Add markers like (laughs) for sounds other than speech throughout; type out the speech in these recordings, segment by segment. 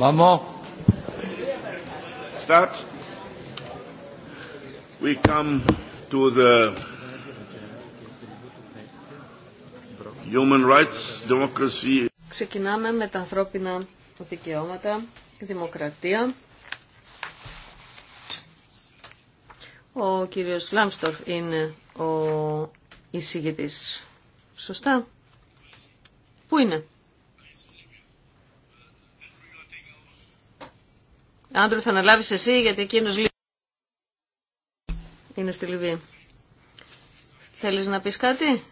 Maman. Start. We come to the human rights, democracy. Ξεκινάμε με τα ανθρώπινα δικαιώματα, τη δημοκρατία. Ο κύριος Λάμστορφ είναι ο εισηγητής. Σωστά. Πού είναι. Άντρου θα αναλάβεις εσύ γιατί εκείνος είναι στη Λιβύη. Θέλεις να πεις κάτι?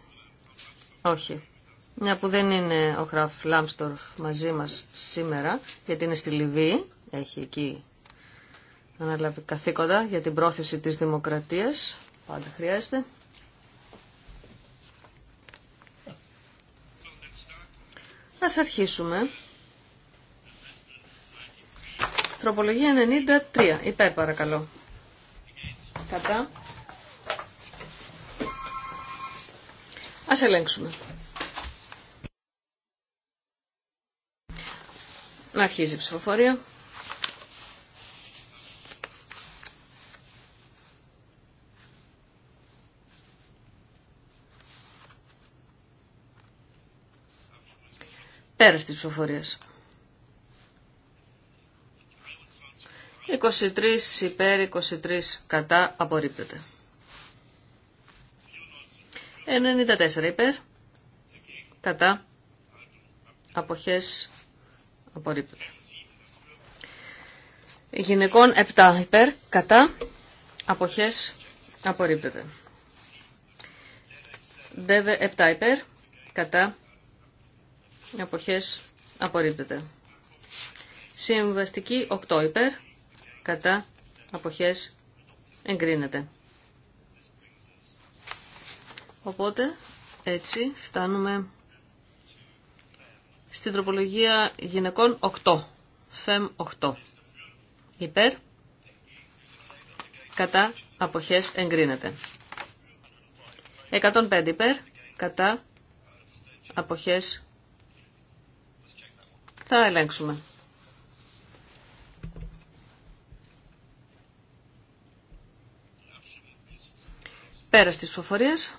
Όχι. Μια που δεν είναι ο Χραφ Λάμστορφ μαζί μας σήμερα, γιατί είναι στη Λιβύη, έχει εκεί αναλάβει καθήκοντα για την πρόθεση της δημοκρατίας, πάντα χρειάζεται. Ας αρχίσουμε Τροπολογία 93. Υπέρ παρακαλώ. Κατά. Ας ελέγξουμε. Να αρχίζει η ψηφοφορία. Πέρα τη ψηφοφορία. 23 υπέρ, 23 κατά, απορρίπτεται. 94 υπέρ, κατά, αποχές, απορρίπτεται. Γυναικών 7 υπέρ, κατά, αποχές, απορρίπτεται. ΔΕΒΕ 7 υπέρ, κατά, αποχές, απορρίπτεται. Συμβαστική 8 υπέρ, κατά αποχές εγκρίνεται. Οπότε έτσι φτάνουμε στην τροπολογία γυναικών 8, φεμ 8. Υπέρ, κατά αποχές εγκρίνεται. 105 υπέρ, κατά αποχές θα ελέγξουμε. Πέρα στις ψηφοφορίες.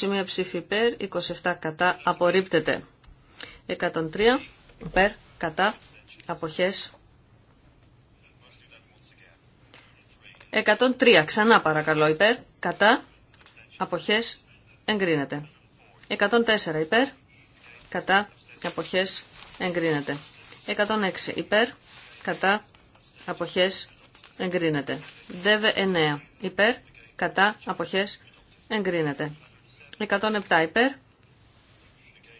21 ψήφοι υπέρ, 27 κατά, απορρίπτεται. 103 υπέρ, κατά, αποχές. 103 ξανά παρακαλώ υπέρ, κατά, αποχές, εγκρίνεται. 104 υπέρ, κατά, αποχές, εγκρίνεται. 106 υπέρ, κατά, αποχές, εγκρίνεται. ΔΕΒΕ 9 υπέρ, κατά, αποχές, εγκρίνεται. 107 υπέρ,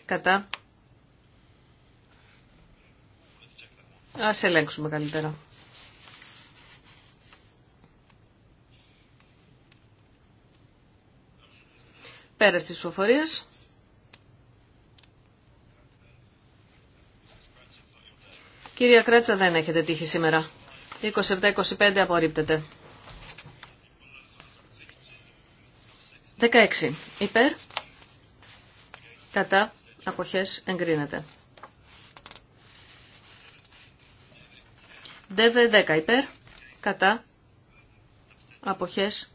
κατά. Ας ελέγξουμε καλύτερα. Πέρα στις ψηφοφορίες. Κυρία Κράτσα, δεν έχετε τύχει σήμερα. 27-25 απορρίπτεται. 16. Υπέρ. Κατά. Αποχές εγκρίνεται. ΔΕΒΕ 10. Υπέρ. Κατά. Αποχές.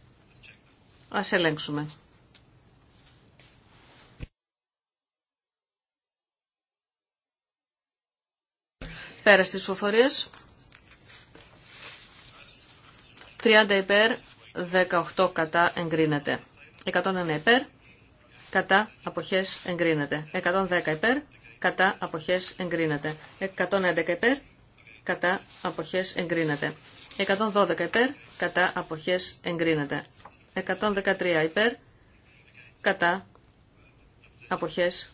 Ας ελέγξουμε. Πέρα στις ψηφοφορίες. 30 υπέρ, 18 κατά εγκρίνεται. 101 υπέρ, κατά αποχές εγκρίνεται. 110 υπέρ, κατά αποχές εγκρίνεται. 111 υπέρ, κατά αποχές εγκρίνεται. 112 υπέρ, κατά αποχές εγκρίνεται. 113 υπέρ, κατά αποχές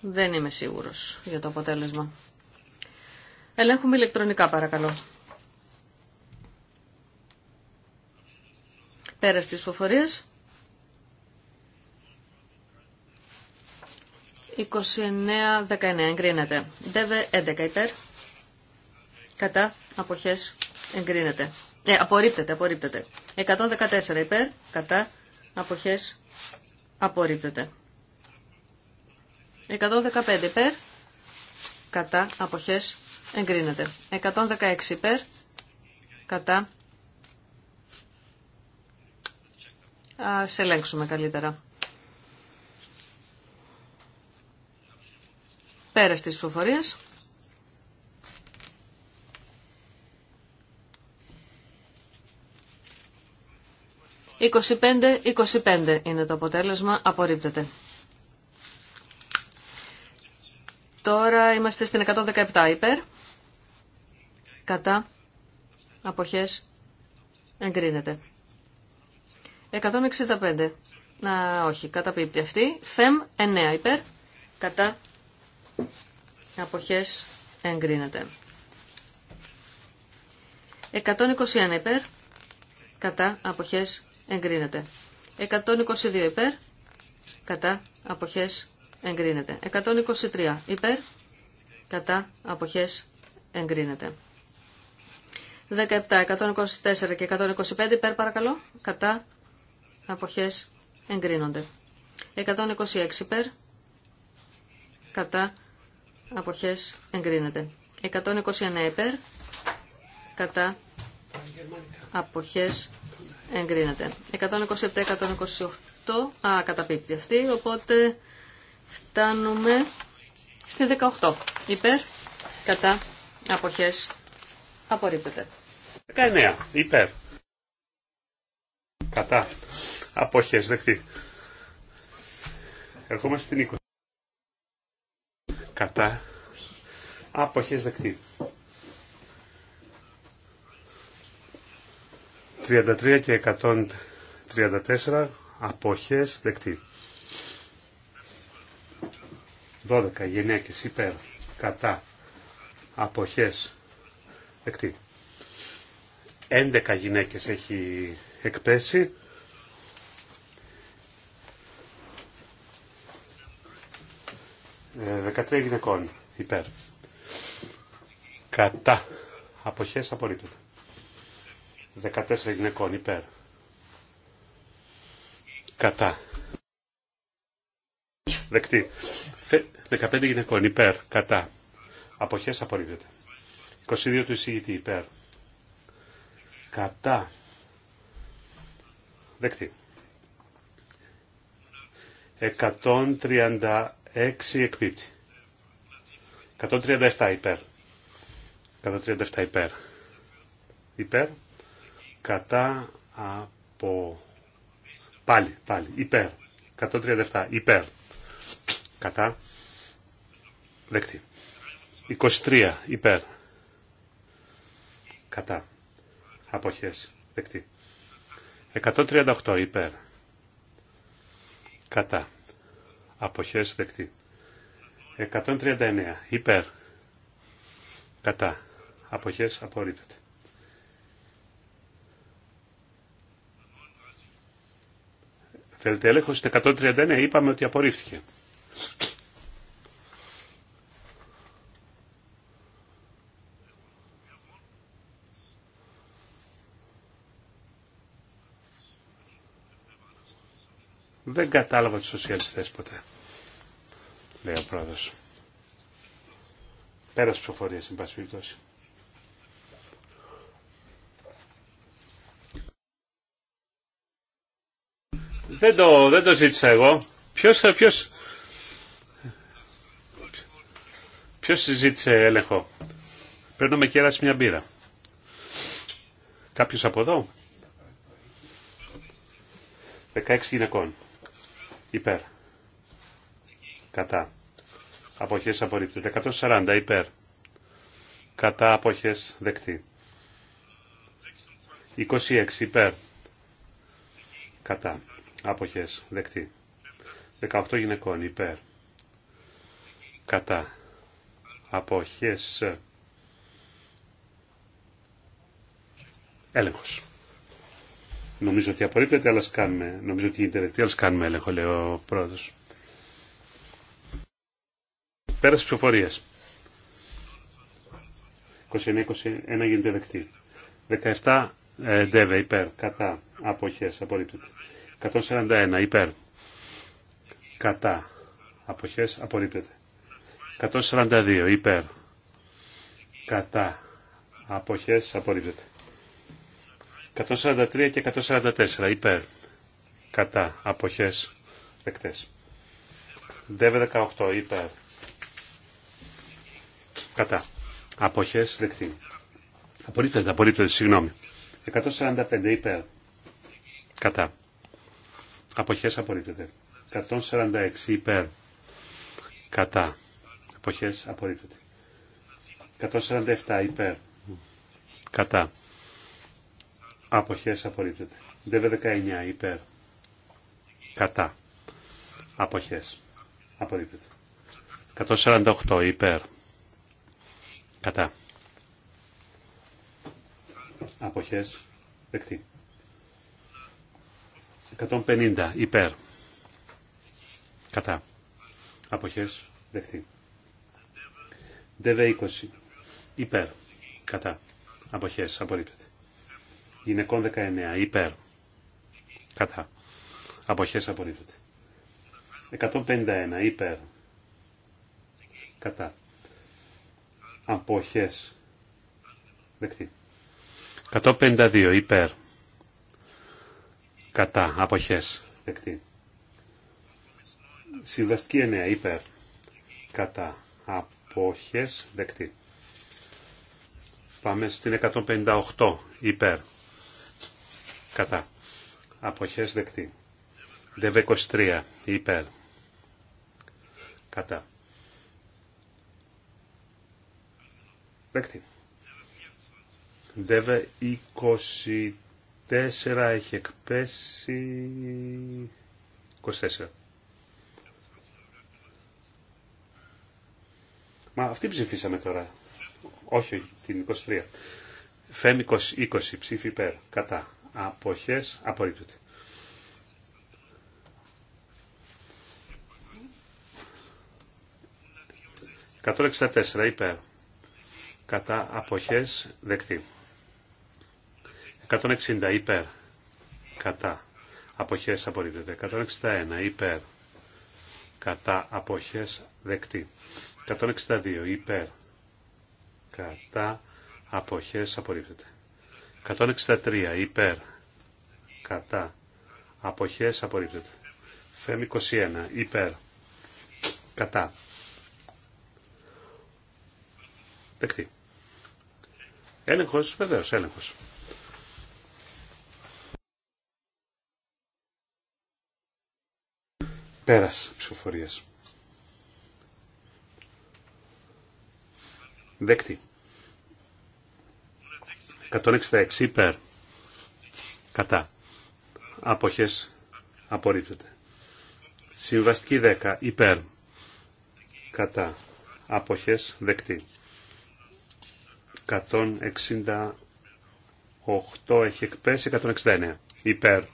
δεν είμαι σίγουρος για το αποτέλεσμα. Ελέγχουμε ηλεκτρονικά παρακαλώ. Πέρα στις φοφοριες 29 29-19 εγκρίνεται. ΔΕΒΕ 11 υπέρ. Κατά αποχές εγκρίνεται. Ε, απορρίπτεται, απορρίπτεται. 114 υπέρ. Κατά αποχές απορρίπτεται. 115 υπέρ. Κατά αποχές εγκρίνεται. 116 υπέρ. Κατά Ας ελέγξουμε καλύτερα. Πέρας της ψηφοφορίας. «25-25 είναι το αποτέλεσμα, απορρίπτεται». Τώρα είμαστε στην 117 υπέρ. Κατά. Αποχές. Εγκρίνεται. 165. Να, όχι, καταπίπτει αυτή. Φεμ 9 υπέρ. Κατά αποχές εγκρίνεται. 121 υπέρ. Κατά αποχές εγκρίνεται. 122 υπέρ. Κατά αποχές εγκρίνεται. 123 υπέρ. Κατά αποχές εγκρίνεται. 17, 124 και 125 υπέρ παρακαλώ. Κατά αποχές εγκρίνονται. 126 υπέρ, κατά, αποχές εγκρίνεται. 129 υπέρ, κατά, αποχές εγκρίνεται. 127-128, α, καταπίπτει αυτή, οπότε φτάνουμε στη 18 υπέρ, κατά, αποχές απορρίπτεται. 19 υπέρ, κατά, αποχές δεκτή. Ερχόμαστε στην 20. Κατά αποχές δεκτή. 33 και 134 αποχές δεκτή. 12 γυναίκες υπέρ κατά αποχές δεκτή. 11 γυναίκες έχει εκπέσει 13 ε, γυναικών υπέρ. Κατά. Αποχές απορρίπτεται. 14 γυναικών υπέρ. Κατά. Δεκτή. 15 γυναικών υπέρ. Κατά. Αποχές απορρίπτεται. 22 του εισηγητή υπέρ. Κατά. Δεκτή. 130. 6 εκπίπτει. 137 υπέρ. 137 υπέρ. Υπέρ. Κατά από... Πάλι, πάλι. Υπέρ. 137. Υπέρ. Κατά. Δεκτή. 23. Υπέρ. Κατά. Αποχές. Δεκτή. 138. Υπέρ. Κατά αποχές δεκτή. 139 υπέρ κατά αποχές απορρίπτεται. Θέλετε έλεγχο 139. Είπαμε ότι απορρίφθηκε. Δεν κατάλαβα τους σοσιαλιστές ποτέ. Λέει ο πρόεδρος. Πέρας ψηφοφορίας, εν πάση περιπτώσει. Δεν το, δεν το ζήτησα εγώ. Ποιος, ποιος, ποιος ζήτησε έλεγχο. Παίρνουμε με κέρας μια μπύρα. Κάποιος από εδώ. 16 γυναικών υπέρ. Κατά. Αποχές απορρίπτεται. 140 υπέρ. Κατά αποχές δεκτή. 26 υπέρ. Κατά. Αποχές δεκτή. 18 γυναικών υπέρ. Κατά. Αποχές. Έλεγχος. Νομίζω ότι απορρίπτεται, αλλά σκάνουμε. Νομίζω ότι γίνεται δεκτή, αλλά κάνουμε έλεγχο, λέει ο πρόεδρο. Πέρασε ψηφοφορία. 29-21 γίνεται δεκτή. 17 ε, ντεβε υπέρ, κατά, αποχέ απορρίπτεται. 141 υπέρ, κατά, απόχέ, απορρίπτεται. 142 υπέρ, κατά, Αποχέ, απορρίπτεται. 143 και 144 υπέρ κατά αποχές δεκτές. ΔΕΒ 18 υπέρ κατά αποχές δεκτή. Απορρίπτεται, απορρίπτεται, συγγνώμη. 145 υπέρ κατά αποχές απορρίπτεται. 146 υπέρ κατά αποχές απορρίπτεται. 147 υπέρ κατά Αποχές απορρίπτεται. ΔΕΒΕ 19 υπέρ. Κατά. Αποχές. Απορρίπτεται. 148 υπέρ. Κατά. Αποχές. Δεκτή. 150 υπέρ. Κατά. Αποχές. Δεκτή. ΔΕΒΕ 20 υπέρ. Κατά. Αποχές. Απορρίπτεται γυναικών 19 υπέρ κατά αποχές απορρίπτωται. 151 υπέρ κατά αποχές δεκτή 152 υπέρ κατά αποχές δεκτή συμβαστική 9 υπέρ κατά αποχές δεκτή Πάμε στην 158 υπέρ κατά αποχές δεκτή. ΔΕΒ 23 υπέρ κατά δεκτή. ΔΕΒ 24 έχει εκπέσει 24. Μα αυτή ψηφίσαμε τώρα. Όχι την 23. Φέμ 20, 20 ψήφι υπέρ. Κατά αποχές απορρίπτεται. «164 υπέρ» κατά αποχές δεκτή. 160 υπέρ κατά αποχές απορρίπτεται. 161 υπέρ κατά αποχές δεκτή. 162 υπέρ κατά αποχές απορρίπτεται. 163 υπέρ κατά αποχές απορρίπτεται. Φέμ 21 υπέρ κατά. Δεκτή. Έλεγχος, βεβαίως, έλεγχος. Πέρας ψηφοφορίας. Δεκτή. 166 υπέρ. Κατά. Αποχές απορρίπτεται. Συμβαστική 10 υπέρ. Κατά. Αποχές δεκτή. 168 έχει εκπέσει, 169 υπέρ.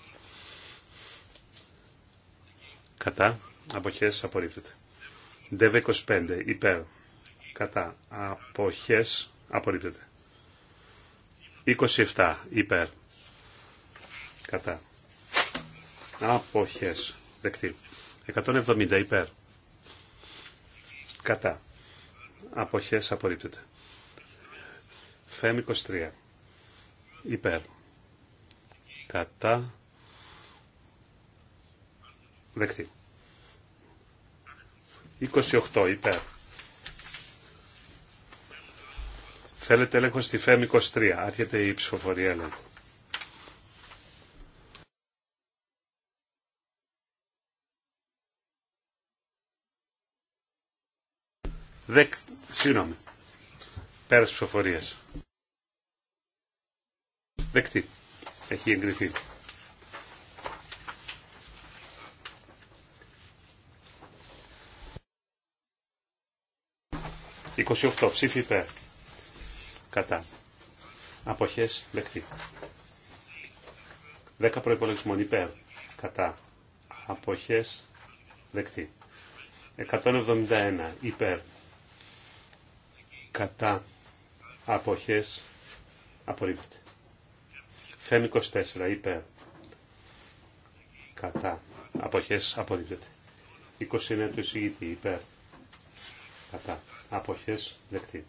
Κατά. Αποχές απορρίπτεται. ΔΕΒ 25 υπέρ. Κατά. Αποχές απορρίπτεται. 27 υπέρ. Κατά. Αποχές. Δεκτή. 170 υπέρ. Κατά. Αποχές απορρίπτεται. ΦΕΜ 23. Υπέρ. Κατά. Δεκτή. 28 υπέρ. Θέλετε έλεγχο στη ΦΕΜ 23. Άρχεται η ψηφοφορία έλεγχο. Ναι. Δεκ... Συγγνώμη. Πέρας ψηφοφορίας. Δεκτή. Έχει εγκριθεί. 28 ψήφι υπέρ κατά. Αποχές δεκτή. 10 προϋπολογισμών υπέρ κατά. Αποχές δεκτή. 171 υπέρ κατά. Αποχές απορρίπτεται. Φέμ 24 υπέρ κατά. Αποχές απορρίπτεται. 29 του εισηγητή υπέρ κατά. Αποχές δεκτή.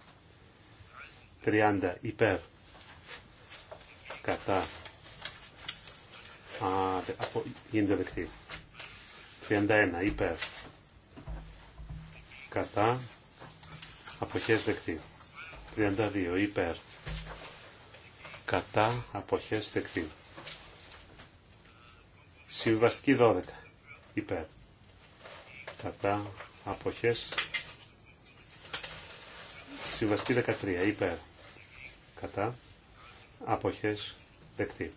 30 υπέρ κατά α, απο, γίνεται δεκτή 31 υπέρ κατά αποχές δεκτή 32 υπέρ κατά αποχές δεκτή συμβαστική 12 υπέρ κατά αποχές συμβαστική 13 υπέρ κατά αποχές δεκτή.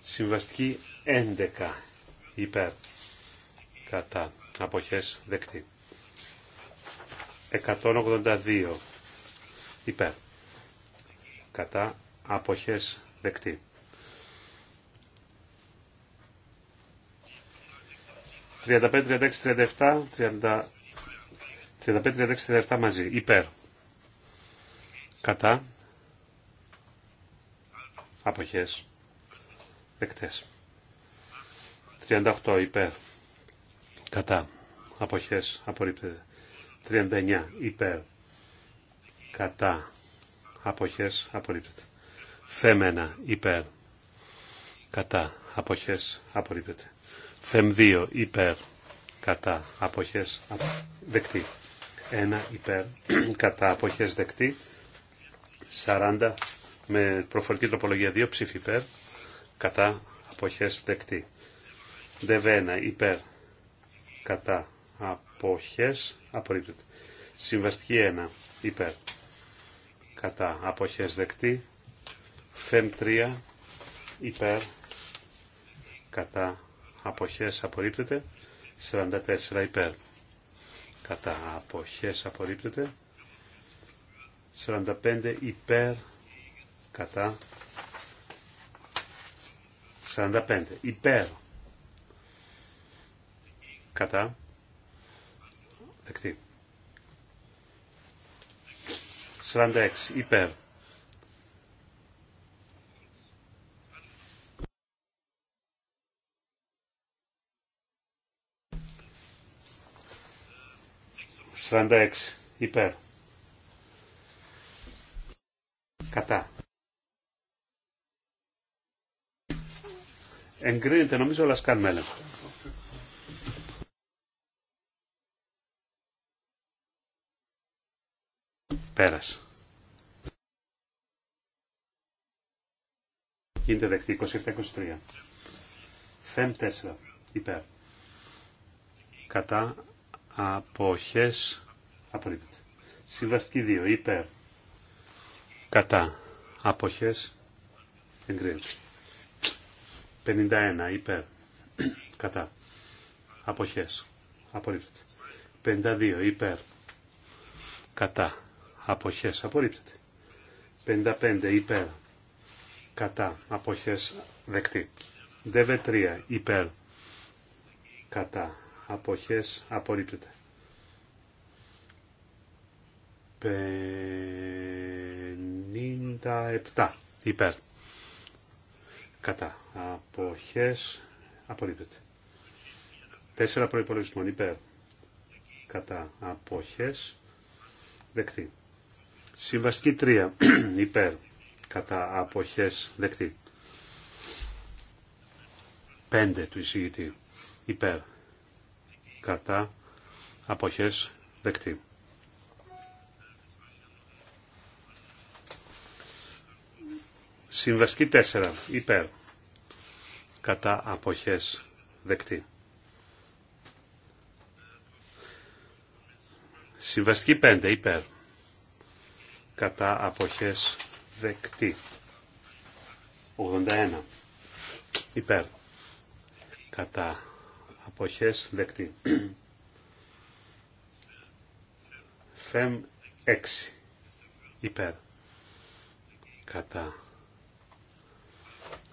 Συμβαστική 11 υπέρ κατά αποχές δεκτή. 182 υπέρ κατά αποχές δεκτή. 35, 36, 37, 35, 36, 37 μαζί. Υπέρ. Κατά αποχές δεκτές. 38 υπέρ κατά αποχές απορρίπτεται. 39 υπέρ κατά αποχές απορρίπτεται. Θέμενα υπέρ κατά αποχές απορρίπτεται. Θεμ 2 υπέρ κατά αποχές δεκτή. 1 υπέρ (clears throat) κατά αποχές δεκτή. 40 με προφορική τροπολογία 2 ψήφι υπέρ, κατά αποχές δεκτή. ΔΒ1 υπέρ, κατά αποχές απορρίπτεται. Συμβαστική 1 υπέρ, κατά αποχές δεκτή. ΦΕΜ 3 υπέρ, κατά αποχές απορρίπτεται. 44 υπέρ, κατά αποχές απορρίπτεται. 45 υπέρ, κατά 45 υπέρ κατά δεκτή 46 υπέρ Σαράντα υπέρ. Κατά. Εγκρίνεται νομίζω, αλλά κάνουμε έλεγχο. Πέρασε. Γίνεται δεκτή 27-23. Φεμ 4. Υπέρ. Κατά αποχές απορρίπτεται. Συμβαστική 2. Υπέρ. Κατά αποχές εγκρίνεται. 51 υπέρ κατά αποχές απορρίπτεται 52 υπέρ κατά αποχές απορρίπτεται 55 υπέρ κατά αποχές δεκτή ΔΒ3 υπέρ κατά αποχές απορρίπτεται 57 υπέρ κατά αποχές απορρίπτεται. 4 προϋπολογισμών υπέρ κατά αποχές δεκτή. Συμβαστική 3 (clears throat) υπέρ κατά αποχές δεκτή. 5 του εισηγητή υπέρ κατά αποχές δεκτή. Συμβαστική 4 υπέρ κατά αποχές δεκτή. Συμβαστική 5 υπέρ κατά αποχές δεκτή. 81 υπέρ κατά αποχές δεκτή. Φεμ 6 υπέρ κατά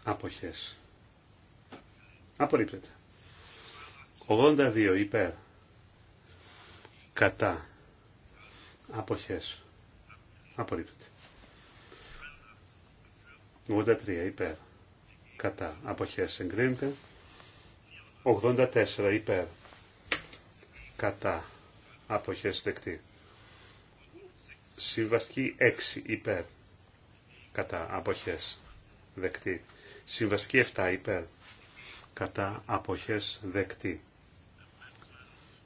αποχές. Απορρίπτεται. 82 υπέρ κατά αποχές. Απορρίπτεται. 83 υπέρ κατά αποχές εγκρίνεται. 84 υπέρ κατά αποχές δεκτή. Συμβαστική 6 υπέρ κατά αποχές δεκτή. Συμβαστική 7 υπέρ. Κατά αποχές δεκτή.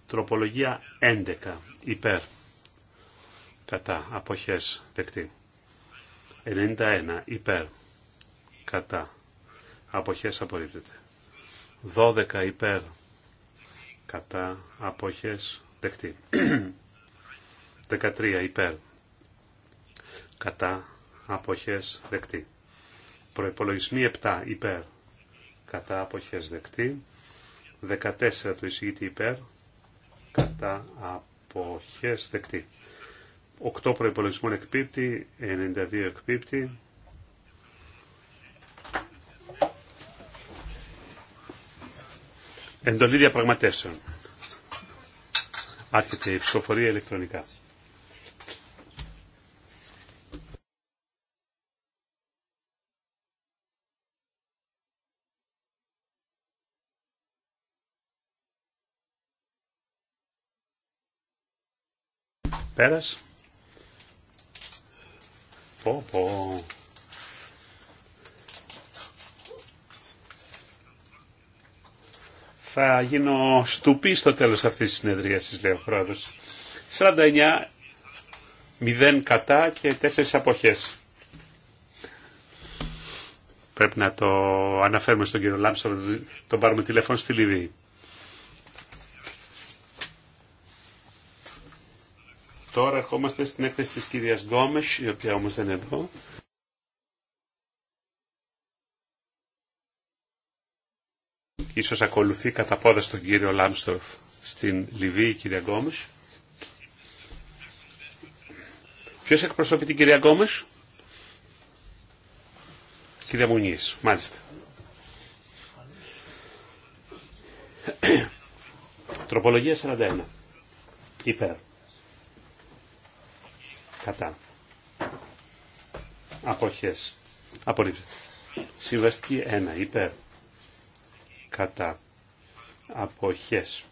Τροπολογία 11 υπέρ. Κατά αποχές δεκτή. 91 υπέρ. Κατά. Αποχές απορρίπτεται. 12 υπέρ. Κατά αποχές δεκτή. 13 (clears throat) υπέρ. Κατά αποχές δεκτή. Προϋπολογισμοί 7 υπέρ. Κατά αποχές δεκτή. 14 του εισηγητή υπέρ. Κατά αποχές δεκτή. 8 προπολογισμών εκπίπτει. 92 εκπίπτει. Εντολή διαπραγματεύσεων. Άρχεται η ψηφοφορία ηλεκτρονικά. Πέρας. Πω, Θα γίνω στουπί στο τέλος αυτής της συνεδρίασης, λέει ο πρόεδρος. 49, 0 κατά και 4 αποχές. Πρέπει να το αναφέρουμε στον κύριο Λάμψο, τον πάρουμε τηλέφωνο στη Λιβύη. Τώρα ερχόμαστε στην έκθεση της κυρίας Γκόμες, η οποία όμως δεν είναι εδώ. Ίσως ακολουθεί κατά πόδα στον κύριο Λάμστορφ στην Λιβύη, η κυρία Γκόμες. Ποιος εκπροσωπεί την κυρία Γκόμες? Κυρία Μουνής, μάλιστα. Τροπολογία 41. Υπέρ. Κατά. Αποχές. Απορρίπτεται. Συμβαστική 1. Υπέρ. Κατά. Αποχές.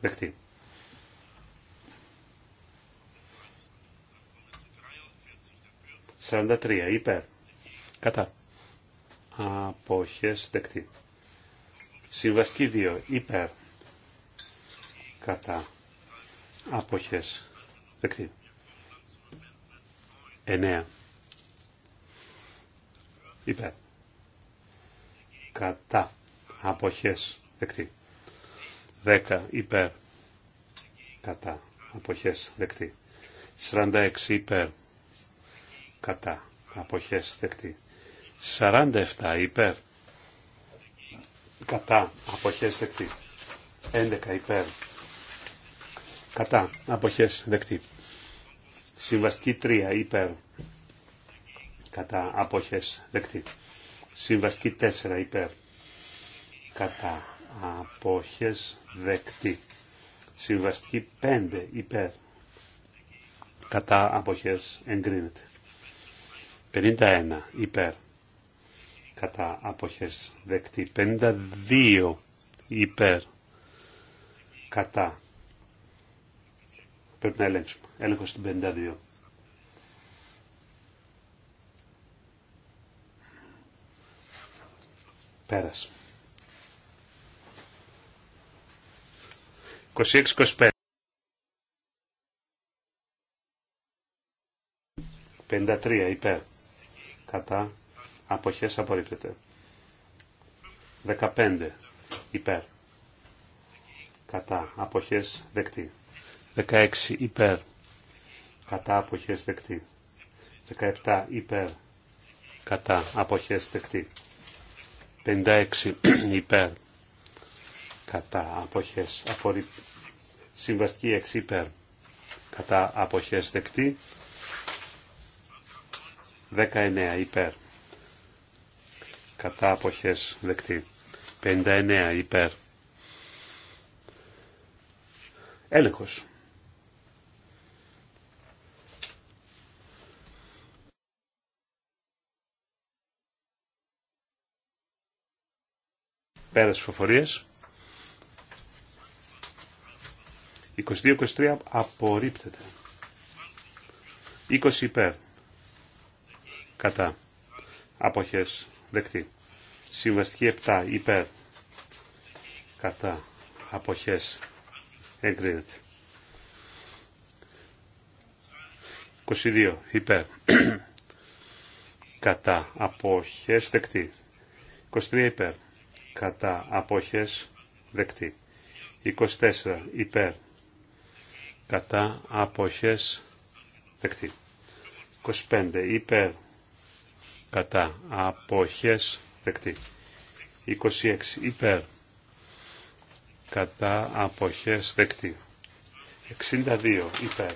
Δεκτή. 43. Υπέρ. Κατά. Αποχές δεκτή. Συμβαστική 2. Υπέρ. Κατά. Αποχές 9. Υπέρ. Κατά. Αποχές. Δεκτή. 10. Υπέρ. Κατά. Αποχές. Δεκτή. 46. Υπέρ. Κατά. Αποχές. Δεκτή. 47. Υπέρ. Κατά. Αποχές. Δεκτή. 11. Υπέρ κατά αποχές δεκτή. Συμβαστική 3 υπέρ κατά αποχές δεκτή. Συμβαστική 4 υπέρ κατά αποχές δεκτή. Συμβαστική 5 υπέρ κατά αποχές εγκρίνεται. 51 υπέρ κατά αποχές δεκτή. 52 υπέρ κατά Πρέπει να ελέγξουμε. Έλεγχο στην 52. Πέρασε. 26-25. 53 υπέρ. Κατά. Αποχές απορρίπτεται. 15 υπέρ. Κατά. Αποχές δεκτή. 16 υπέρ κατά αποχές δεκτή. 17 υπέρ κατά αποχές δεκτή. 56 (clears throat) υπέρ κατά αποχές απορρι... Συμβαστική 6 υπέρ κατά αποχές δεκτή. 19 υπέρ κατά αποχές δεκτή. 59 υπέρ. Έλεγχος. Πέρας ψηφοφορίας. 22-23 απορρίπτεται. 20 υπέρ. Κατά. Αποχές. Δεκτή. Συμβαστική 7 υπέρ. Κατά. Αποχές. Εγκρίνεται. 22 υπέρ. Κατά. Αποχές. Δεκτή. 23 υπέρ κατά αποχές δεκτή. 24 υπέρ κατά αποχές δεκτή. 25 υπέρ κατά αποχές δεκτή. 26 υπέρ κατά αποχές δεκτή. 62 υπέρ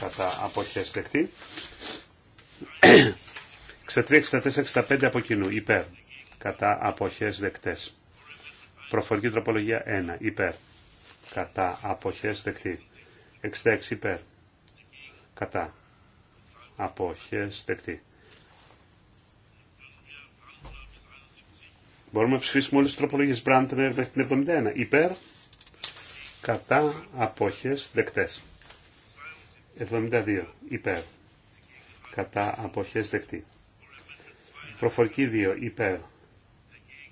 κατά αποχές δεκτή. 63, 64, 65 από κοινού υπέρ κατά αποχές δεκτές. Προφορική τροπολογία 1 υπέρ κατά αποχές δεκτή. 66 υπέρ κατά αποχές δεκτή. Μπορούμε να ψηφίσουμε όλες τις τροπολογίες Μπραντνερ μέχρι την 71. Υπέρ, κατά, απόχες, δεκτές. 72. Υπέρ, κατά, απόχες, δεκτή. Προφορική 2. Υπέρ,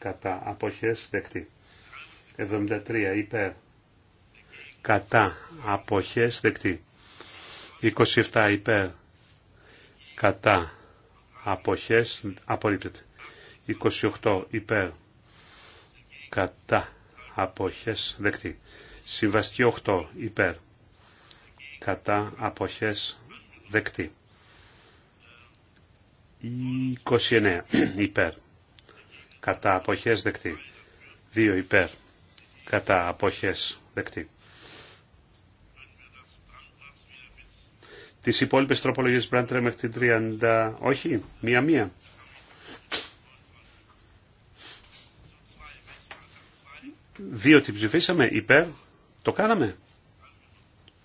κατά αποχές δεκτή. 73 υπέρ κατά αποχές δεκτή. 27 υπέρ κατά αποχές απορρίπτεται. 28 υπέρ κατά αποχές δεκτή. Συμβαστική 8 υπέρ κατά αποχές δεκτή. 29 (clears throat) υπέρ κατά αποχές δεκτή. Δύο υπέρ κατά αποχές δεκτή. Τις υπόλοιπες τροπολογίες Μπράντρε μέχρι την 30... Όχι, μία-μία. Δύο την ψηφίσαμε υπέρ. Το κάναμε.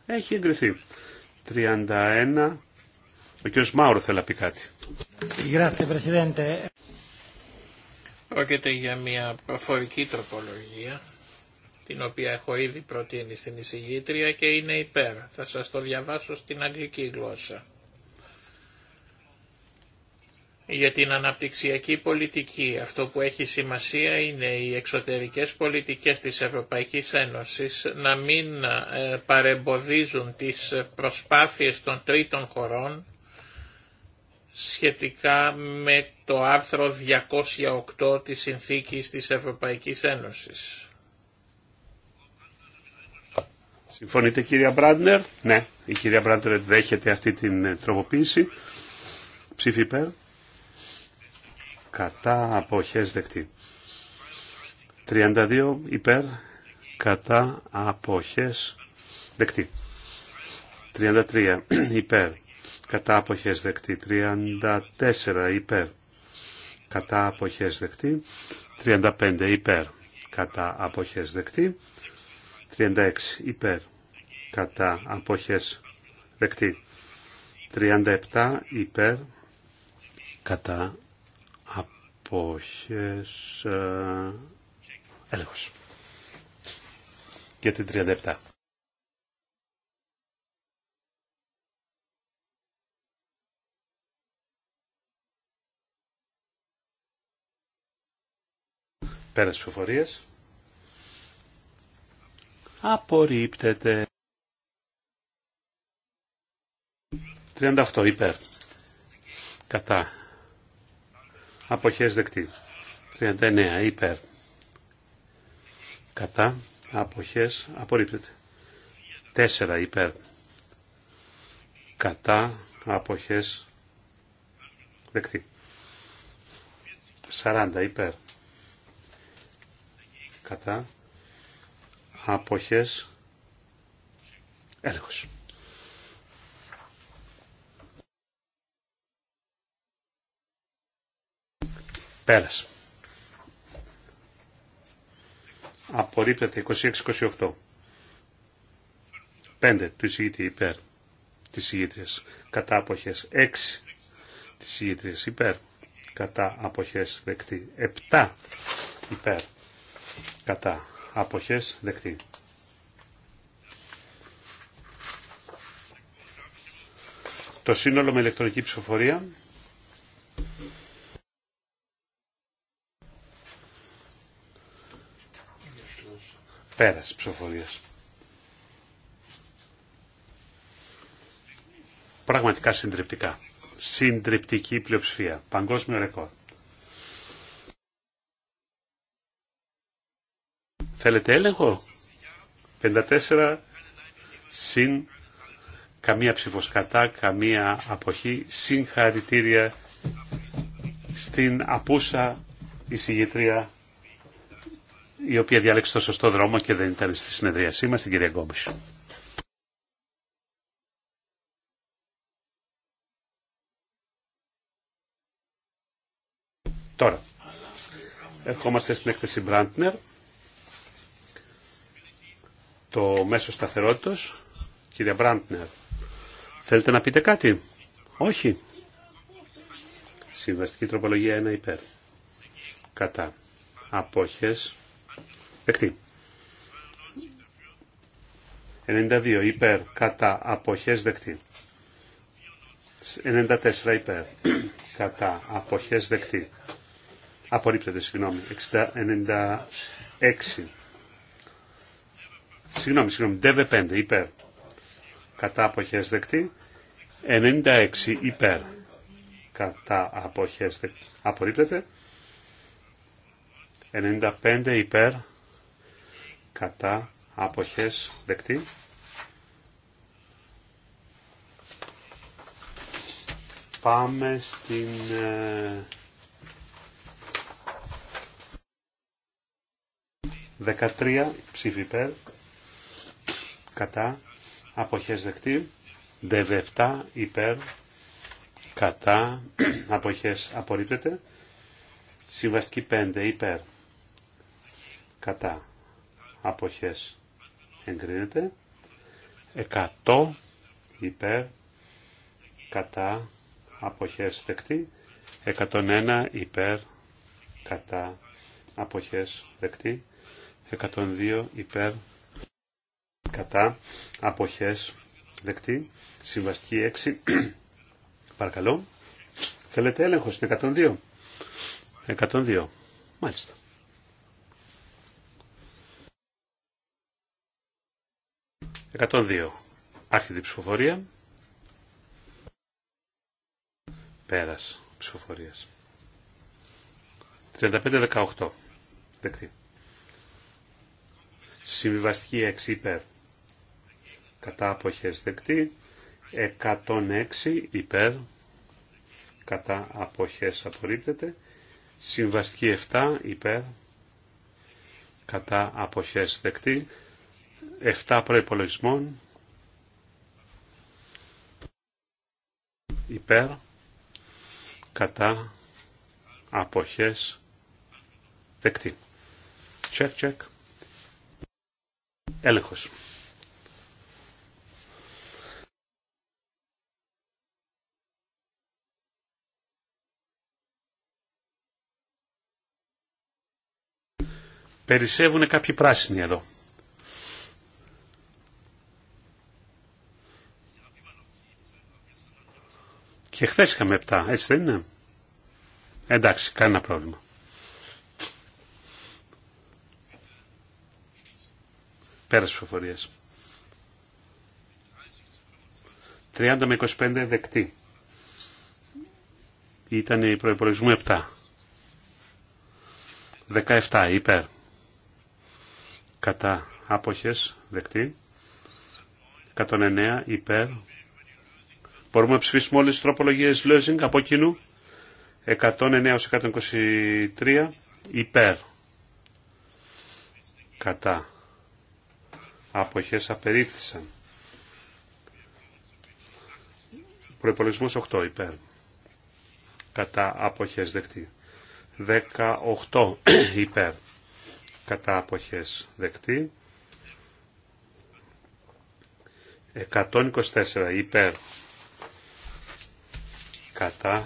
Έχει εγκριθεί. 31. Ο κ. Μάουρο θέλει να πει κάτι. Πρόκειται για μια προφορική τροπολογία, την οποία έχω ήδη προτείνει στην εισηγήτρια και είναι υπέρ. Θα σας το διαβάσω στην αγγλική γλώσσα. Για την αναπτυξιακή πολιτική αυτό που έχει σημασία είναι οι εξωτερικές πολιτικές της Ευρωπαϊκής Ένωσης να μην ε, παρεμποδίζουν τις προσπάθειες των τρίτων χωρών σχετικά με το άρθρο 208 της Συνθήκης της Ευρωπαϊκής Ένωσης. Συμφωνείτε κυρία Μπράντνερ. Ναι, η κυρία Μπράντνερ δέχεται αυτή την ε, τροποποίηση. Ψήφι υπέρ. Κατά αποχές δεκτή. 32 υπέρ. Κατά αποχές δεκτή. 33 (clears throat) υπέρ. Κατά αποχές δεκτή. 34 υπέρ κατά αποχές δεκτή, 35 υπέρ κατά αποχές δεκτή, 36 υπέρ κατά αποχές δεκτή, 37 υπέρ κατά αποχές ε, έλεγχος για την 37. στις πληροφορίε. Απορρίπτεται. 38 υπέρ. Κατά. Αποχές δεκτή. 39 υπέρ. Κατά. Αποχές απορρίπτεται. 4 υπέρ. Κατά. Αποχές δεκτή. 40 υπέρ κατά αποχές Έλεγχο. Πέρας. Απορρίπτεται 26-28. 5 του εισηγητή υπέρ της κατά αποχές 6 της ηγήτριας υπέρ κατά αποχές δεκτή 7 υπέρ κατά αποχές δεκτή. Το σύνολο με ηλεκτρονική ψηφοφορία. Πέρας ψηφοφορίας. Πραγματικά συντριπτικά. Συντριπτική πλειοψηφία. Παγκόσμιο ρεκόρ. Θέλετε έλεγχο. 54 συν καμία ψηφοσκατά, καμία αποχή. Συγχαρητήρια στην απούσα εισηγητρία η οποία διάλεξε το σωστό δρόμο και δεν ήταν στη συνεδρίασή μας, την κυρία Γκόμπης. Τώρα, ερχόμαστε στην έκθεση Μπραντνερ το μέσο σταθερότητος. Κύριε Μπραντνερ, θέλετε να πείτε κάτι. Όχι. Συμβαστική τροπολογία 1 υπέρ. Κατά. Απόχες. Δεκτή. 92 υπέρ. Κατά. Απόχες. Δεκτή. 94 υπέρ. Κατά. Απόχες. Δεκτή. Απορρίπτεται, συγγνώμη. 96 Συγγνώμη, συγγνώμη, DV5 υπέρ. Κατά αποχές δεκτή. 96 υπέρ. Κατά αποχές δεκτή. Απορρίπτεται. 95 υπέρ. Κατά αποχές δεκτή. Πάμε στην... 13 ε, ψήφι υπέρ κατά, αποχές δεκτή, DV7 υπέρ, κατά, αποχές απορρίπτεται, συμβαστική 5 υπέρ, κατά, αποχές εγκρίνεται, 100 υπέρ, κατά, αποχές δεκτή, 101 υπέρ, κατά, αποχές δεκτή, 102 υπέρ, κατά αποχές δεκτή συμβαστική 6 (clears throat) παρακαλώ θέλετε έλεγχο στην 102 102 μάλιστα Εκατόν δύο. Άρχεται η ψηφοφορία. Πέρας ψηφοφορίας. 35-18. Δεκτή. Συμβιβαστική 6 υπέρ κατά αποχές δεκτή, 106 υπέρ, κατά αποχές απορρίπτεται, συμβαστική 7 υπέρ, κατά αποχές δεκτή, 7 προϋπολογισμών, υπέρ, κατά αποχές δεκτή. Check, check. Έλεγχος. Περισσεύουν κάποιοι πράσινοι εδώ. Και χθε είχαμε 7, έτσι δεν είναι. Εντάξει, κανένα πρόβλημα. Πέρασε ψηφοφορία. 30 με 25 δεκτή. Ήταν η προπολογισμού 7. 17 υπέρ κατά άποχες δεκτή 109 υπέρ μπορούμε να ψηφίσουμε όλες τις τροπολογιες λεζινγκ Λόζινγκ από κοινού 109-123 υπέρ κατά άποχες απερίφθησαν προϋπολογισμός 8 υπέρ κατά άποχες δεκτή 18 υπέρ κατά αποχές δεκτή. 124 υπέρ κατά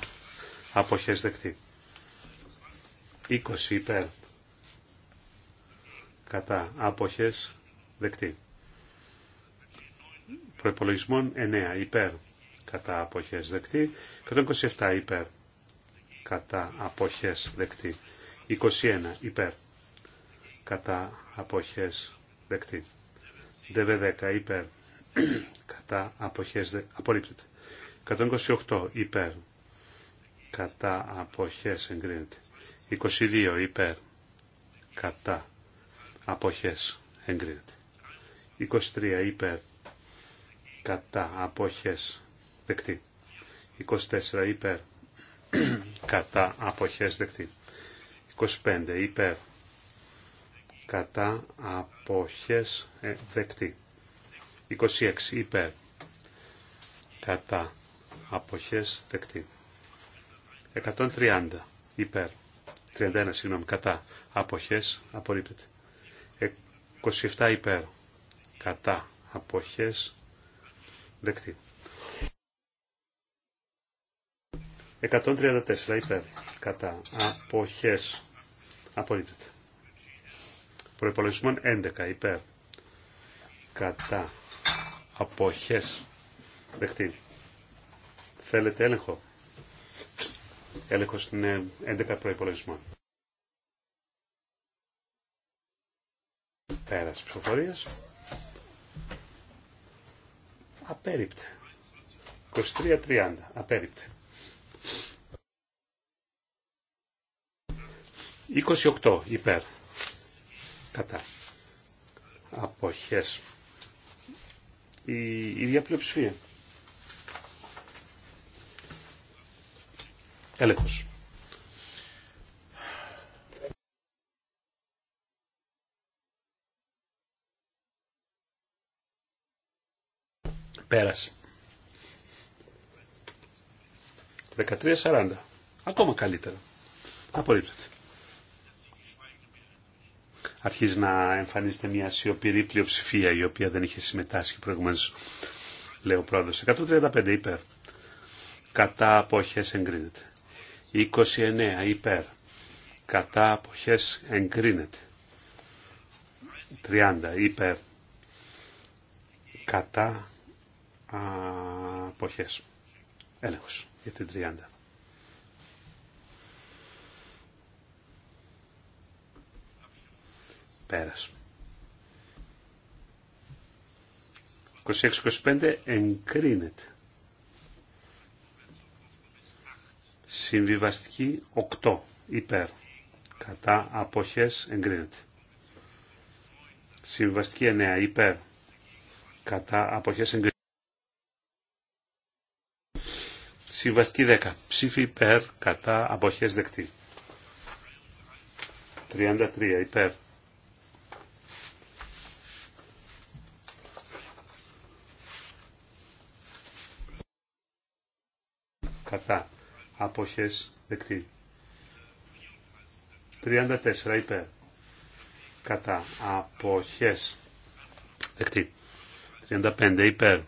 αποχές δεκτή. 20 υπέρ κατά αποχές δεκτή. Προπολογισμών 9 υπέρ κατά αποχές δεκτή. 127 υπέρ κατά αποχές δεκτή. 21 υπέρ κατά αποχές DV10 υπέρ κατά αποχές δε... 128 υπέρ κατά αποχές εγκρίνεται. 22 υπέρ κατά αποχές εγκρίνεται. 23 υπέρ κατά αποχές δεκτή. 24 υπέρ (clears throat) κατά αποχές δεκτή. 25 υπέρ κατά αποχές ε, δεκτή. 26 υπέρ κατά αποχές δεκτή. 130 υπέρ 31 συγγνώμη κατά αποχές απορρίπτεται. 27 υπέρ κατά αποχές δεκτή. 134 υπέρ κατά αποχές απορρίπτεται. Προπολογισμών 11 υπέρ. Κατά. Αποχές. Δεκτή. Θέλετε έλεγχο. Έλεγχος στην 11 προϋπολογισμών. Πέρας ψηφοφορίας. Απέριπτε. 23-30. Απέριπτε. 28 υπέρ κατά αποχές η ίδια πλειοψηφία. Έλεγχος. Πέρασε. 13.40. Ακόμα καλύτερα. Απορρίπτεται αρχίζει να εμφανίζεται μια σιωπηρή πλειοψηφία η οποία δεν είχε συμμετάσχει προηγουμένως. Λέω πρόεδρος. 135 υπέρ. Κατά αποχές εγκρίνεται. 29 υπέρ. Κατά αποχές εγκρίνεται. 30 υπέρ. Κατά αποχές. Έλεγχος για την 30. Πέρας. 26-25 εγκρίνεται. Συμβιβαστική 8 υπέρ. Κατά αποχές εγκρίνεται. Συμβιβαστική 9 υπέρ. Κατά αποχές εγκρίνεται. Συμβαστική 10. Ψήφι υπέρ κατά αποχές δεκτή. 33 υπέρ αποχές δεκτή. 34 υπέρ κατά αποχές δεκτή. 35 υπέρ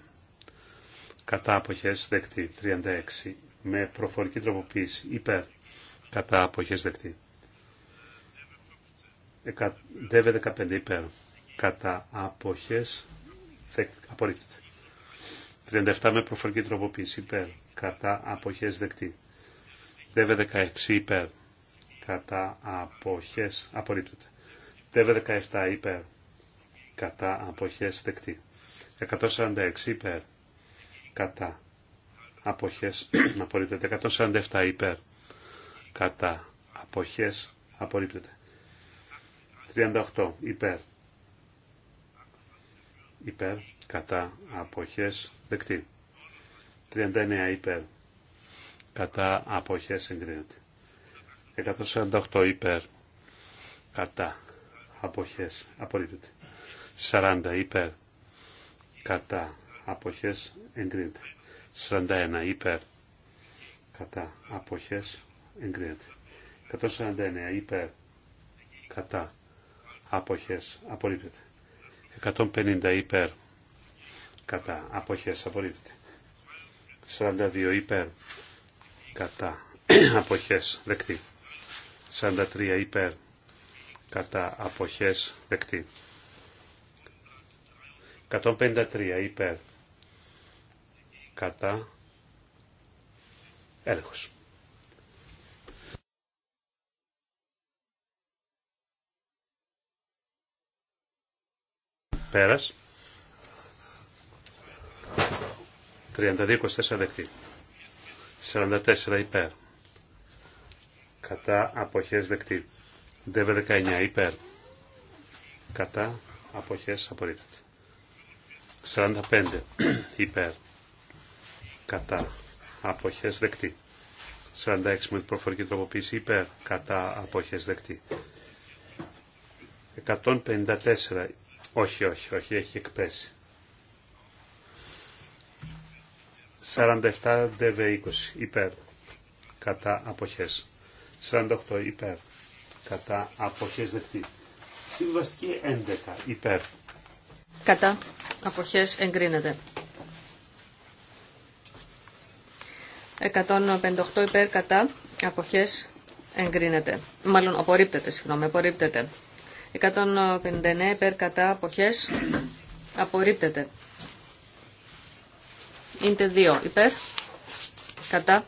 κατά αποχές δεκτή. 36 με προφορική τροποποίηση υπέρ κατά αποχές δεκτή. 15 υπέρ κατά αποχές απορρίπτεται. 37 με προφορική τροποποίηση υπέρ κατά αποχές δεκτή. ΔΕΒΕ 16 υπέρ κατά αποχές απορρίπτεται. ΔΕΒΕ 17 υπέρ κατά αποχές δεκτή. 146 (clears throat) υπέρ κατά αποχές απορρίπτεται. 147 υπέρ κατά αποχές απορρίπτεται. 38 υπέρ υπέρ κατά αποχές δεκτή. 39 υπέρ κατά αποχές εγκρίνεται. 148 υπέρ κατά αποχές απορρίπτεται. 40 υπέρ κατά αποχές εγκρίνεται. 41 υπέρ κατά αποχές εγκρίνεται. 149 υπέρ κατά αποχές απορρίπτεται. 150 υπέρ κατά αποχές απορρίπτεται. 42 υπέρ κατά (clears throat) αποχές δεκτή. 43 υπέρ κατά αποχές δεκτή. 153 υπέρ κατά έλεγχος. Πέρας. 32-24 δεκτή. 44 υπέρ. Κατά αποχές δεκτή. ΔΕΒΕ 19 υπέρ. Κατά αποχές απορρίπτεται. 45 υπέρ. Κατά αποχές δεκτή. 46 με την προφορική τροποποίηση υπέρ. Κατά αποχές δεκτή. 154. Όχι, όχι, όχι, έχει εκπέσει. 47 DV20 υπέρ κατά αποχές. 48 υπέρ κατά αποχές δεκτή. Συμβαστική 11 υπέρ. Κατά αποχές εγκρίνεται. 158 υπέρ κατά αποχές εγκρίνεται. Μάλλον απορρίπτεται, συγγνώμη, απορρίπτεται. 159 υπέρ κατά αποχές απορρίπτεται. Ίντε 2 υπέρ. Κατά.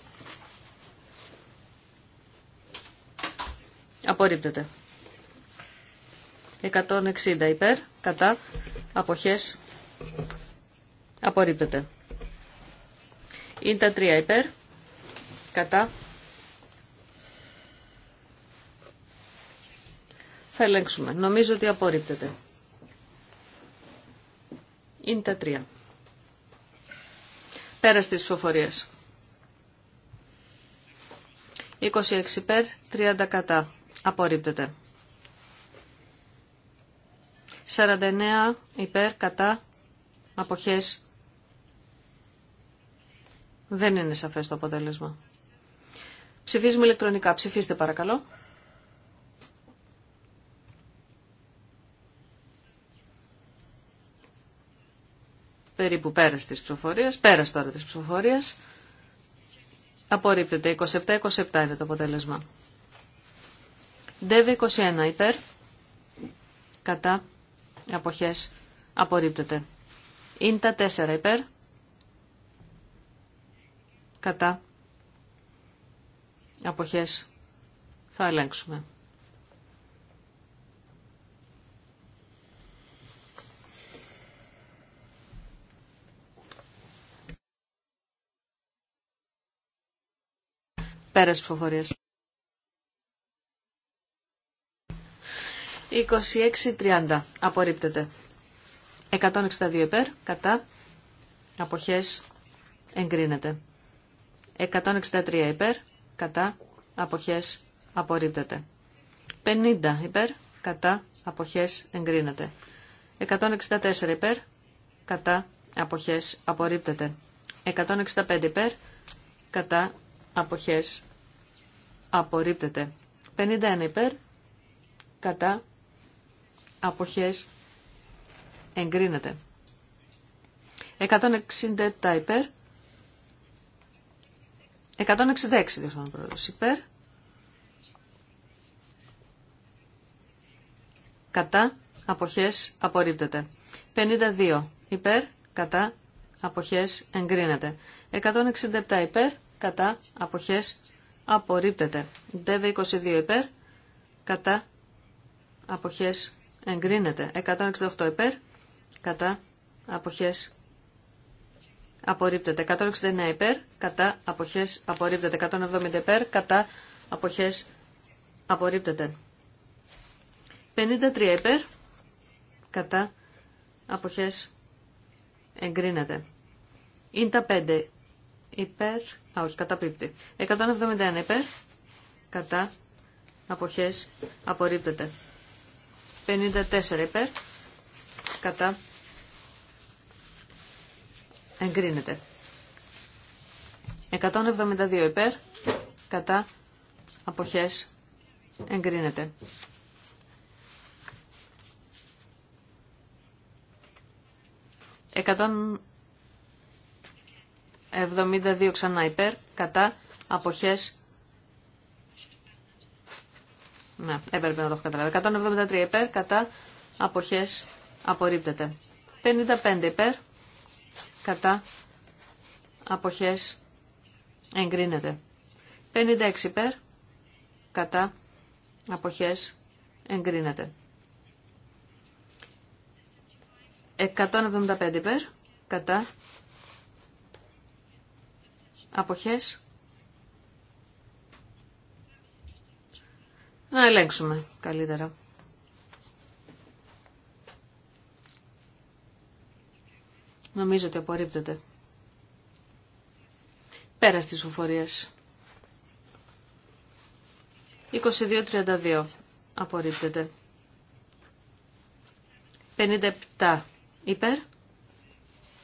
Απορρίπτεται. 160 υπέρ. Κατά. Αποχές. Απορρίπτεται. τα 3 υπέρ. Κατά. Θα ελέγξουμε. Νομίζω ότι απορρίπτεται. Είναι τα 3. Πέρα τη ψηφοφορίες. 26 υπέρ, 30 κατά. Απορρίπτεται. 49 υπέρ, κατά, αποχές. Δεν είναι σαφές το αποτέλεσμα. Ψηφίζουμε ηλεκτρονικά. Ψηφίστε παρακαλώ. περίπου πέρας της ψηφοφορίας, πέρας τώρα της ψηφοφορίας, απορρίπτεται 27-27 είναι το αποτέλεσμα. ΔΕΒ 21 υπέρ, κατά, αποχές, απορρίπτεται. Ίντα 4 υπέρ, κατά, αποχές, θα ελέγξουμε. Πέρας ψηφοφορίας. 26-30. Απορρίπτεται. 162 υπέρ, κατά, αποχές, εγκρίνεται. 163 υπέρ, κατά, αποχές, απορρίπτεται. 50 υπέρ, κατά, αποχές, εγκρίνεται. 164 υπέρ, κατά, αποχές, απορρίπτεται. 165 υπέρ, κατά, αποχές, απορρίπτεται. 51 υπέρ, κατά, αποχές, εγκρίνεται. 167 υπέρ, 166 πρόεδρος υπέρ, κατά, αποχές, απορρίπτεται. 52 υπέρ, κατά, αποχές, εγκρίνεται. 167 υπέρ, κατά, αποχές, απορρίπτεται. Δεύε 22 υπέρ, κατά αποχές εγκρίνεται. 168 υπέρ, κατά αποχές απορρίπτεται. 169 υπέρ, κατά αποχές απορρίπτεται. 170 υπέρ, κατά αποχές απορρίπτεται. 53 υπέρ, κατά αποχές εγκρίνεται. Είναι τα υπέρ, α 171 υπέρ, κατά, αποχές, απορρίπτεται. 54 υπέρ, κατά, εγκρίνεται. 172 υπέρ, κατά, αποχές, εγκρίνεται. 100... 72 ξανά υπέρ, κατά, αποχές. Ναι, έπρεπε να το έχω καταλάβει. 173 υπέρ, κατά, αποχές, απορρίπτεται. 55 υπέρ, κατά, αποχές, εγκρίνεται. 56 υπέρ, κατά, αποχές, εγκρίνεται. 175 υπέρ, κατά, αποχές. Να ελέγξουμε καλύτερα. Νομίζω ότι απορρίπτεται. Πέρα στις φοφορίες. 22-32 απορρίπτεται. 57 υπέρ.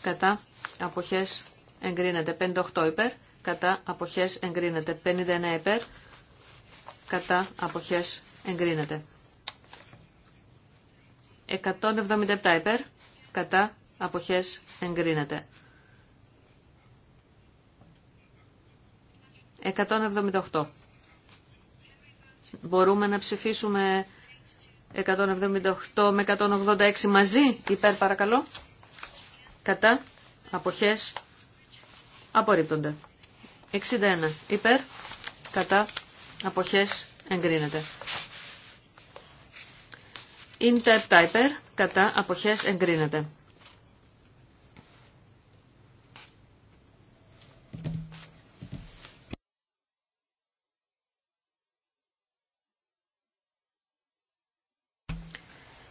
Κατά. Αποχές εγκρίνεται. 58 υπέρ κατά αποχές εγκρίνεται. 51 υπέρ, κατά αποχές εγκρίνεται. 177 υπέρ, κατά αποχές εγκρίνεται. 178. Μπορούμε να ψηφίσουμε 178 με 186 μαζί, υπέρ παρακαλώ. Κατά, αποχές, απορρίπτονται. 61. Υπέρ, κατά, αποχές, εγκρίνεται. Ίντε υπέρ, κατά, αποχές, εγκρίνεται.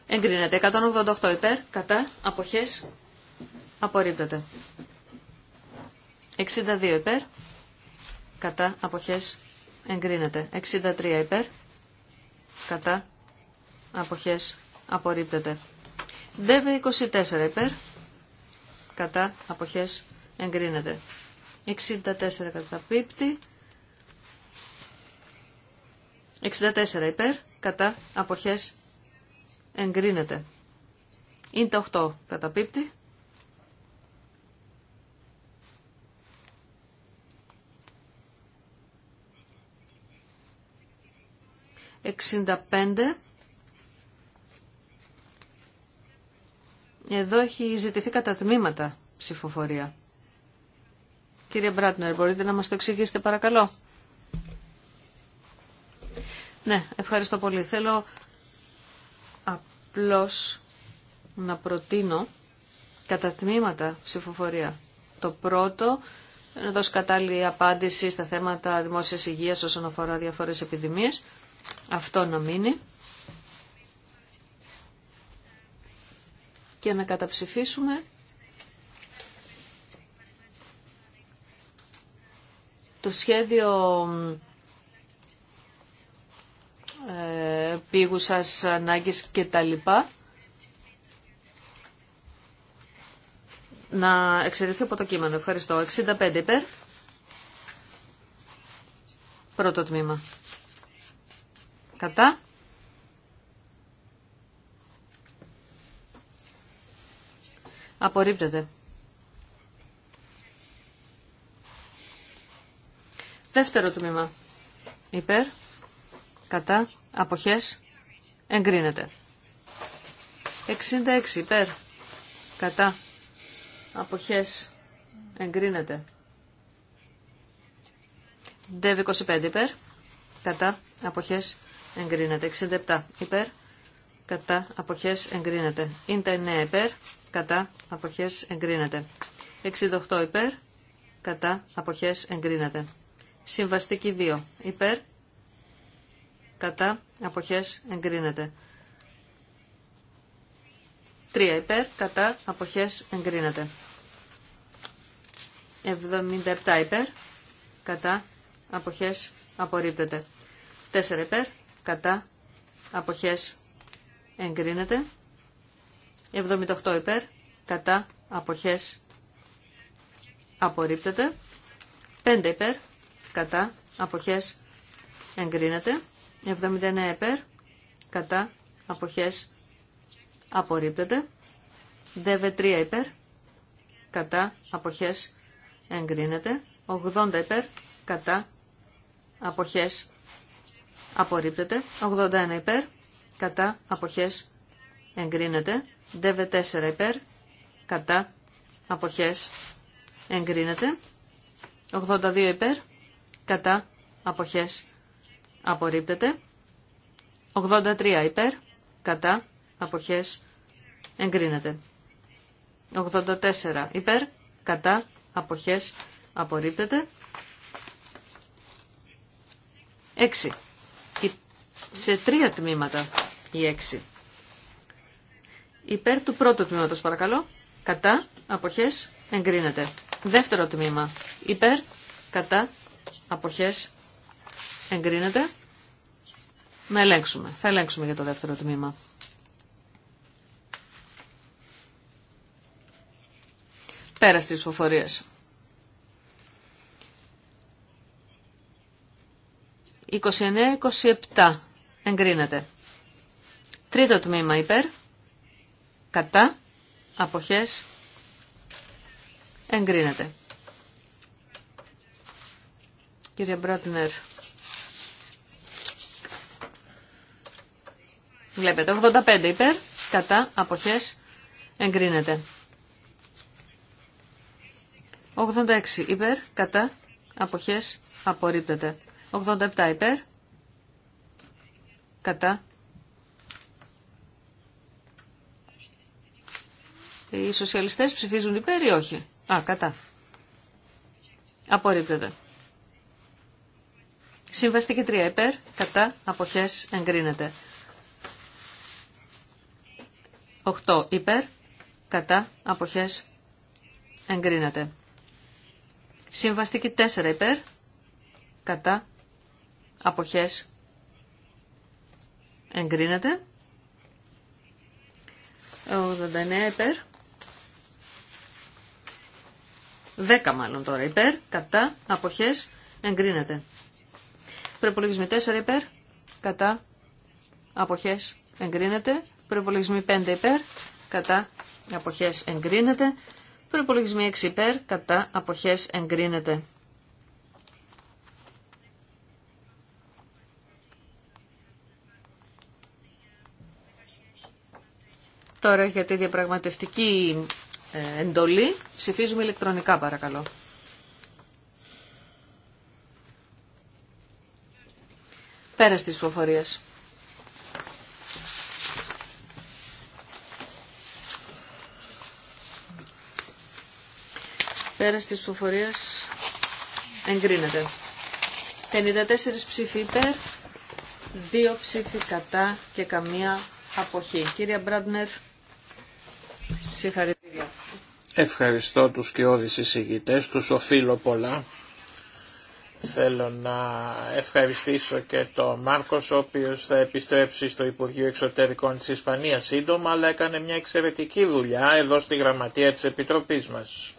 Εγκρίνεται. 188 υπέρ, κατά, αποχές, απορρίπτεται. 62 υπέρ, κατά αποχές εγκρίνεται. 63 υπέρ, κατά αποχές απορρίπτεται. ΔΕΒΕ 24 υπέρ, κατά αποχές εγκρίνεται. 64 κατά πίπτη, 64 υπέρ, κατά αποχές εγκρίνεται. Είναι 8 κατά πίπτη, 65. Εδώ έχει ζητηθεί κατά τμήματα ψηφοφορία. Κύριε Μπράτνερ, μπορείτε να μας το εξηγήσετε παρακαλώ. Ναι, ευχαριστώ πολύ. Θέλω απλώς να προτείνω κατά τμήματα ψηφοφορία. Το πρώτο, να δώσει κατάλληλη απάντηση στα θέματα δημόσιας υγείας όσον αφορά διάφορες επιδημίες αυτό να μείνει και να καταψηφίσουμε το σχέδιο ε, πήγουσας ανάγκης και τα λοιπά να εξαιρεθεί από το κείμενο. Ευχαριστώ. 65 υπέρ. Πρώτο τμήμα. Κατά. Απορρίπτεται. Δεύτερο τμήμα. Υπέρ. Κατά. Αποχές. Εγκρίνεται. 66 υπέρ. Κατά. Αποχές. Εγκρίνεται. ΔΕΒ 25 υπέρ. Κατά. Αποχές εγκρίνεται. 67 υπέρ, κατά αποχές εγκρίνεται. Ίντα 9 υπέρ, κατά αποχές εγκρίνεται. 68 υπέρ, κατά αποχές εγκρίνεται. Συμβαστική 2 υπέρ, κατά αποχές εγκρίνεται. 3 υπέρ, κατά αποχές εγκρίνεται. 77 υπέρ, κατά αποχές απορρίπτεται. 4 υπέρ, κατά, αποχές, εγκρίνεται. 78 υπέρ, κατά, αποχές, απορρίπτεται. 5 υπέρ, κατά, αποχές, εγκρίνεται. 79 υπέρ, κατά, αποχές, απορρίπτεται. ΔΒ3 υπέρ, κατά, αποχές, εγκρίνεται. 80 υπέρ, κατά, αποχές, απορρίπτεται. 81 υπέρ, κατά αποχές εγκρίνεται. 94 κατά αποχές εγκρίνεται. 82 υπέρ, κατά αποχές απορρίπτεται. 83 υπέρ, κατά αποχές εγκρίνεται. 84 υπέρ, κατά αποχές απορρίπτεται. 6 σε τρία τμήματα η έξι. Υπέρ του πρώτου τμήματος παρακαλώ, κατά, αποχές, εγκρίνεται. Δεύτερο τμήμα, υπέρ, κατά, αποχές, εγκρίνεται. Να ελέγξουμε, θα ελέγξουμε για το δεύτερο τμήμα. Πέρα στις ψηφοφορίες. 29-27 εγκρίνεται. Τρίτο τμήμα υπέρ, κατά, αποχές, εγκρίνεται. Κύριε Μπρότνερ, βλέπετε 85 υπέρ, κατά, αποχές, εγκρίνεται. 86 υπέρ, κατά, αποχές, απορρίπτεται. 87 υπέρ, κατά. Οι σοσιαλιστές ψηφίζουν υπέρ ή όχι. Α, κατά. Απορρίπτεται. Συμβαστική 3 υπέρ, κατά, αποχές, εγκρίνεται. 8 υπέρ, κατά, αποχές, εγκρίνεται. Συμβαστική 4 υπέρ, κατά, αποχές, Εγκρίνεται. 89 υπέρ. 10 μάλλον τώρα υπέρ. Κατά. Αποχές. Εγκρίνεται. Προπολογισμή 4 υπέρ. Κατά. Αποχές. Εγκρίνεται. Προπολογισμή 5 υπέρ. Κατά. Αποχές. Εγκρίνεται. Προπολογισμή 6 υπέρ. Κατά. Αποχές. Εγκρίνεται. Τώρα για τη διαπραγματευτική ε, εντολή ψηφίζουμε ηλεκτρονικά παρακαλώ. Πέρα της ψηφοφορίας. Πέρα της ψηφοφορίας εγκρίνεται. 54 ψήφοι υπέρ, 2 ψήφοι κατά και καμία αποχή. Κύριε Μπράντνερ, Ευχαριστώ τους και εισηγητές, τους οφείλω πολλά. Θέλω να ευχαριστήσω και τον Μάρκος, ο οποίος θα επιστρέψει στο Υπουργείο Εξωτερικών της Ισπανίας σύντομα, αλλά έκανε μια εξαιρετική δουλειά εδώ στη γραμματεία της Επιτροπής μας.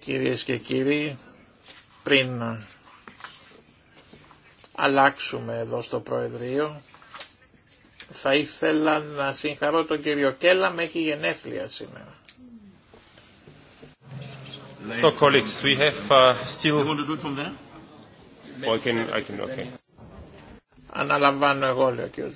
Κυρίες και κύριοι, πριν αλλάξουμε εδώ στο Προεδρείο. Θα ήθελα να συγχαρώ τον κύριο Κέλλα, με έχει γενέθλια σήμερα. So colleagues, we have uh, still... You want to do it from there? Oh, I can, I can, okay. Αναλαμβάνω εγώ, λέει ο κύριος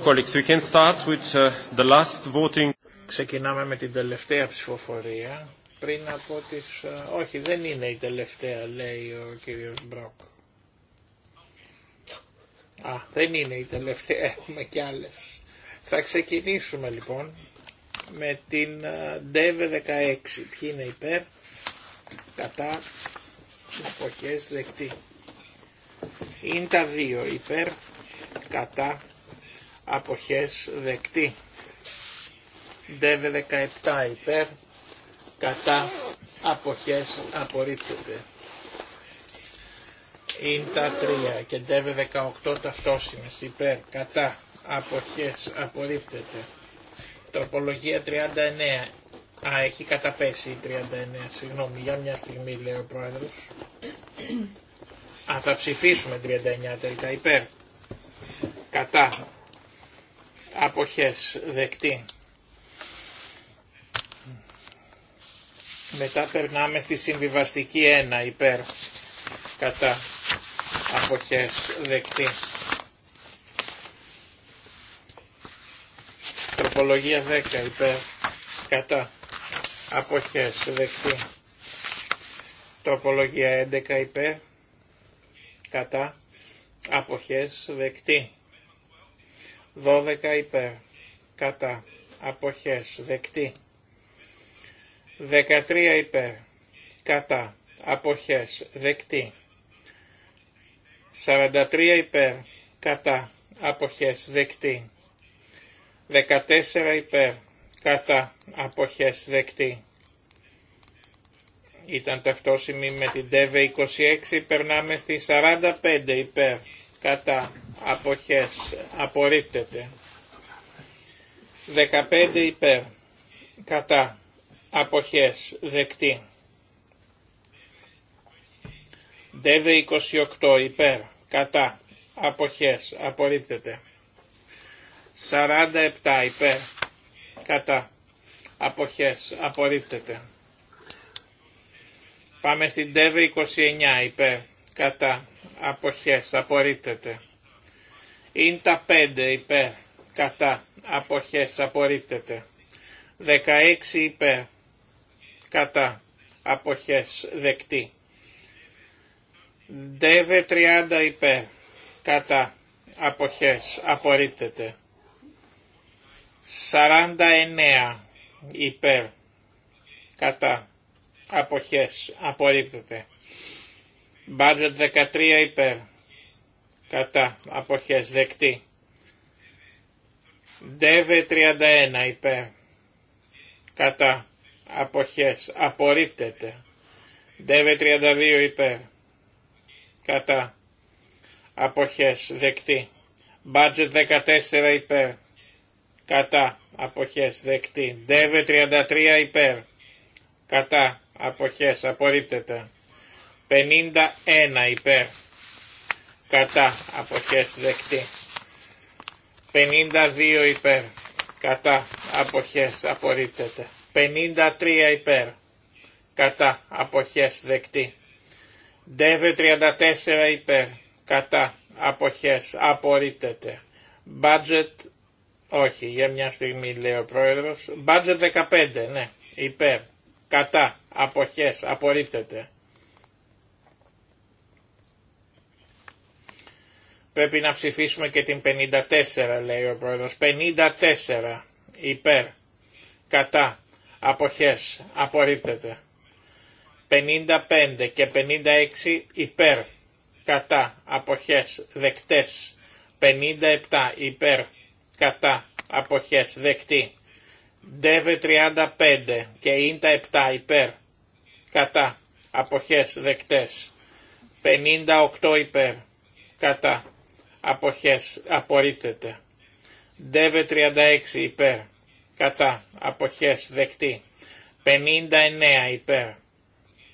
colleagues, we can uh, Ξεκινάμε με την τελευταία ψηφοφορία. Πριν από τις... Ε, όχι, δεν είναι η τελευταία, λέει ο κύριο Μπρόκ. Α, δεν είναι η τελευταία, (laughs) έχουμε κι άλλε. Θα ξεκινήσουμε λοιπόν με την DEV ε, 16. Ποιοι είναι υπέρ, κατά, εποχέ δεκτή. Είναι τα δύο υπέρ, κατά, αποχές δεκτή. ΔΕΒ 17 υπέρ, κατά αποχές απορρίπτεται. Είναι τα 3 και ΔΕΒΕ 18 ταυτόσιμες υπέρ, κατά αποχές απορρίπτεται. Τροπολογία 39. Α, έχει καταπέσει η 39. Συγγνώμη, για μια στιγμή λέει ο πρόεδρος. Α, θα ψηφίσουμε 39 τελικά υπέρ. Κατά αποχές δεκτή. Μετά περνάμε στη συμβιβαστική 1 υπέρ κατά αποχές δεκτή. Τροπολογία 10 υπέρ κατά αποχές δεκτή. Τροπολογία 11 υπέρ κατά αποχές δεκτή. Δώδεκα υπέρ, κατά, αποχές, δεκτή. Δεκατρία υπέρ, κατά, αποχές, δεκτή. 43 υπέρ, κατά, αποχές, δεκτή. Δεκατέσσερα υπέρ, κατά, αποχές, δεκτή. Ήταν ταυτόσημη με την ΤΕΒΕ e 26, περνάμε στη 45 υπέρ, κατά αποχές απορρίπτεται 15 υπέρ κατά αποχές δεκτή ΔΕΒΕ 28 υπέρ κατά αποχές απορρίπτεται 47 υπέρ κατά αποχές απορρίπτεται Πάμε στην Δεύε 29 υπέρ κατά αποχές απορρίπτεται. Είναι τα 5 υπέρ κατά αποχές απορρίπτεται. 16 υπέρ κατά αποχές δεκτή. Δεύε 30 υπέρ κατά αποχές απορρίπτεται. 49 υπέρ κατά αποχές απορρίπτεται. Budget 13 υπέρ. Κατά. Αποχές δεκτή. Deve 31 υπέρ. Κατά. Αποχές. Απορρίπτεται. Deve 32 υπέρ. Κατά. Αποχές δεκτή. Budget 14 υπέρ. Κατά. Αποχές δεκτή. Deve 33 υπέρ. Κατά. Αποχές. Απορρίπτεται. 51 υπέρ κατά αποχές δεκτή 52 υπέρ κατά αποχές απορρίπτεται 53 υπέρ κατά αποχές δεκτή Δεύε 34 υπέρ κατά αποχές απορρίπτεται Budget όχι για μια στιγμή λέει ο πρόεδρος Budget 15 ναι υπέρ κατά αποχές απορρίπτεται Πρέπει να ψηφίσουμε και την 54 λέει ο πρόεδρος. 54 υπέρ κατά αποχές απορρίπτεται. 55 και 56 υπέρ κατά αποχές δεκτές. 57 υπέρ κατά αποχές δεκτή. Ντεβε 35 και Ίντα 7 υπέρ κατά αποχές δεκτές. 58 υπέρ κατά αποχές απορρίπτεται. Δεύε 36 υπέρ, κατά, αποχές δεκτή. 59 υπέρ,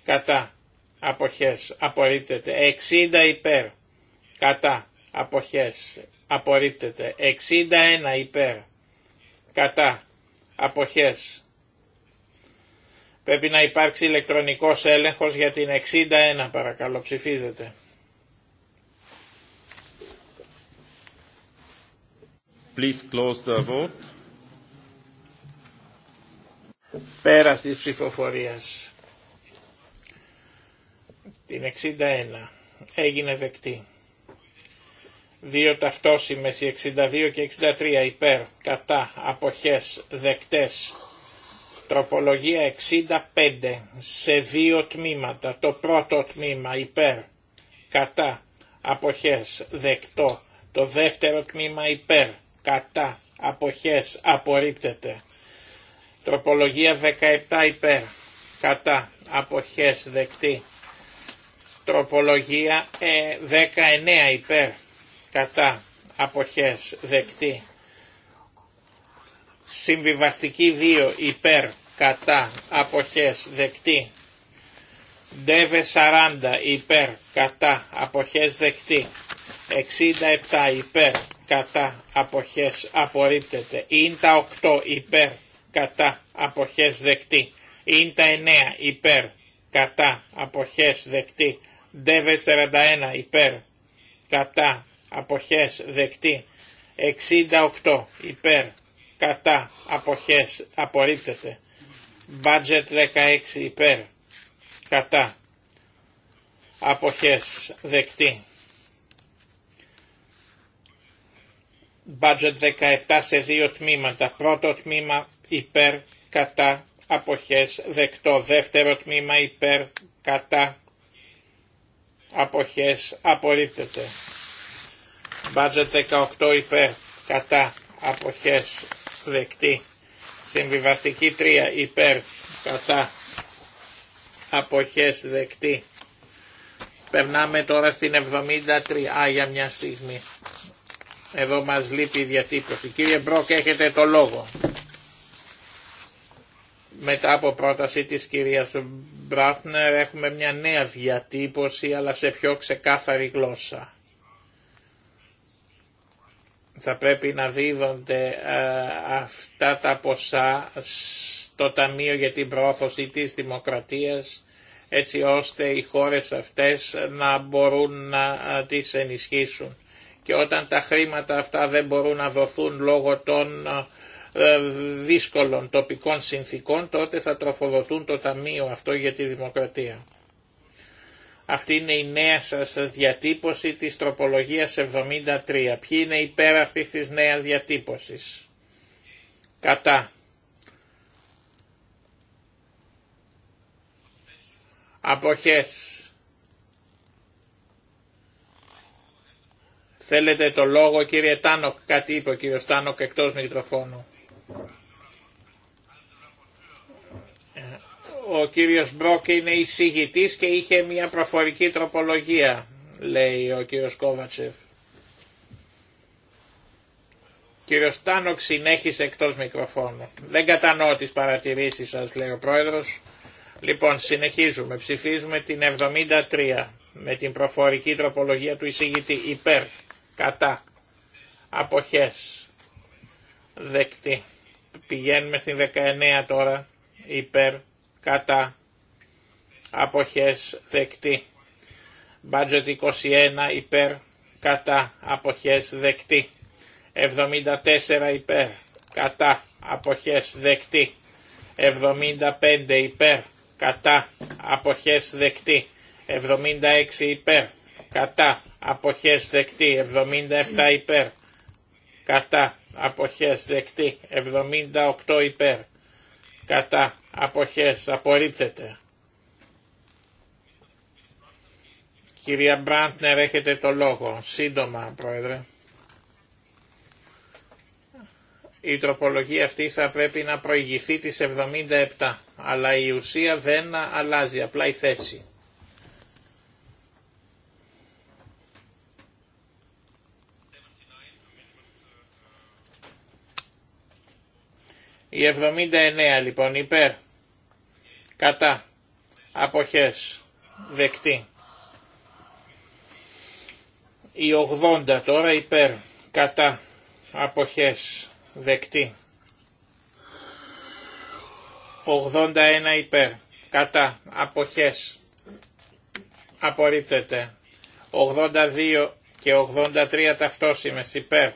κατά, αποχές απορρίπτεται. 60 υπέρ, κατά, αποχές απορρίπτεται. 61 υπέρ, κατά, αποχές. Πρέπει να υπάρξει ηλεκτρονικός έλεγχος για την 61 παρακαλώ ψηφίζεται. Please close the vote. ψηφοφορίας. Την 61. Έγινε δεκτή. Δύο ταυτόσημες, οι 62 και 63 υπέρ, κατά, αποχές, δεκτές. Τροπολογία 65 σε δύο τμήματα. Το πρώτο τμήμα υπέρ, κατά, αποχές, δεκτό. Το δεύτερο τμήμα υπέρ, κατά, αποχές, απορρίπτεται. Τροπολογία 17 υπέρ, κατά, αποχές, δεκτή. Τροπολογία 19 ε, υπέρ, κατά, αποχές, δεκτή. Συμβιβαστική 2 υπέρ, κατά, αποχές, δεκτή. Ντεβε 40 υπέρ, κατά, αποχές δεκτή. 67 υπέρ, κατά αποχές απορρίπτεται. Είναι τα 8 υπέρ κατά αποχές δεκτή. Είναι τα 9 υπέρ κατά αποχές δεκτή. Δέβε 41 υπέρ κατά αποχές δεκτή. 68 υπέρ κατά αποχές απορρίπτεται. Budget 16 υπέρ κατά αποχές δεκτή. budget 17 σε δύο τμήματα. Πρώτο τμήμα υπέρ κατά αποχές δεκτό. Δεύτερο τμήμα υπέρ κατά αποχές απορρίπτεται. Budget 18 υπέρ κατά αποχές δεκτή. Συμβιβαστική 3 υπέρ κατά αποχές δεκτή. Περνάμε τώρα στην 73. Α, για μια στιγμή. Εδώ μας λείπει η διατύπωση. Κύριε Μπρόκ έχετε το λόγο. Μετά από πρόταση της κυρίας Μπράτνερ έχουμε μια νέα διατύπωση αλλά σε πιο ξεκάθαρη γλώσσα. Θα πρέπει να δίδονται ε, αυτά τα ποσά στο Ταμείο για την Πρόθωση της Δημοκρατίας έτσι ώστε οι χώρες αυτές να μπορούν να ε, τις ενισχύσουν. Και όταν τα χρήματα αυτά δεν μπορούν να δοθούν λόγω των ε, ε, δύσκολων τοπικών συνθήκων, τότε θα τροφοδοτούν το Ταμείο αυτό για τη Δημοκρατία. Αυτή είναι η νέα σας διατύπωση της τροπολογίας 73. Ποιοι είναι υπέρ αυτής της νέας διατύπωσης. Κατά. Αποχές. Θέλετε το λόγο κύριε Τάνοκ, κάτι είπε ο κύριος Τάνοκ εκτός μικροφώνου. Ε, ο κύριος Μπρόκ είναι εισηγητής και είχε μια προφορική τροπολογία, λέει ο κύριος Κόβατσεφ. Κύριος Τάνοκ συνέχισε εκτός μικροφώνου. Δεν κατανοώ τις παρατηρήσεις σας, λέει ο πρόεδρος. Λοιπόν, συνεχίζουμε. Ψηφίζουμε την 73 με την προφορική τροπολογία του εισηγητή υπέρ κατά, αποχές, δεκτή. Πηγαίνουμε στην 19 τώρα, υπέρ, κατά, αποχές, δεκτή. Budget 21 υπέρ, κατά, αποχές, δεκτή. 74 υπέρ, κατά, αποχές, δεκτή. 75 υπέρ, κατά, αποχές, δεκτή. 76 υπέρ, κατά αποχές δεκτή 77 υπέρ κατά αποχές δεκτή 78 υπέρ κατά αποχές απορρίπτεται Κυρία Μπραντνερ έχετε το λόγο σύντομα πρόεδρε η τροπολογία αυτή θα πρέπει να προηγηθεί τις 77 αλλά η ουσία δεν αλλάζει απλά η θέση Η 79 λοιπόν υπέρ. Κατά. Αποχές. Δεκτή. Η 80 τώρα υπέρ. Κατά. Αποχές. Δεκτή. 81 υπέρ. Κατά. Αποχές. Απορρίπτεται. 82 και 83 ταυτόσημες υπέρ.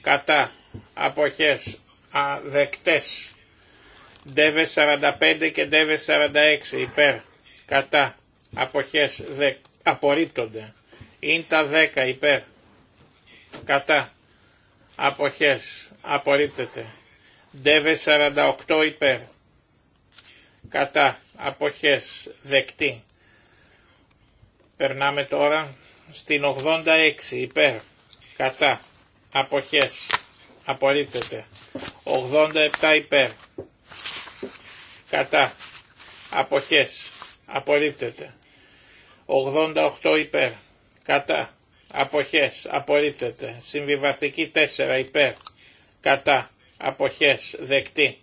Κατά. Αποχές. Αδεκτές ΔΕΒΕ 45 και ΔΕΒΕ 46 υπέρ, κατά, αποχές, δε, απορρίπτονται. Είναι τα 10 υπέρ, κατά, αποχές, απορρίπτεται. ΔΕΒΕ 48 υπέρ, κατά, αποχές, δεκτή. Περνάμε τώρα στην 86 υπέρ, κατά, αποχές, απορρίπτεται. 87 υπέρ. Κατά. Αποχές. Απορρίπτεται. 88 υπέρ. Κατά. Αποχές. Απορρίπτεται. Συμβιβαστική 4 υπέρ. Κατά. Αποχές. Δεκτή.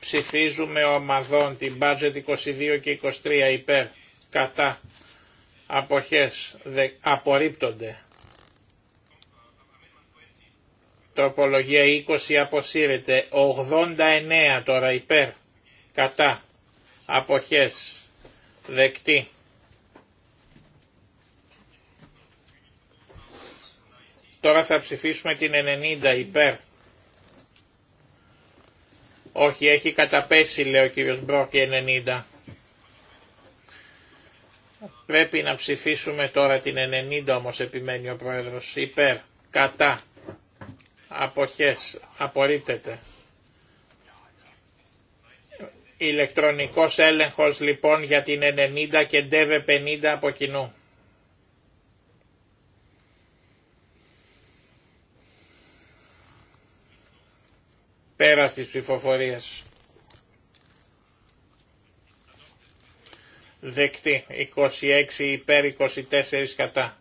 Ψηφίζουμε ομαδών την budget 22 και 23 υπέρ. Κατά αποχές απορρίπτονται. Τροπολογία 20 αποσύρεται. 89 τώρα υπέρ. Κατά. Αποχές. Δεκτή. Τώρα θα ψηφίσουμε την 90 υπέρ. Όχι, έχει καταπέσει λέει ο κύριος Μπρόκ η 90. Πρέπει να ψηφίσουμε τώρα την 90 όμως επιμένει ο Πρόεδρος. Υπέρ, κατά, αποχές, απορρίπτεται. Ηλεκτρονικός έλεγχος λοιπόν για την 90 και ντεβε 50 από κοινού. Πέρα στις ψηφοφορίες. δεκτή 26 υπέρ 24 κατά.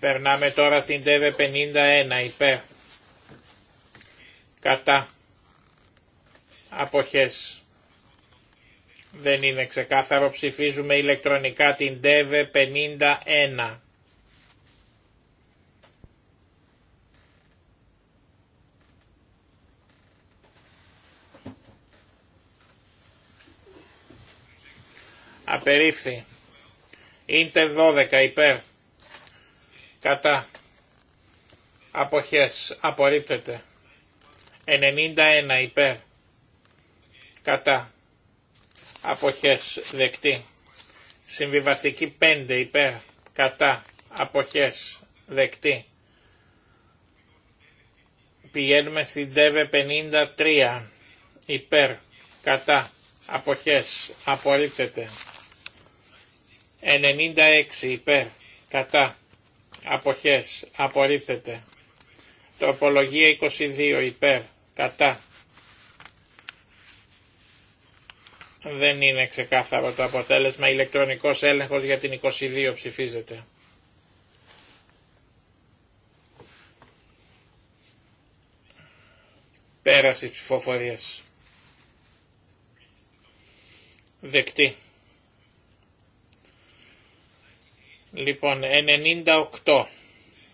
Περνάμε τώρα στην ΤΕΒΕ 51 υπέρ κατά αποχές. Δεν είναι ξεκάθαρο, ψηφίζουμε ηλεκτρονικά την ΤΕΒΕ 51. Απερίφθη. Ίντερ 12 υπέρ. Κατά. Αποχές. Απορρίπτεται. 91 υπέρ. Κατά. Αποχές. Δεκτή. Συμβιβαστική 5 υπέρ. Κατά. Αποχές. Δεκτή. Πηγαίνουμε στην ΤΕΒΕ 53. Υπέρ. Κατά. Αποχές. Απορρίπτεται. 96 υπέρ κατά αποχές απορρίπτεται. Τροπολογία 22 υπέρ κατά. Δεν είναι ξεκάθαρο το αποτέλεσμα. Ηλεκτρονικός έλεγχος για την 22 ψηφίζεται. Πέραση ψηφοφορίας. Δεκτή. Λοιπόν, 98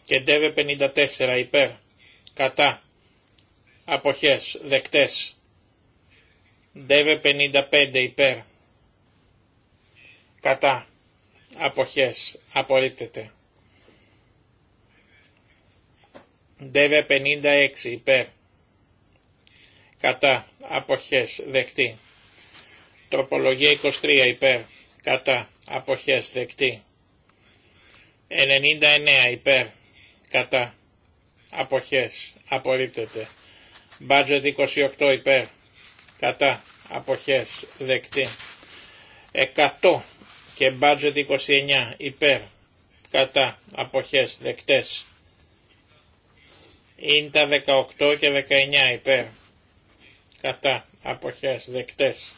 και ντεβε 54 υπέρ, κατά, αποχές, δεκτές. Ντεβε 55 υπέρ, κατά, αποχές, απορρίπτεται. Ντεβε 56 υπέρ, κατά, αποχές, δεκτή. Τροπολογία 23 υπέρ, κατά, αποχές, δεκτή. 99 υπέρ κατά αποχές απορρίπτεται. Budget 28 υπέρ κατά αποχές δεκτή. 100 και budget 29 υπέρ κατά αποχές δεκτές. Είναι τα 18 και 19 υπέρ κατά αποχές δεκτές.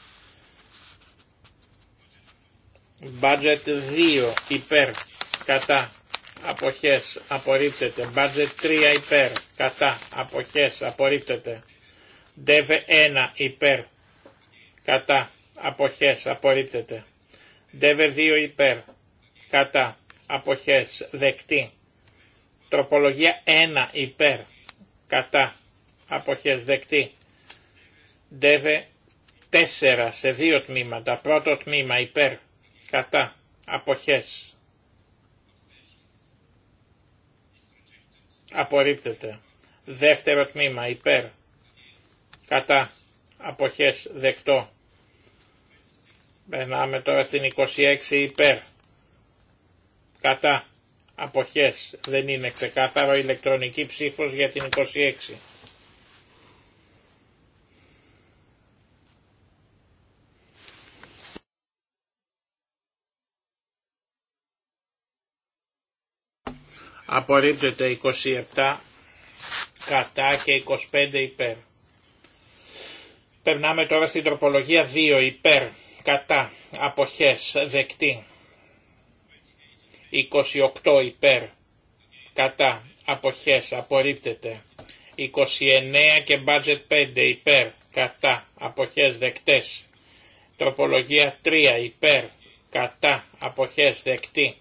Budget 2 υπέρ κατά αποχές απορρίπτεται. Budget 3 υπέρ κατά αποχές απορρίπτεται. Dev 1 υπέρ κατά αποχές απορρίπτεται. Dev 2 υπέρ κατά αποχές δεκτή. Τροπολογία 1 υπέρ κατά αποχές δεκτή. Dev 4 σε δύο τμήματα. Πρώτο τμήμα υπέρ κατά αποχές απορρίπτεται. Δεύτερο τμήμα υπέρ κατά αποχές δεκτό. Περνάμε τώρα στην 26 υπέρ κατά αποχές δεν είναι ξεκάθαρο ηλεκτρονική ψήφος για την 26. Απορρίπτεται 27 κατά και 25 υπέρ. Περνάμε τώρα στην τροπολογία 2 υπέρ, κατά, αποχές, δεκτή. 28 υπέρ, κατά, αποχές, απορρίπτεται. 29 και budget 5 υπέρ, κατά, αποχές, δεκτές. Τροπολογία 3 υπέρ, κατά, αποχές, δεκτή.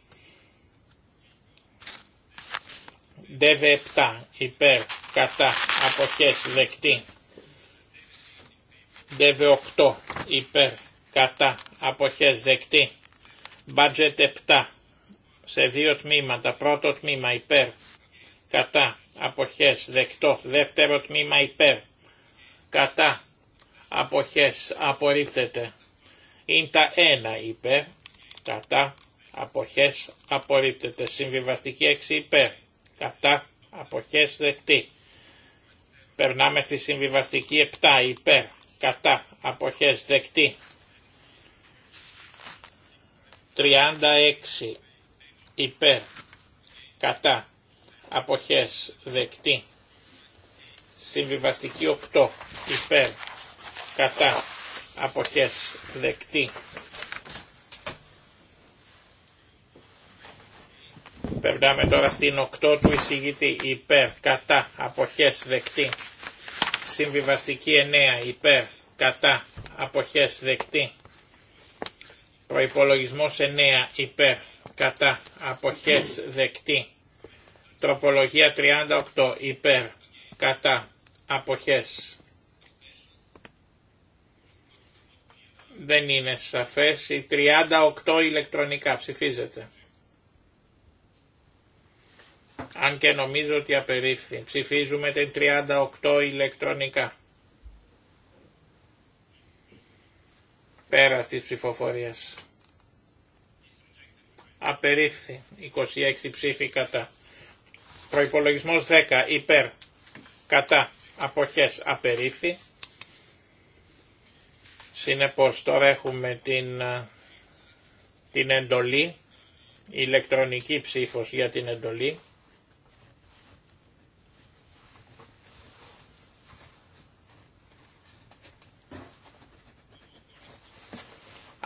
ΔΕΒΕ 7 υπέρ κατά αποχές δεκτή. ΔΕΒΕ 8 υπέρ κατά αποχές δεκτή. Budget 7 σε δύο τμήματα. Πρώτο τμήμα υπέρ κατά αποχές δεκτό. Δεύτερο τμήμα υπέρ κατά αποχές απορρίπτεται. Είναι τα 1 υπέρ κατά αποχές απορρίπτεται. Συμβιβαστική 6 υπέρ κατά αποχές δεκτή. Περνάμε στη συμβιβαστική 7 υπέρ κατά αποχές δεκτή. 36 υπέρ κατά αποχές δεκτή. Συμβιβαστική 8 υπέρ κατά αποχές δεκτή. Περνάμε τώρα στην 8 του εισηγητή. Υπέρ, κατά, αποχές, δεκτή. Συμβιβαστική 9. Υπέρ, κατά, αποχές, δεκτή. Προϋπολογισμός 9. Υπέρ, κατά, αποχές, δεκτή. Τροπολογία 38. Υπέρ, κατά, αποχές. Δεν είναι σαφές. Η 38 ηλεκτρονικά ψηφίζεται αν και νομίζω ότι απερίφθη. Ψηφίζουμε την 38 ηλεκτρονικά. Πέρα της ψηφοφορίας. Απερίφθη. 26 ψήφοι κατά. Προϋπολογισμός 10 υπέρ. Κατά. Αποχές. Απερίφθη. Συνεπώς τώρα έχουμε την, την εντολή, ηλεκτρονική ψήφος για την εντολή.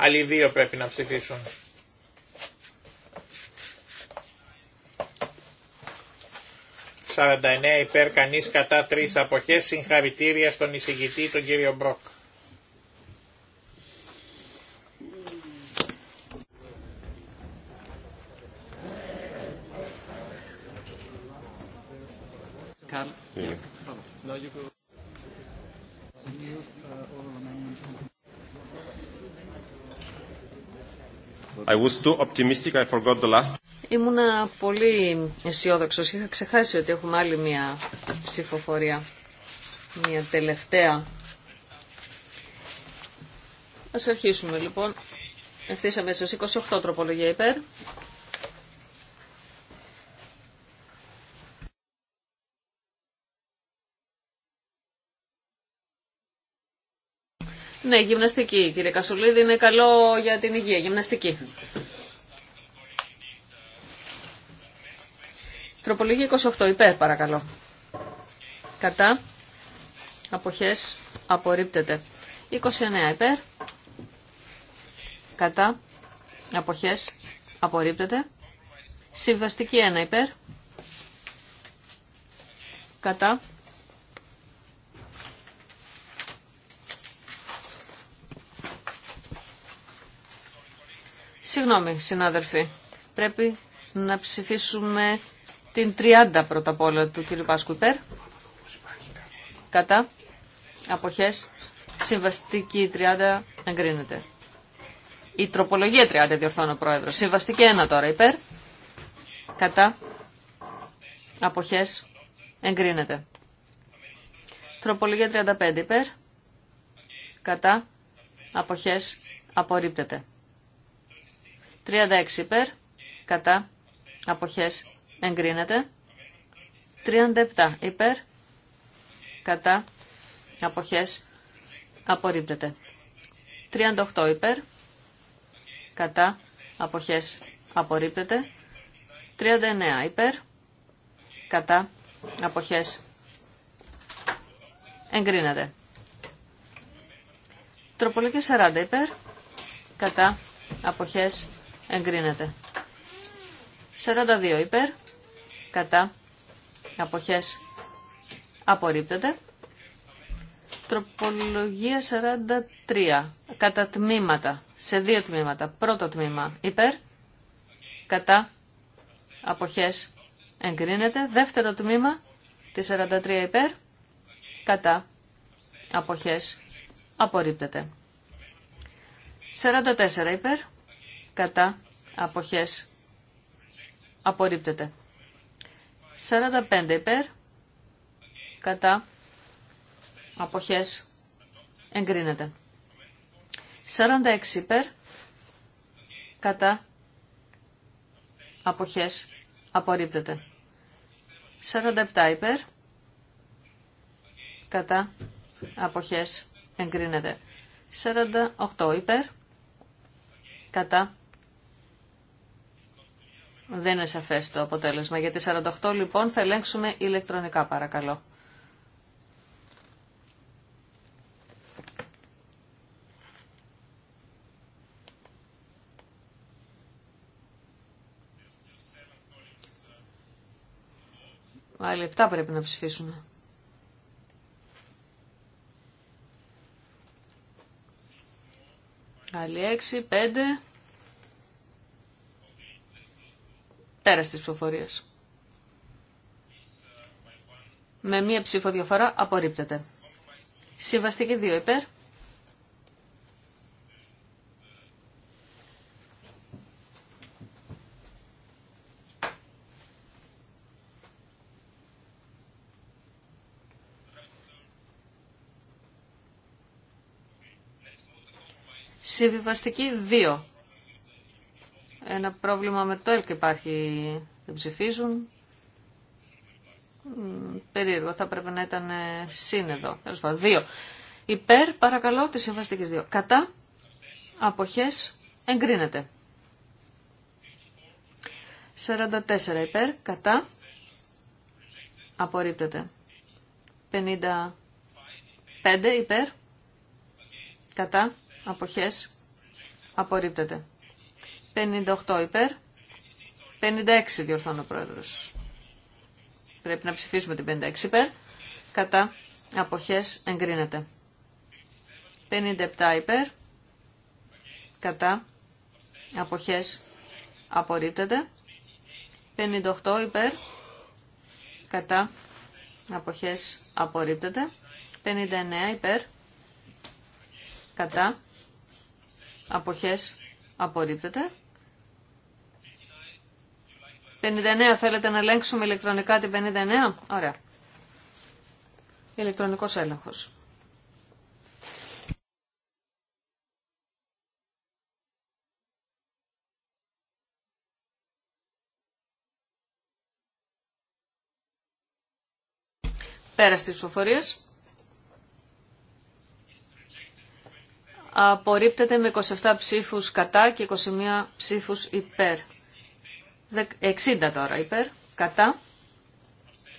Άλλοι δύο πρέπει να ψηφίσουν. «49 υπέρ κανείς κατά τρεις αποχές. Συγχαρητήρια στον εισηγητή, τον κύριο Μπροκ». Yeah. I was too optimistic, I forgot the last. Ήμουνα πολύ αισιόδοξο. Είχα ξεχάσει ότι έχουμε άλλη μια ψηφοφορία. Μια τελευταία. Ας αρχίσουμε λοιπόν. Ευθύσαμε στους 28 τροπολογία υπέρ. Ναι, γυμναστική, κύριε Κασουλίδη, είναι καλό για την υγεία. Γυμναστική. Τροπολογία 28, υπέρ παρακαλώ. Κατά. Αποχές απορρίπτεται. 29 υπέρ. Κατά. Αποχές απορρίπτεται. Συμβαστική 1 υπέρ. Κατά. Συγγνώμη, συνάδελφοι, πρέπει να ψηφίσουμε την 30 πρώτα απ' όλα του κ. Πάσκου υπέρ. Κατά. Αποχές. Συμβαστική 30 εγκρίνεται. Η τροπολογία 30 διορθώνω πρόεδρο. Συμβαστική 1 τώρα υπέρ. Κατά. Αποχές. Εγκρίνεται. Τροπολογία 35 υπέρ. Κατά. Αποχές. Απορρίπτεται. 36 υπέρ, κατά, αποχές, εγκρίνεται. 37 υπέρ, κατά, αποχές, απορρίπτεται. 38 υπέρ, κατά, αποχές, απορρίπτεται. 39 υπέρ, κατά, αποχές, εγκρίνεται. Τροπολογία 40 υπέρ, κατά, αποχές, Εγκρίνεται. 42 υπέρ. Κατά. Αποχές. Απορρίπτεται. Τροπολογία 43. Κατά τμήματα. Σε δύο τμήματα. Πρώτο τμήμα υπέρ. Κατά. Αποχές. Εγκρίνεται. Δεύτερο τμήμα. Τη 43 υπέρ. Κατά. Αποχές. Απορρίπτεται. 44 υπέρ κατά αποχές απορρίπτεται. 45 υπέρ κατά αποχές εγκρίνεται. 46 υπέρ κατά αποχές απορρίπτεται. 47 υπέρ κατά αποχές εγκρίνεται. 48 υπέρ κατά δεν είναι σαφέ το αποτέλεσμα. Για τη 48 λοιπόν θα ελέγξουμε ηλεκτρονικά παρακαλώ. Άλλοι 7 πρέπει να ψηφίσουμε. Άλλοι 6, 5... Πέρα στις ψηφοφορίας. Με μία ψήφο απορρίπτεται. Συμβαστική δύο υπέρ. Συμβιβαστική δύο. Ένα πρόβλημα με το ΕΛΚ υπάρχει. Δεν ψηφίζουν. Περίεργο. Θα πρέπει να ήταν ε, σύνεδο. εδώ. Δύο. Υπέρ, παρακαλώ, τη συμβαστική δύο. Κατά. Αποχέ. Εγκρίνεται. 44 υπέρ. Κατά. Απορρίπτεται. 55 υπέρ. Κατά. Αποχές. Απορρίπτεται. 58 υπέρ. 56 διορθώνω ο πρόεδρος. Πρέπει να ψηφίσουμε την 56 υπέρ. Κατά αποχές εγκρίνεται. 57 υπέρ. Κατά αποχές απορρίπτεται. 58 υπέρ. Κατά αποχές απορρίπτεται. 59 υπέρ. Κατά αποχές απορρίπτεται. 59 θέλετε να ελέγξουμε ηλεκτρονικά την 59. Ωραία. Ηλεκτρονικός έλεγχος. Πέρα στις ψηφοφορίες. Απορρίπτεται με 27 ψήφους κατά και 21 ψήφους υπέρ. 60 τώρα υπέρ, κατά,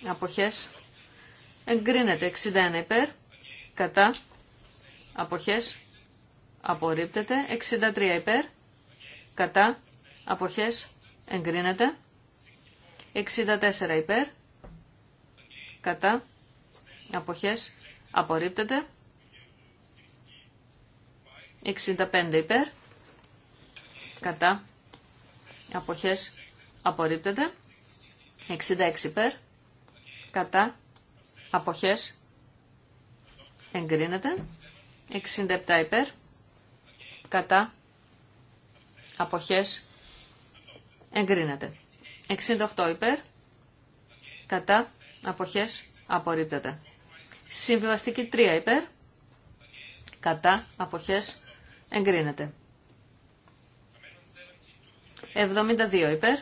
αποχές, εγκρίνεται 61 υπέρ, κατά, αποχές, απορρίπτεται 63 υπέρ, κατά, αποχές, εγκρίνεται 64 υπέρ, κατά, αποχές, απορρίπτεται 65 υπέρ, κατά, αποχές, απορρίπτεται. 66 υπέρ, κατά, αποχές, εγκρίνεται. 67 υπέρ, κατά, αποχές, εγκρίνεται. 68 υπέρ, κατά, αποχές, απορρίπτεται. Συμβιβαστική 3 υπέρ, κατά, αποχές, εγκρίνεται. 72 υπέρ,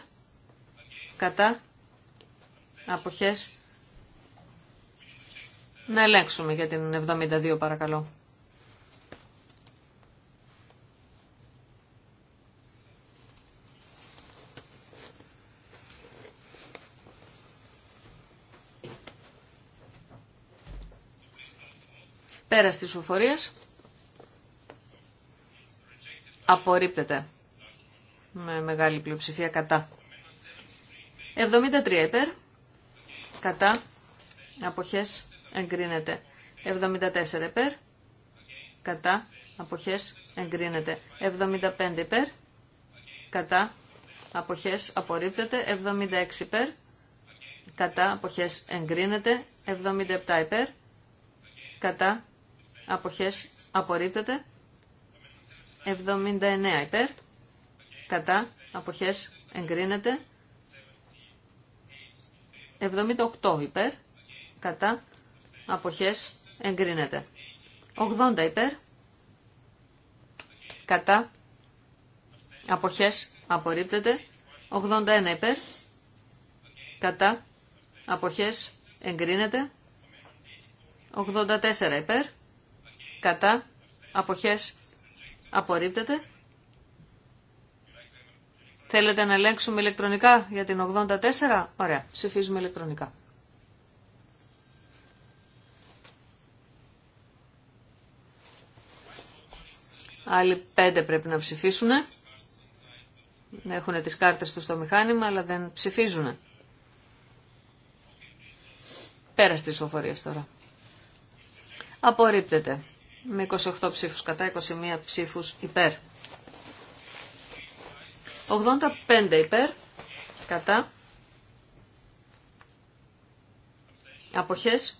κατά, αποχές. Να ελέγξουμε για την 72 παρακαλώ. Πέρα στις φοφορίες απορρίπτεται με μεγάλη πλειοψηφία κατά. 73 υπέρ, κατά, αποχές, εγκρίνεται. 74 υπέρ, κατά, αποχές, εγκρίνεται. 75 υπέρ, κατά, αποχές, απορρίπτεται. 76 υπέρ, κατά, αποχές, εγκρίνεται. 77 υπέρ, κατά, αποχές, απορρίπτεται. 79 υπέρ, κατά, αποχές, εγκρίνεται. 78 υπέρ, κατά, αποχές, εγκρίνεται. 80 υπέρ, κατά, αποχές, απορρίπτεται. 81 υπέρ, κατά, αποχές, εγκρίνεται. 84 υπέρ, κατά, αποχές, απορρίπτεται. Θέλετε να ελέγξουμε ηλεκτρονικά για την 84. Ωραία, ψηφίζουμε ηλεκτρονικά. Άλλοι πέντε πρέπει να ψηφίσουν. Έχουν τις κάρτες τους στο μηχάνημα, αλλά δεν ψηφίζουν. Πέρα στις ψηφοφορίες τώρα. Απορρίπτεται. Με 28 ψήφους κατά, 21 ψήφους υπέρ. 85 υπέρ, κατά, αποχές,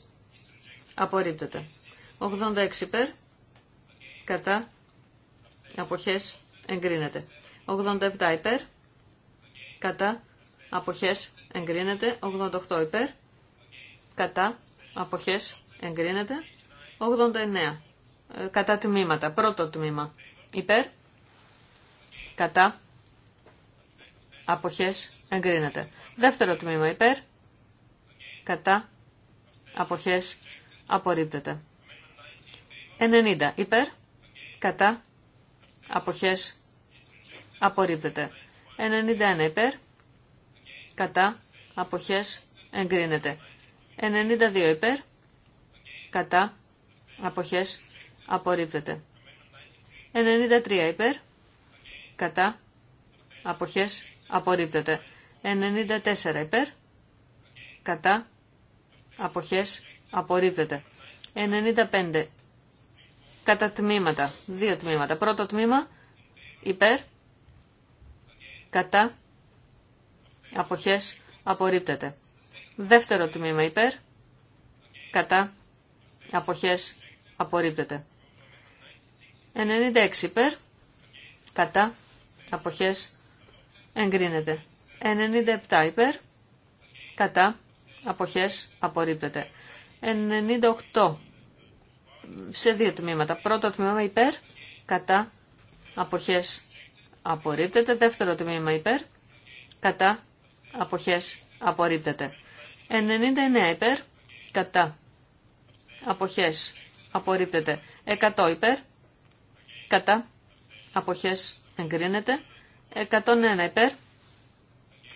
απορρίπτεται. 86 υπέρ, κατά, αποχές, εγκρίνεται. 87 υπέρ, κατά, αποχές, εγκρίνεται. 88 υπέρ, κατά, αποχές, εγκρίνεται. 89 ε, κατά τμήματα. Πρώτο τμήμα. Υπέρ. Κατά. Αποχές εγκρίνεται. Δεύτερο τμήμα υπέρ. Κατά. Αποχές απορρίπτεται. 90 υπέρ. Κατά. Αποχές απορρίπτεται. 91 υπέρ. Κατά. Αποχές εγκρίνεται. 92 υπέρ. Κατά. Αποχές απορρίπτεται. 93 υπέρ. Κατά. Αποχές απορρίπτεται. 94 υπέρ, κατά, αποχές, απορρίπτεται. 95 κατά τμήματα, δύο τμήματα. Πρώτο τμήμα υπέρ, κατά, αποχές, απορρίπτεται. Δεύτερο τμήμα υπέρ, κατά, αποχές, απορρίπτεται. 96 υπέρ, κατά, αποχές, εγκρίνεται. 97 υπέρ, κατά, αποχές, απορρίπτεται. 98 σε δύο τμήματα. Πρώτο τμήμα υπέρ, κατά, αποχές, απορρίπτεται. Δεύτερο τμήμα υπέρ, κατά, αποχές, απορρίπτεται. 99 υπέρ, κατά, αποχές, απορρίπτεται. 100 υπέρ, κατά, αποχές, εγκρίνεται. 101 υπέρ,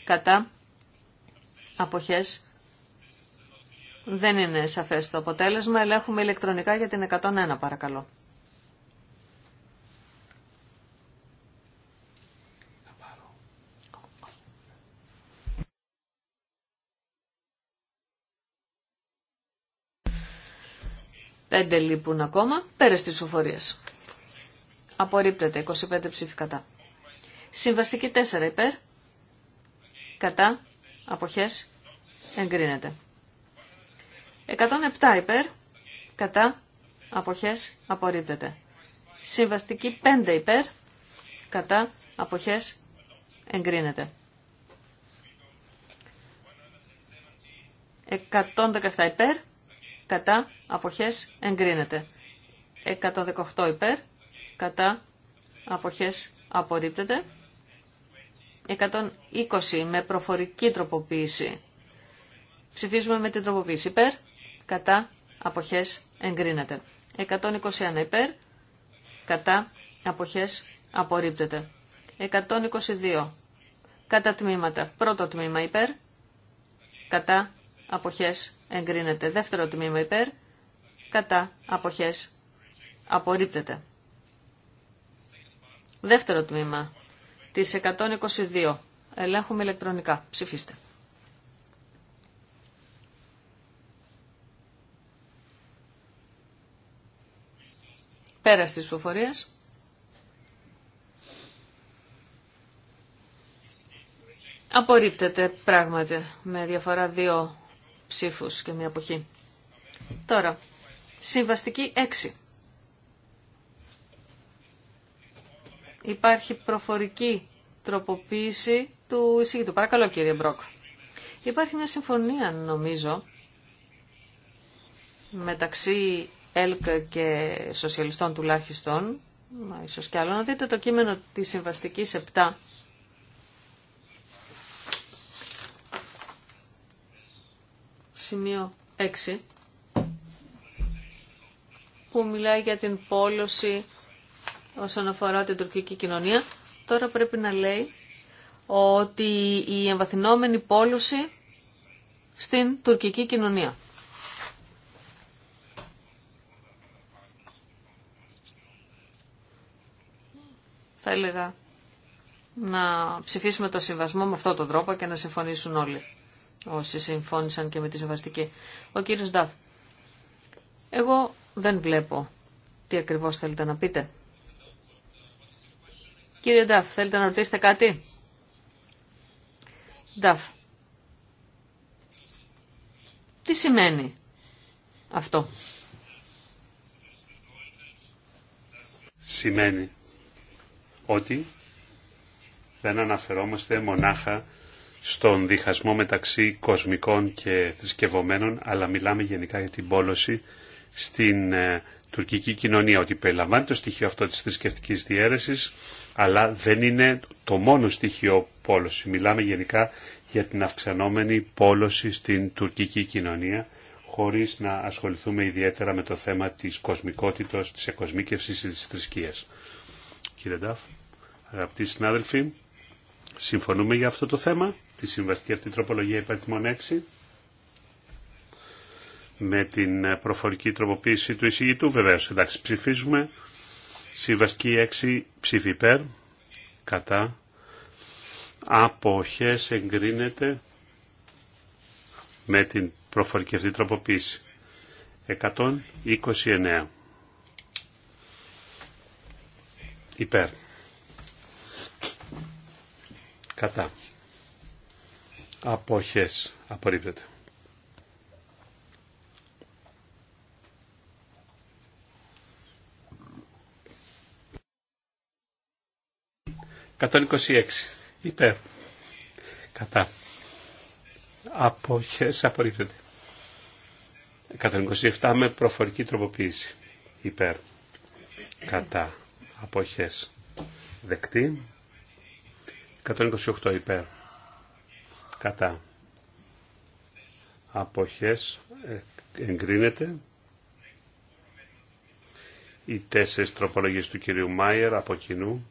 κατά, αποχές. Δεν είναι σαφές το αποτέλεσμα, ελέγχουμε ηλεκτρονικά για την 101 παρακαλώ. Πέντε λείπουν ακόμα, πέρα στις ψηφοφορίες. Απορρίπτεται, 25 ψήφι κατά. Συμβαστική 4 υπέρ. Κατά. Αποχές. Εγκρίνεται. 107 υπέρ. Κατά. Αποχές. Απορρίπτεται. Συμβαστική 5 υπέρ. Κατά. Αποχές. Εγκρίνεται. 117 υπέρ. Κατά. Αποχές. Εγκρίνεται. 118 υπέρ. Κατά. Αποχές. Απορρίπτεται. 120 με προφορική τροποποίηση. Ψηφίζουμε με την τροποποίηση υπέρ, κατά, αποχές, εγκρίνεται. 121 υπέρ, κατά, αποχές, απορρίπτεται. 122 κατά τμήματα. Πρώτο τμήμα υπέρ, κατά, αποχές, εγκρίνεται. Δεύτερο τμήμα υπέρ, κατά, αποχές, απορρίπτεται. Δεύτερο τμήμα Τη 122. Ελέγχουμε ηλεκτρονικά. Ψηφίστε. Πέρα στις ψηφοφορίες. Απορρίπτεται πράγματι με διαφορά δύο ψήφους και μία αποχή. Τώρα, συμβαστική 6. Υπάρχει προφορική τροποποίηση του εισηγητού. Παρακαλώ κύριε Μπρόκ. Υπάρχει μια συμφωνία νομίζω μεταξύ ΕΛΚ και σοσιαλιστών τουλάχιστον, ίσως κι άλλο, να δείτε το κείμενο της συμβαστικής 7. Σημείο 6 που μιλάει για την πόλωση όσον αφορά την τουρκική κοινωνία, τώρα πρέπει να λέει ότι η εμβαθυνόμενη πόλωση στην τουρκική κοινωνία. Θα έλεγα να ψηφίσουμε το συμβασμό με αυτόν τον τρόπο και να συμφωνήσουν όλοι όσοι συμφώνησαν και με τη συμβαστική. Ο κύριος Νταφ, εγώ δεν βλέπω τι ακριβώς θέλετε να πείτε. Κύριε Νταφ, θέλετε να ρωτήσετε κάτι. Νταφ. Τι σημαίνει αυτό. Σημαίνει ότι δεν αναφερόμαστε μονάχα στον διχασμό μεταξύ κοσμικών και θρησκευωμένων, αλλά μιλάμε γενικά για την πόλωση στην ε, τουρκική κοινωνία, ότι περιλαμβάνει το στοιχείο αυτό της θρησκευτική διαίρεσης, αλλά δεν είναι το μόνο στοιχείο πόλωση. Μιλάμε γενικά για την αυξανόμενη πόλωση στην τουρκική κοινωνία, χωρίς να ασχοληθούμε ιδιαίτερα με το θέμα της κοσμικότητας, της εκοσμίκευσης ή της θρησκείας. Κύριε Ντάφ, αγαπητοί συνάδελφοι, συμφωνούμε για αυτό το θέμα, τη συμβαστική αυτή τροπολογία 6 με την προφορική τροποποίηση του εισηγητού βεβαίω. Εντάξει, ψηφίζουμε. Συμβαστική 6 ψήφι υπέρ. Κατά. Αποχές εγκρίνεται με την προφορική αυτή τροποποίηση. 129. Υπέρ. Κατά. Αποχές. Απορρίπτεται. 126 υπέρ κατά αποχές απορρίπτεται 127 με προφορική τροποποίηση υπέρ κατά αποχές δεκτή 128 υπέρ κατά αποχές ε, εγκρίνεται οι τέσσερις τροπολογίες του κυρίου Μάιερ από κοινού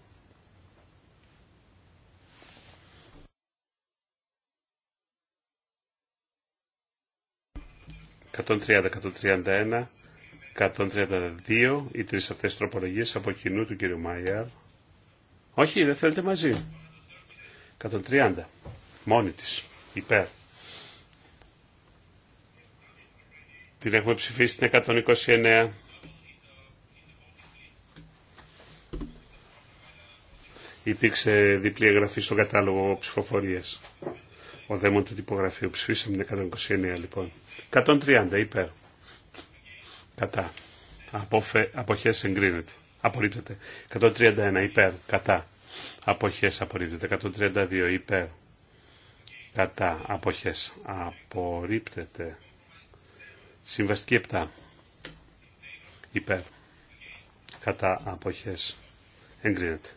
130, 131, 132, οι τρεις αυτές τροπολογίες από κοινού του κύριου Μάιερ. Όχι, δεν θέλετε μαζί. 130, μόνη της, υπέρ. Την έχουμε ψηφίσει την 129. Υπήρξε διπλή εγγραφή στον κατάλογο ψηφοφορίας. Ο δαίμον του τυπογραφείου. Ψηφίσαμε την 129 λοιπόν. 130 υπέρ. Κατά. Απόφε, αποχές εγκρίνεται. Απορρίπτεται. 131 υπέρ. Κατά. Αποχές απορρίπτεται. 132 υπέρ. Κατά. Αποχές απορρίπτεται. Συμβαστική 7. Υπέρ. Κατά. Αποχές εγκρίνεται.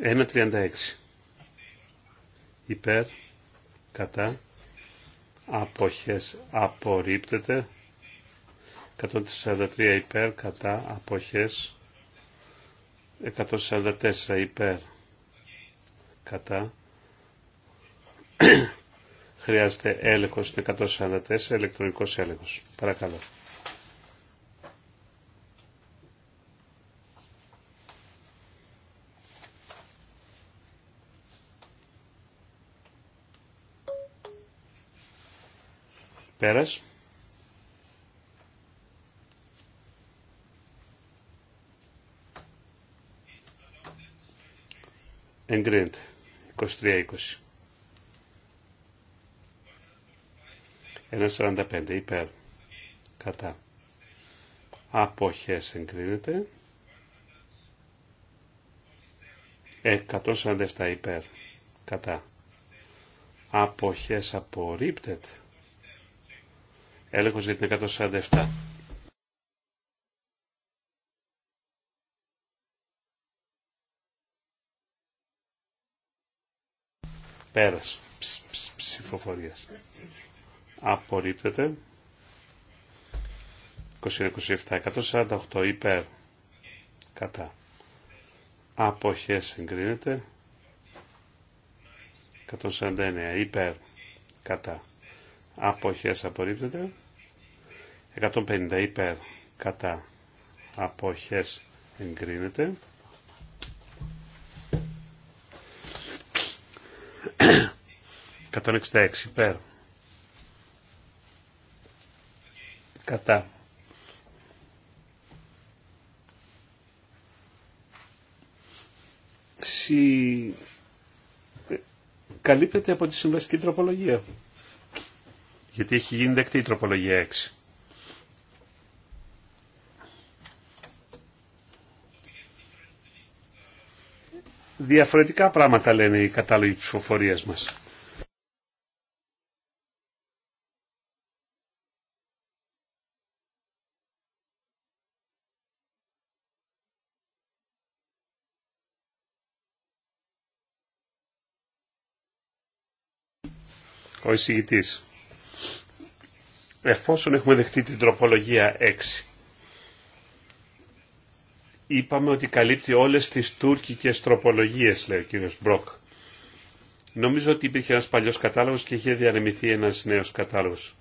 1.36 υπέρ κατά αποχές απορρίπτεται 143 υπέρ κατά αποχές 144 υπέρ κατά (coughs) χρειάζεται έλεγχος 144 ηλεκτρονικός έλεγχος παρακαλώ Πέρας. Εγκρίνεται. 23-20. 45 υπέρ. Κατά. Αποχές εγκρίνεται. 147 υπέρ. Κατά. Αποχές απορρίπτεται. Έλεγχος για 147. Πέρας ψηφοφορίας. Απορρίπτεται. 20-27, 148 υπέρ. Κατά. Αποχές εγκρίνεται. 149 υπέρ. Κατά. Αποχές απορρίπτεται. 150 υπέρ κατά αποχές εγκρίνεται. 166 υπέρ κατά συ... καλύπτεται από τη συμβαστική τροπολογία. Γιατί έχει γίνει δεκτή η τροπολογία 6. διαφορετικά πράγματα λένε οι κατάλογοι ψηφοφορίας μας. Ο εισηγητής. Εφόσον έχουμε δεχτεί την τροπολογία 6 είπαμε ότι καλύπτει όλες τις τουρκικές τροπολογίες, λέει ο κύριος Μπροκ. Νομίζω ότι υπήρχε ένας παλιός κατάλογος και είχε διανεμηθεί ένας νέος κατάλογος.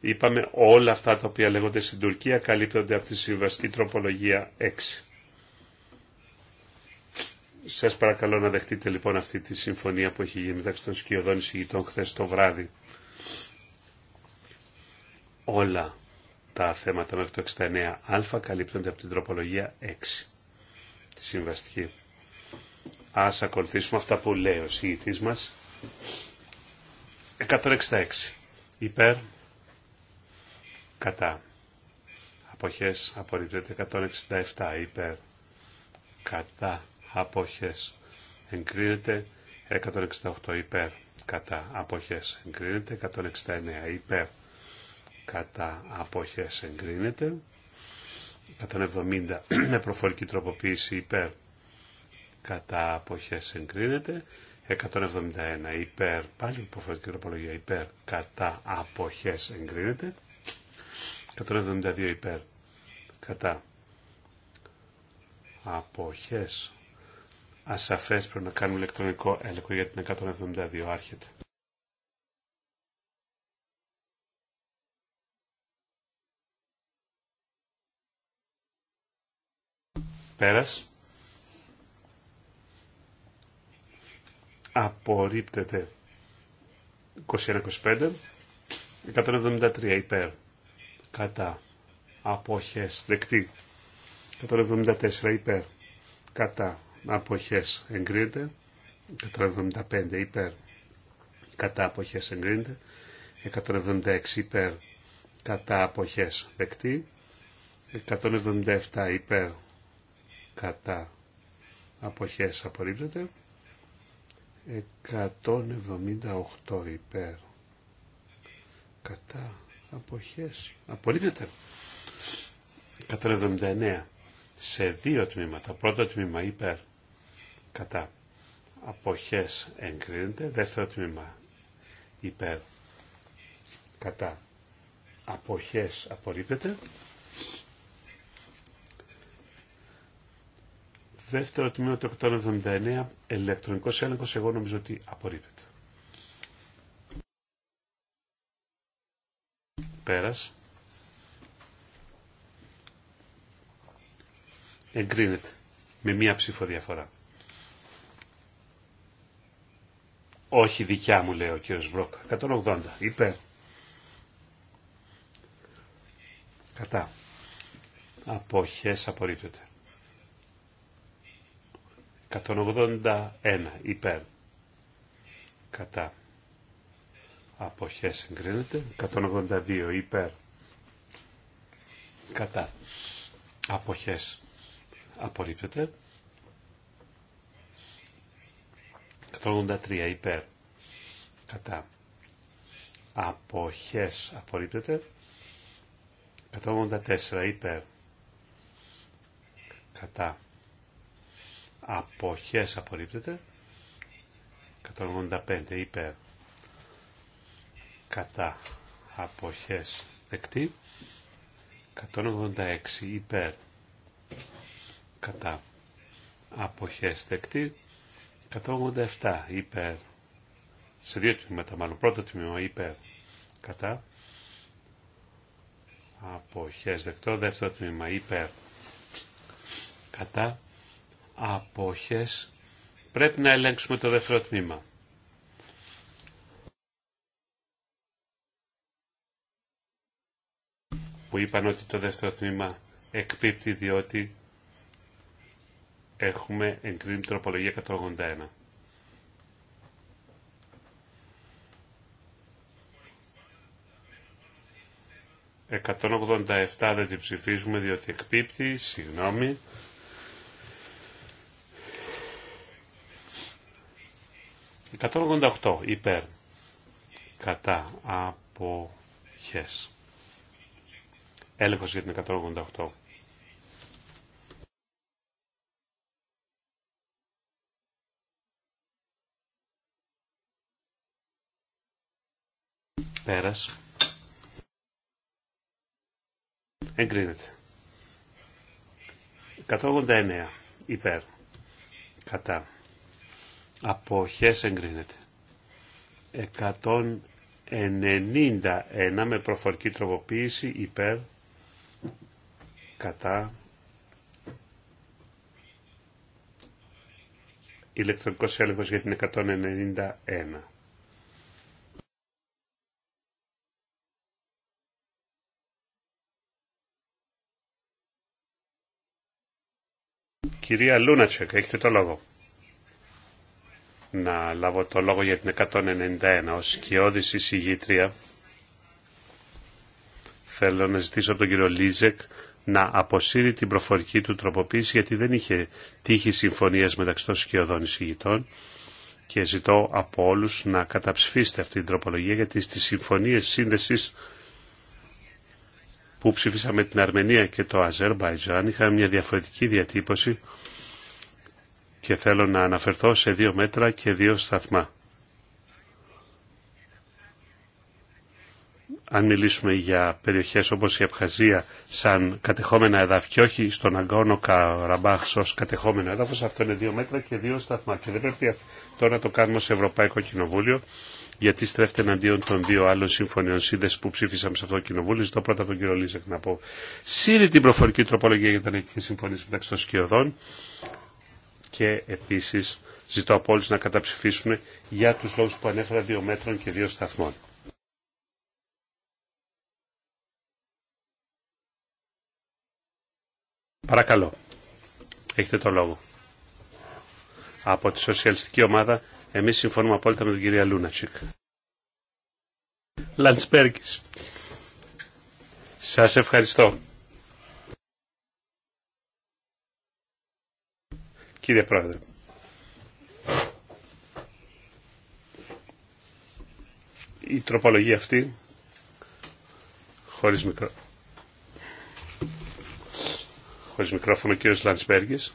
Είπαμε όλα αυτά τα οποία λέγονται στην Τουρκία καλύπτονται από τη συμβαστική τροπολογία 6. Σας παρακαλώ να δεχτείτε λοιπόν αυτή τη συμφωνία που έχει γίνει μεταξύ των σκιωδών εισηγητών χθε το βράδυ. Όλα τα θέματα μέχρι το 69α καλύπτονται από την τροπολογία 6, τη συμβαστική. Ας ακολουθήσουμε αυτά που λέει ο συγητής μας. 166. Υπέρ, κατά. Αποχές απορρίπτεται 167. Υπέρ, κατά. Αποχές εγκρίνεται 168. Υπέρ, κατά. Αποχές εγκρίνεται 169. Υπέρ, κατά αποχές εγκρίνεται 170 (clears throat) με προφορική τροποποίηση υπέρ κατά αποχές εγκρίνεται 171 υπέρ πάλι προφορική τροπολογία υπέρ κατά αποχές εγκρίνεται 172 υπέρ κατά αποχές ασαφές πρέπει να κάνουμε ηλεκτρονικό έλεγχο για την 172 άρχεται Πέρας. Απορρίπτεται 21-25. 173 υπέρ. Κατά. Αποχές. Δεκτή. 174 υπέρ. Κατά. Αποχές. Εγκρίνεται. 175 υπέρ. Κατά. Αποχές. Εγκρίνεται. 176 υπέρ. Κατά. Αποχές. Δεκτή. 177 υπέρ κατά αποχές απορρίπτεται 178 υπέρ κατά αποχές απορρίπτεται 179 σε δύο τμήματα πρώτο τμήμα υπέρ κατά αποχές εγκρίνεται δεύτερο τμήμα υπέρ κατά αποχές απορρίπτεται Δεύτερο τμήμα του 879, ηλεκτρονικό έλεγχο, εγώ νομίζω ότι απορρίπτεται. Πέρας. Εγκρίνεται με μία ψήφο διαφορά. Όχι δικιά μου, λέει ο κύριο Μπρόκ. 180. Υπέρ. Κατά. Αποχές απορρίπτεται. 181 υπέρ κατά αποχές εγκρίνεται 182 υπέρ κατά αποχές απορρίπτεται 183 υπέρ κατά αποχές απορρίπτεται 184 υπέρ κατά αποχές απορρίπτεται 185 υπέρ κατά αποχές δεκτή 186 υπέρ κατά αποχές δεκτή 187 υπέρ σε δύο τμήματα μάλλον πρώτο τμήμα υπέρ κατά αποχές δεκτό δεύτερο τμήμα υπέρ κατά αποχές πρέπει να ελέγξουμε το δεύτερο τμήμα. Που είπαν ότι το δεύτερο τμήμα εκπίπτει διότι έχουμε εγκρίνει τροπολογία 181. «187 δεν την ψηφίζουμε διότι εκπίπτει, συγγνώμη, 188 υπέρ κατά αποχές. Έλεγχος για την 188. Πέρας. Εγκρίνεται. 189 υπέρ κατά Αποχές εγκρίνεται. 191 με προφορική τροποποίηση υπέρ κατά ηλεκτρονικός έλεγχος για την 191. Κυρία Λούνατσεκ, έχετε το λόγο να λάβω το λόγο για την 191 ως σκιώδης εισηγήτρια. Θέλω να ζητήσω από τον κύριο Λίζεκ να αποσύρει την προφορική του τροποποίηση γιατί δεν είχε τύχη συμφωνίας μεταξύ των σκιωδών εισηγητών και ζητώ από όλους να καταψηφίσετε αυτή την τροπολογία γιατί στις συμφωνίες σύνδεσης που ψηφίσαμε την Αρμενία και το Αζερμπαϊτζάν είχαμε μια διαφορετική διατύπωση και θέλω να αναφερθώ σε δύο μέτρα και δύο σταθμά. Αν μιλήσουμε για περιοχές όπως η Απχαζία σαν κατεχόμενα εδάφη και όχι στον Αγκόνο Καραμπάχ ως κατεχόμενο έδαφος, αυτό είναι δύο μέτρα και δύο σταθμά. Και δεν πρέπει τώρα να το κάνουμε σε Ευρωπαϊκό Κοινοβούλιο, γιατί στρέφεται εναντίον των δύο άλλων συμφωνιών σύνδεση που ψήφισαμε σε αυτό το κοινοβούλιο. Ζητώ πρώτα τον κύριο Λίζεκ να πω. Σύρει την προφορική τροπολογία για την ελληνική συμφωνία μεταξύ των σκιωδών και επίσης ζητώ από όλους να καταψηφίσουν για τους λόγους που ανέφερα δύο μέτρων και δύο σταθμών. Παρακαλώ. Έχετε το λόγο. Από τη σοσιαλιστική ομάδα εμείς συμφωνούμε απόλυτα με την κυρία Λούνατσικ. Λαντσπέργκης. Σας ευχαριστώ. κύριε Πρόεδρε. Η τροπολογία αυτή, χωρίς, μικρό... χωρίς μικρόφωνο, κύριος Λαντσπέργης,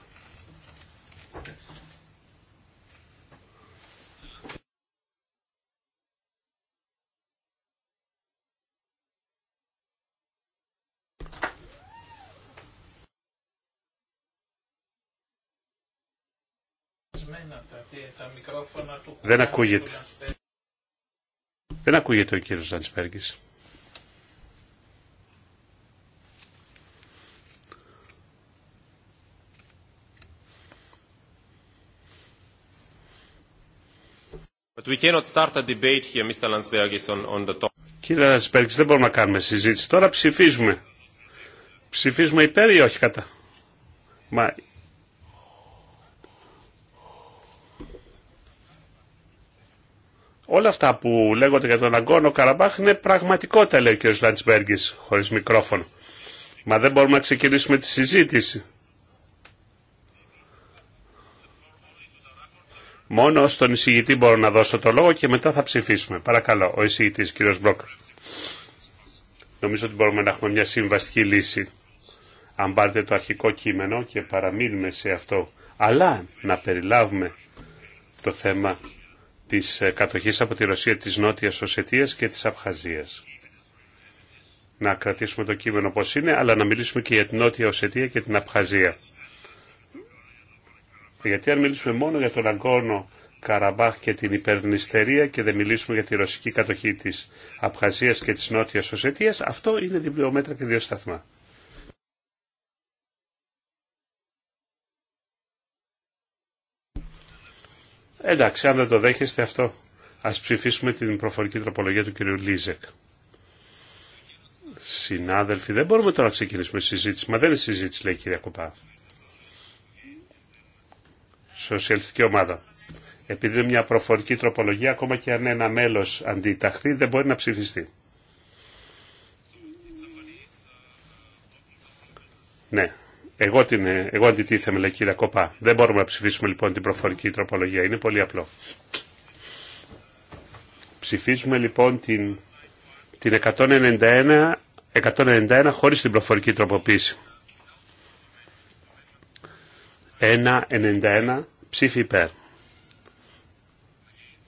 Δεν ακούγεται. Δεν ακούγεται ο κύριος Ζαντσπέργης. Κύριε Λανσπέργης, δεν μπορούμε να κάνουμε συζήτηση. Τώρα ψηφίζουμε. Ψηφίζουμε υπέρ ή όχι κατά. Μα Όλα αυτά που λέγονται για τον Αγκόνο Καραμπάχ είναι πραγματικότητα, λέει ο κ. Λαντσμπέργκη, χωρί μικρόφωνο. Μα δεν μπορούμε να ξεκινήσουμε τη συζήτηση. Μόνο στον εισηγητή μπορώ να δώσω το λόγο και μετά θα ψηφίσουμε. Παρακαλώ, ο εισηγητή, κ. Μπλοκ. Νομίζω ότι μπορούμε να έχουμε μια συμβαστική λύση. Αν πάρετε το αρχικό κείμενο και παραμείνουμε σε αυτό. Αλλά να περιλάβουμε το θέμα της ε, κατοχής από τη Ρωσία της Νότιας Οσετίας και της Απχαζίας. Να κρατήσουμε το κείμενο όπως είναι, αλλά να μιλήσουμε και για την Νότια Οσετία και την Απχαζία. Γιατί αν μιλήσουμε μόνο για τον Αγκόνο Καραμπάχ και την υπερνηστερία και δεν μιλήσουμε για τη ρωσική κατοχή της Απχαζίας και της Νότιας Οσετίας, αυτό είναι διπλωμέτρα και δύο σταθμά. Εντάξει, αν δεν το δέχεστε αυτό, ας ψηφίσουμε την προφορική τροπολογία του κυρίου Λίζεκ. Συνάδελφοι, δεν μπορούμε τώρα να ξεκινήσουμε συζήτηση. Μα δεν είναι συζήτηση, λέει η κυρία Κοπά. Σοσιαλιστική ομάδα. Επειδή είναι μια προφορική τροπολογία, ακόμα και αν ένα μέλος αντιταχθεί, δεν μπορεί να ψηφιστεί. Ναι, εγώ, την, ε, εγώ αντιτίθεμαι, λέει κύριε Κοπά. Δεν μπορούμε να ψηφίσουμε λοιπόν την προφορική τροπολογία. Είναι πολύ απλό. Ψηφίζουμε λοιπόν την, την 191, 191 χωρίς την προφορική τροποποίηση. 191 ψήφι υπέρ.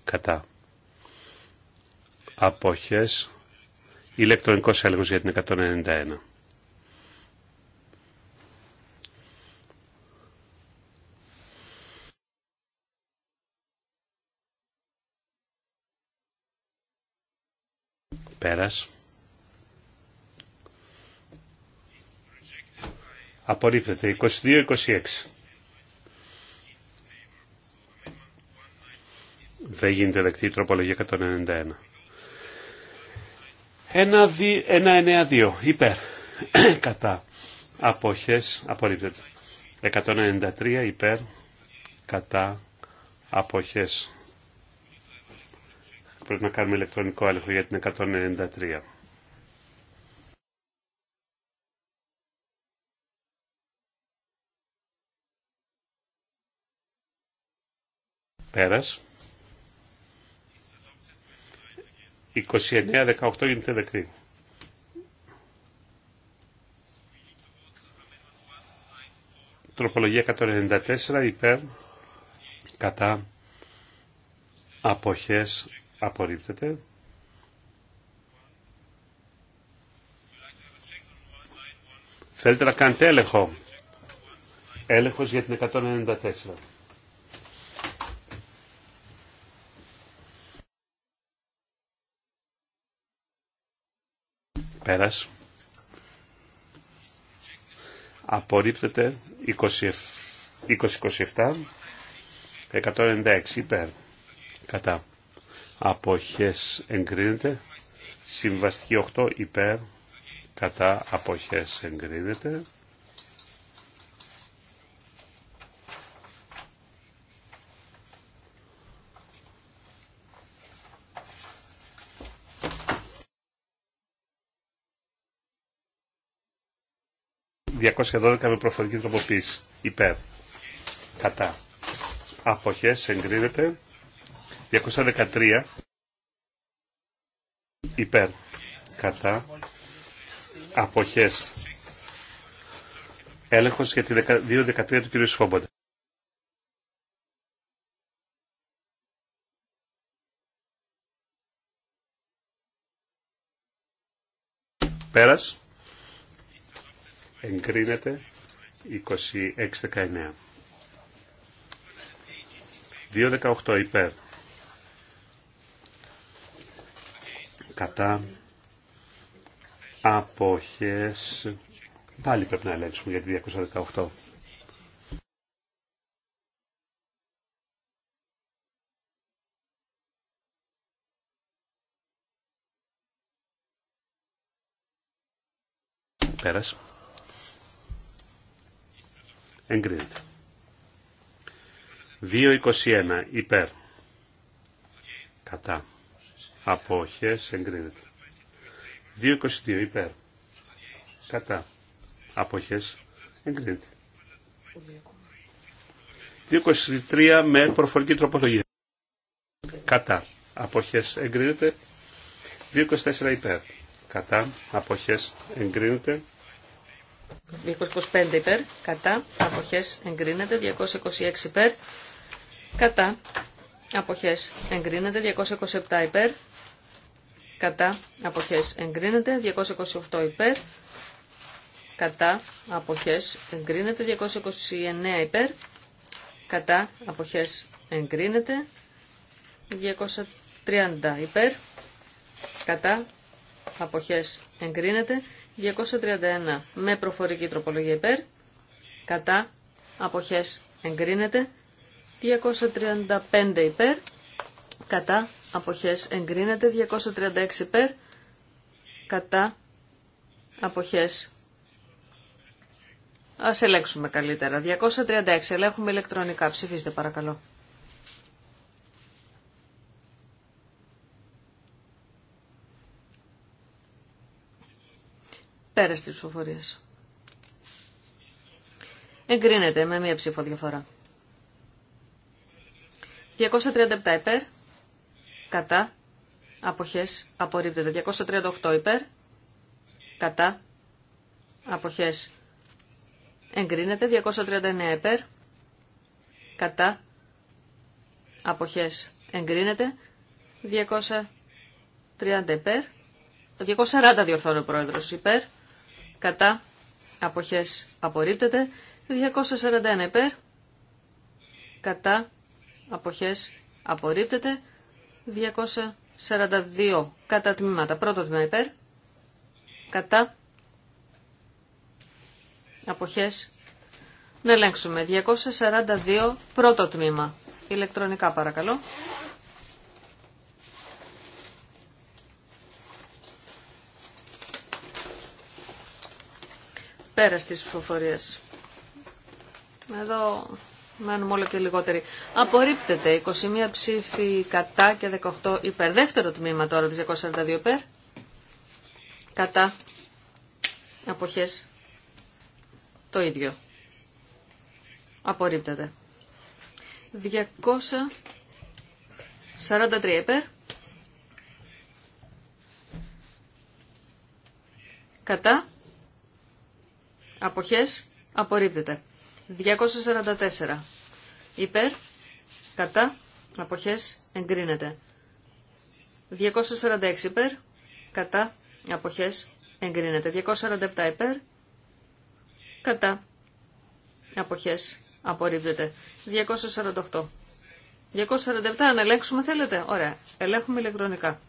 Κατά. Απόχες. Ηλεκτρονικός έλεγχος για την 191. Πέρας. Απορρίπτεται. 22-26. Δεν γίνεται δεκτή η τροπολογία 191. 1-9-2. (clears throat) Κατά. Αποχές. Απορρίπτεται. 193 υπέρ. Κατά. Αποχές. Πρέπει να κάνουμε ηλεκτρονικό έλεγχο για την 193. Πέρας. 29-18 γίνεται δεκτή. Τροπολογία 194 υπέρ κατά αποχές Απορρίπτεται. Θέλετε να κάνετε έλεγχο. Έλεγχος για την 194. Πέρας. Απορρίπτεται 20-27, 196 υπέρ, κατά αποχές εγκρίνεται. Συμβαστική 8 υπέρ κατά αποχές εγκρίνεται. ...212 με προφορική τροποποίηση. Υπέρ. Κατά. Αποχές εγκρίνεται. 213 υπέρ κατά αποχές έλεγχος για τη 2.13 του κ. Σφόμποντα. Πέρας εγκρίνεται 2.18 υπέρ κατά αποχές πάλι πρέπει να ελέγξουμε για τη 218 πέρας εγκρίνεται 2.21 υπέρ κατά αποχές εγκρίνεται. 2.22 υπέρ κατά αποχές εγκρίνεται. 2.23 με προφορική τροπολογία κατά αποχές εγκρίνεται. 2.24 υπέρ κατά αποχές εγκρίνεται. 225 υπέρ, κατά, αποχές εγκρίνεται, 226 υπέρ, κατά, αποχές εγκρίνεται, 227 υπέρ, κατά αποχές εγκρίνεται, 228 υπέρ, κατά αποχές εγκρίνεται, 229 υπέρ, κατά αποχές εγκρίνεται, 230 υπέρ, κατά αποχές εγκρίνεται, 231 με προφορική τροπολογία υπέρ, κατά αποχές εγκρίνεται, 235 υπέρ, κατά αποχές εγκρίνεται 236 υπέρ κατά αποχές Ας ελέγξουμε καλύτερα. 236. Ελέγχουμε ηλεκτρονικά. Ψηφίστε παρακαλώ. Πέρα της ψηφοφορίας. Εγκρίνεται με μία ψήφο διαφορά. 237 υπέρ κατά, αποχές, απορρίπτεται. 238 υπέρ, κατά, αποχές, εγκρίνεται. 239 υπέρ, κατά, αποχές, εγκρίνεται. 230 υπέρ, 240 διορθώνει ο πρόεδρος υπέρ, κατά, αποχές, απορρίπτεται. 241 υπέρ, κατά, αποχές, απορρίπτεται. 242 κατά τμήματα. Πρώτο τμήμα υπέρ. Κατά. Αποχές. Να ελέγξουμε. 242 πρώτο τμήμα. Ηλεκτρονικά παρακαλώ. Πέρα στις ψηφοφορίες. Εδώ Μένουμε όλο και λιγότεροι. Απορρίπτεται 21 ψήφοι κατά και 18 υπέρ. Δεύτερο τμήμα τώρα τη 242 υπέρ. Κατά. Αποχές. Το ίδιο. Απορρίπτεται. 243 υπέρ. Κατά. Αποχές. Απορρίπτεται. 244. Υπέρ, κατά, αποχές, εγκρίνεται. 246 υπέρ, κατά, αποχές, εγκρίνεται. 247 υπέρ, κατά, αποχές, απορρίπτεται. 248. 247 αν θέλετε. Ωραία. Ελέγχουμε ηλεκτρονικά.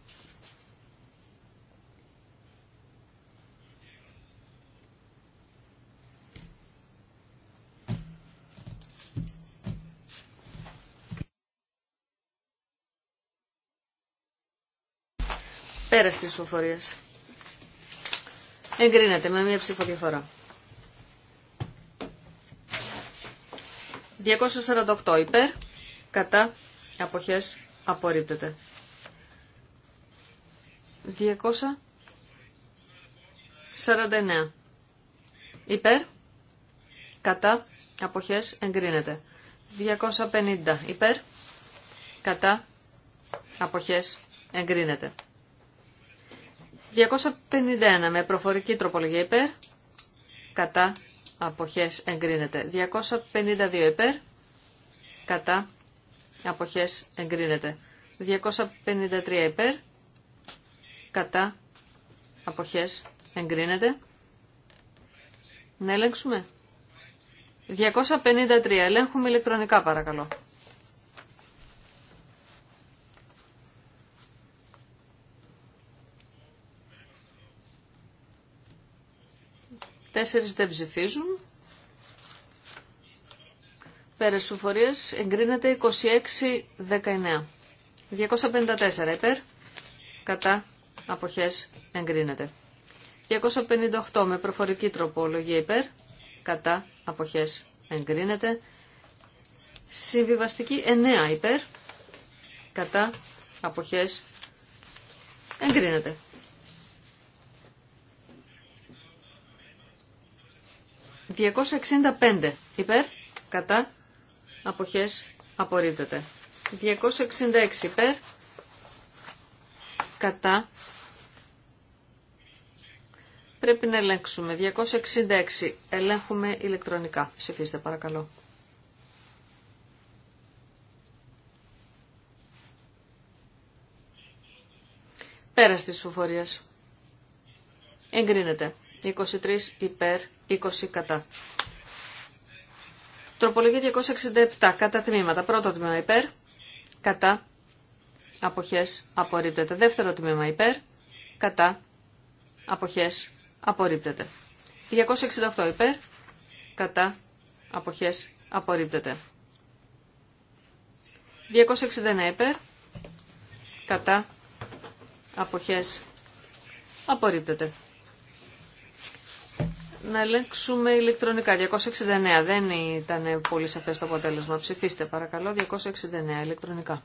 Πέρας της Εγκρίνεται με μία ψηφοδιαφορά. 248 υπέρ, κατά, αποχές, απορρίπτεται. 249 υπέρ, κατά, αποχές, εγκρίνεται. 250 υπέρ, κατά, αποχές, εγκρίνεται. 251 με προφορική τροπολογία υπέρ, κατά αποχές εγκρίνεται. 252 υπέρ, κατά αποχές εγκρίνεται. 253 υπέρ, κατά αποχές εγκρίνεται. Να ελέγξουμε. 253. Ελέγχουμε ηλεκτρονικά παρακαλώ. Τέσσερις δεν ψηφίζουν. πέρες ψηφοφορίας εγκρίνεται 26-19. 254 υπέρ, κατά, αποχές, εγκρίνεται. 258 με προφορική τροπολογία υπέρ, κατά, αποχές, εγκρίνεται. Συμβιβαστική 9 υπέρ, κατά, αποχές, εγκρίνεται. 265 υπέρ, κατά, αποχές απορρίπτεται. 266 υπέρ, κατά, πρέπει να ελέγξουμε. 266 ελέγχουμε ηλεκτρονικά. Ψηφίστε παρακαλώ. Πέρας της ψηφοφορίας. Εγκρίνεται. 23 υπέρ, 20 κατά. Τροπολογία 267, κατά τμήματα. Πρώτο τμήμα υπέρ, κατά, αποχές, απορρίπτεται. Δεύτερο τμήμα υπέρ, κατά, αποχές, απορρίπτεται. 268 υπέρ, κατά, αποχές, απορρίπτεται. 269 υπέρ, κατά, αποχές, απορρίπτεται να ελέγξουμε ηλεκτρονικά. 269. Δεν ήταν πολύ σαφέ το αποτέλεσμα. Ψηφίστε παρακαλώ. 269 ηλεκτρονικά.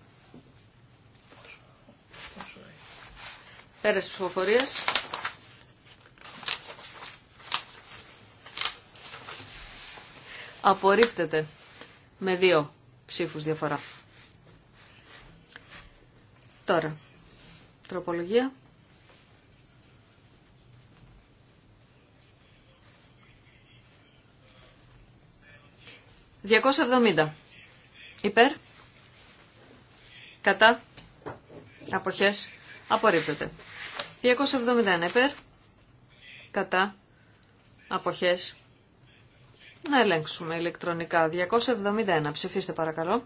Πέρας ψηφοφορίας. Απορρίπτεται με δύο ψήφους διαφορά. Τώρα, τροπολογία 270. Υπέρ. Κατά. Αποχές. Απορρίπτεται. 271 υπέρ. Κατά. Αποχές. Να ελέγξουμε ηλεκτρονικά. 271. Ψηφίστε παρακαλώ.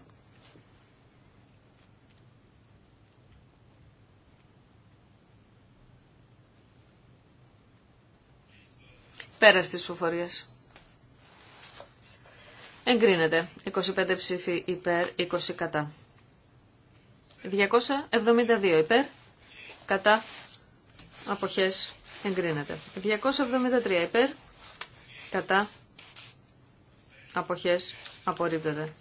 Πέρα στις ψηφοφορίας. Εγκρίνεται. 25 ψήφοι υπέρ, 20 κατά. 272 υπέρ, κατά, αποχές, εγκρίνεται. 273 υπέρ, κατά, αποχές, απορρίπτεται.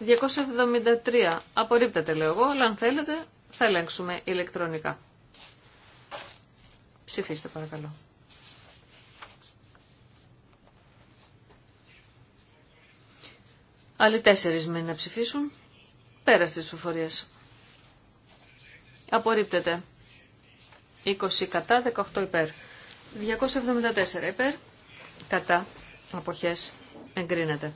273 απορρίπτεται λέω εγώ, αλλά αν θέλετε θα ελέγξουμε ηλεκτρονικά. Ψηφίστε παρακαλώ. Άλλοι τέσσερις μένα να ψηφίσουν. Πέρα στις ψηφοφορίες. Απορρίπτεται. 20 κατά, 18 υπέρ. 274 υπέρ. Κατά. Αποχές. Εγκρίνεται.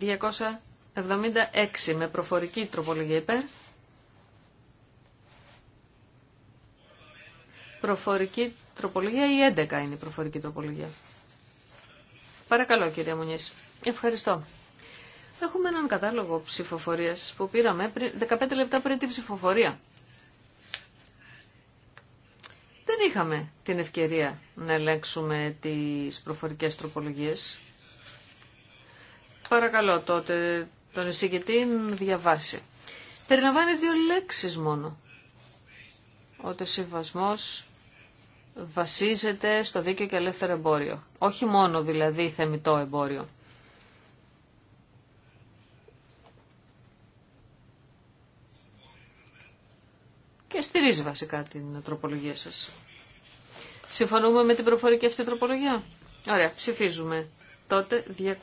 276 με προφορική τροπολογία υπέρ. Προφορική τροπολογία ή 11 είναι η προφορική τροπολογία. Παρακαλώ κυρία Μουνής. Ευχαριστώ. Έχουμε έναν κατάλογο ψηφοφορίας που πήραμε 15 λεπτά πριν την ψηφοφορία. Δεν είχαμε την ευκαιρία να ελέγξουμε τις προφορικές τροπολογίες. Παρακαλώ τότε τον εισηγητή διαβάσει. Περιλαμβάνει δύο λέξεις μόνο. Ότι ο συμβασμός βασίζεται στο δίκαιο και ελεύθερο εμπόριο. Όχι μόνο δηλαδή θεμητό εμπόριο. και στηρίζει βασικά την τροπολογία σας. Συμφωνούμε με την προφορική αυτή τροπολογία. Ωραία, ψηφίζουμε. Τότε 276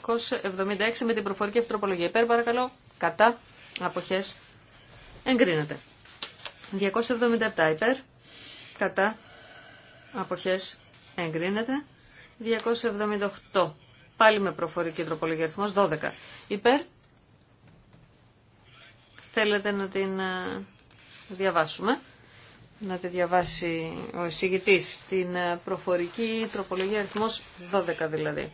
με την προφορική αυτή τροπολογία. Υπέρ παρακαλώ, κατά, αποχές, εγκρίνεται. 277 υπέρ, κατά, αποχές, εγκρίνεται. 278, πάλι με προφορική τροπολογία, αριθμός 12. Υπέρ, θέλετε να την ε, διαβάσουμε. Να τη διαβάσει ο εισηγητής την ε, προφορική τροπολογία αριθμός 12 δηλαδή.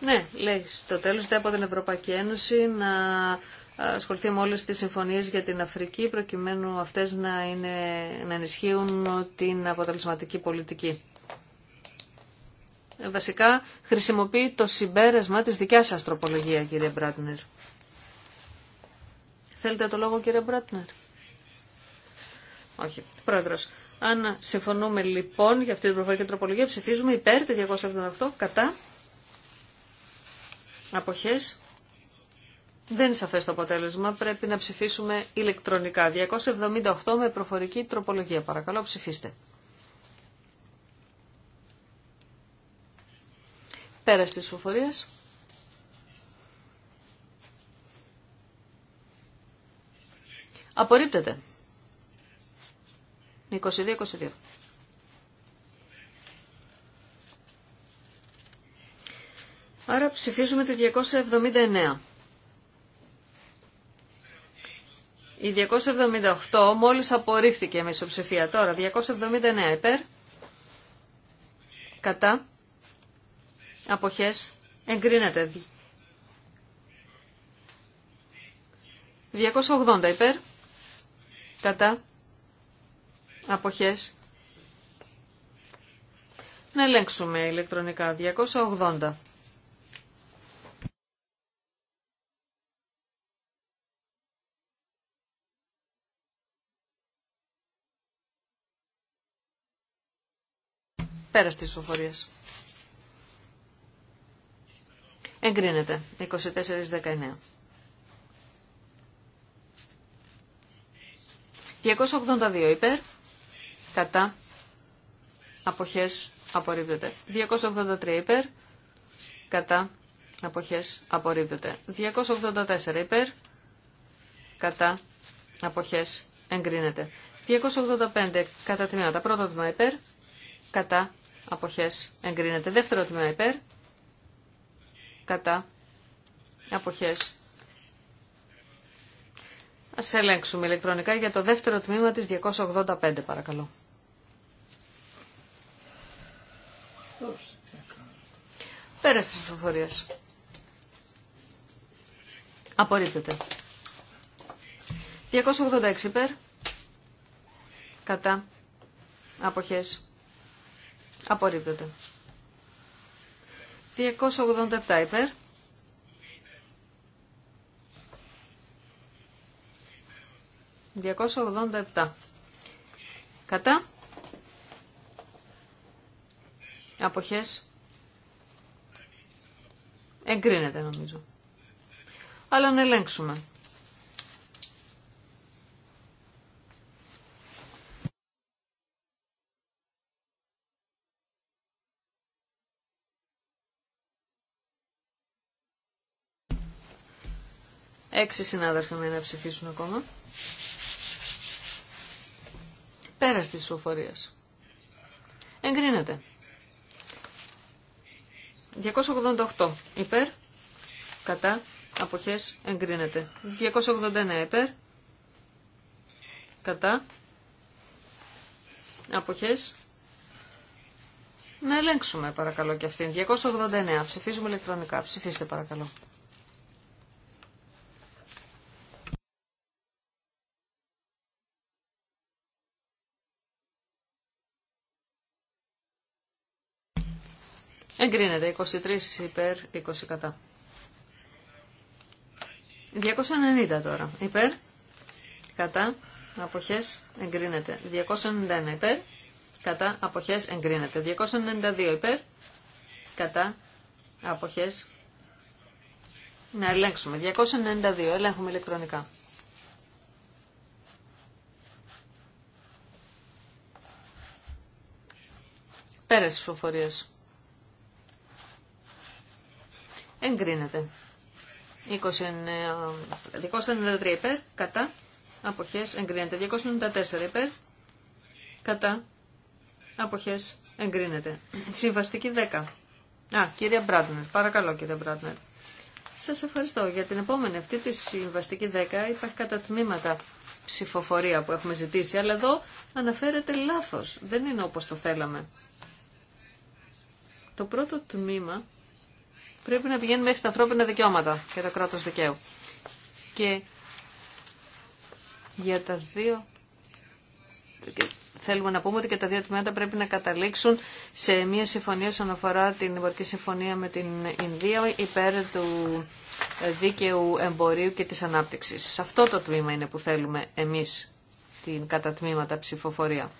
Ναι, λέει στο τέλος δεν από την Ευρωπαϊκή Ένωση να ε, ασχοληθεί με όλες τις συμφωνίες για την Αφρική προκειμένου αυτές να, είναι, να ενισχύουν την αποτελεσματική πολιτική. Ε, βασικά χρησιμοποιεί το συμπέρασμα της δικιάς σας τροπολογία κύριε Μπράτνερ. Θέλετε το λόγο κύριε Μπράτνερ. Όχι. Πρόεδρος. Αν συμφωνούμε λοιπόν για αυτή την προφορική τροπολογία, ψηφίζουμε υπέρ τη 278 κατά αποχές. Δεν είναι σαφές το αποτέλεσμα. Πρέπει να ψηφίσουμε ηλεκτρονικά. 278 με προφορική τροπολογία. Παρακαλώ ψηφίστε. Πέρα τη ψηφοφορία. Απορρίπτεται. 22-22. Άρα ψηφίζουμε τη 279. Η 278 μόλις απορρίφθηκε με ισοψηφία. Τώρα 279 υπέρ. Κατά. Αποχές. Εγκρίνεται. 280 υπέρ. Κατά. Αποχές. Να ελέγξουμε ηλεκτρονικά. 280. Πέρα στις φοφοριες εγκρινεται Εγκρίνεται. 24-19. 282 υπέρ κατά, αποχές, απορρίπτεται. 283 υπέρ, κατά, αποχές, απορρίπτεται. 284 υπέρ, κατά, αποχές, εγκρίνεται. 285 κατά τμήματα, πρώτο τμήμα υπέρ, κατά, αποχές, εγκρίνεται. Δεύτερο τμήμα υπέρ, κατά, αποχές, Ας ελέγξουμε ηλεκτρονικά για το δεύτερο τμήμα της 285 παρακαλώ. Πέρα τη ψηφοφορία. Απορρίπτεται. 286 υπέρ. Κατά. Αποχές. Απορρίπτεται. 287 υπέρ. ...287. Κατά. Αποχές. Εγκρίνεται νομίζω. Αλλά να ελέγξουμε. Έξι συνάδελφοι με να ψηφίσουν ακόμα. Πέρα τη ψηφοφορία. Εγκρίνεται. 288 υπέρ, κατά, αποχές εγκρίνεται. 289 υπέρ, κατά, αποχές. Να ελέγξουμε παρακαλώ και αυτήν. 289. Ψηφίζουμε ηλεκτρονικά. Ψηφίστε παρακαλώ. Εγκρίνεται 23 υπέρ 20 κατά. 290 τώρα. Υπέρ, κατά, αποχές, εγκρίνεται. 291 υπέρ, κατά, αποχές, εγκρίνεται. 292 υπέρ, κατά, αποχές, να ελέγξουμε. 292, ελέγχουμε ηλεκτρονικά. Πέρασε τις εγκρίνεται. 293 υπέρ, κατά, αποχές, εγκρίνεται. 294 υπέρ, κατά, αποχές, εγκρίνεται. Συμβαστική 10. Α, κυρία Μπράντνερ, παρακαλώ κύριε Μπράτνερ. Σας ευχαριστώ για την επόμενη αυτή τη συμβαστική 10 υπάρχει κατά τμήματα ψηφοφορία που έχουμε ζητήσει, αλλά εδώ αναφέρεται λάθος, δεν είναι όπως το θέλαμε. Το πρώτο τμήμα πρέπει να πηγαίνει μέχρι τα ανθρώπινα δικαιώματα και το κράτος δικαίου. Και για τα δύο... Θέλουμε να πούμε ότι και τα δύο τμήματα πρέπει να καταλήξουν σε μια συμφωνία όσον αφορά την εμπορική συμφωνία με την Ινδία υπέρ του δίκαιου εμπορίου και της ανάπτυξης. Σε αυτό το τμήμα είναι που θέλουμε εμείς την κατατμήματα ψηφοφορία.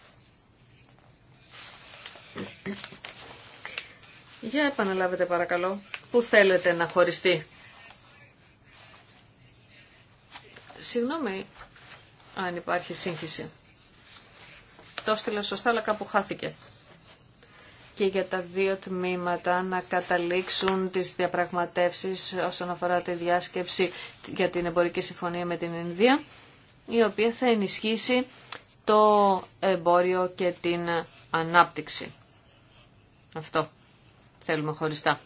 Για επαναλάβετε παρακαλώ που θέλετε να χωριστεί. Συγγνώμη αν υπάρχει σύγχυση. Το έστειλα σωστά, αλλά κάπου χάθηκε. Και για τα δύο τμήματα να καταλήξουν τις διαπραγματεύσεις όσον αφορά τη διάσκεψη για την εμπορική συμφωνία με την Ινδία, η οποία θα ενισχύσει το εμπόριο και την ανάπτυξη. Αυτό θέλουμε χωριστά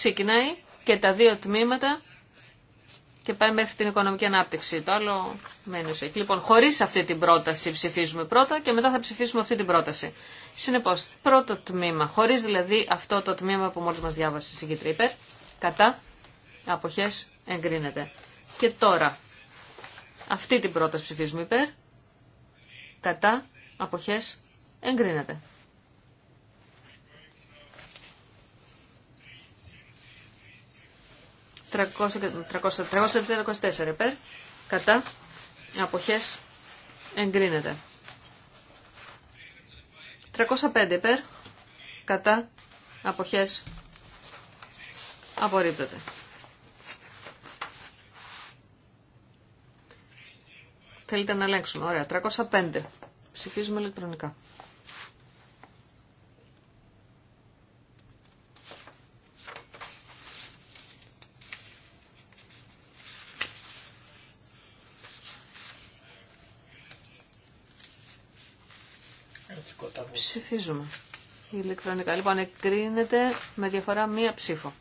ξεκινάει και τα δύο τμήματα και πάει μέχρι την οικονομική ανάπτυξη. Το άλλο μένει εκεί. Λοιπόν, χωρίς αυτή την πρόταση ψηφίζουμε πρώτα και μετά θα ψηφίσουμε αυτή την πρόταση. Συνεπώς, πρώτο τμήμα, χωρίς δηλαδή αυτό το τμήμα που μόλις μας διάβασε η τρίπερ κατά, αποχές, εγκρίνεται. Και τώρα, αυτή την πρόταση ψηφίζουμε υπέρ, κατά, αποχές, εγκρίνεται. 304 υπέρ, κατά, αποχές, εγκρίνεται. 305 υπέρ, κατά, αποχές, απορρίπτεται. Θέλετε να ελέγξουμε. Ωραία. 305. Ψηφίζουμε ηλεκτρονικά. ψηφίζουμε. Ηλεκτρονικά. Λοιπόν, εκκρίνεται με διαφορά μία ψήφο.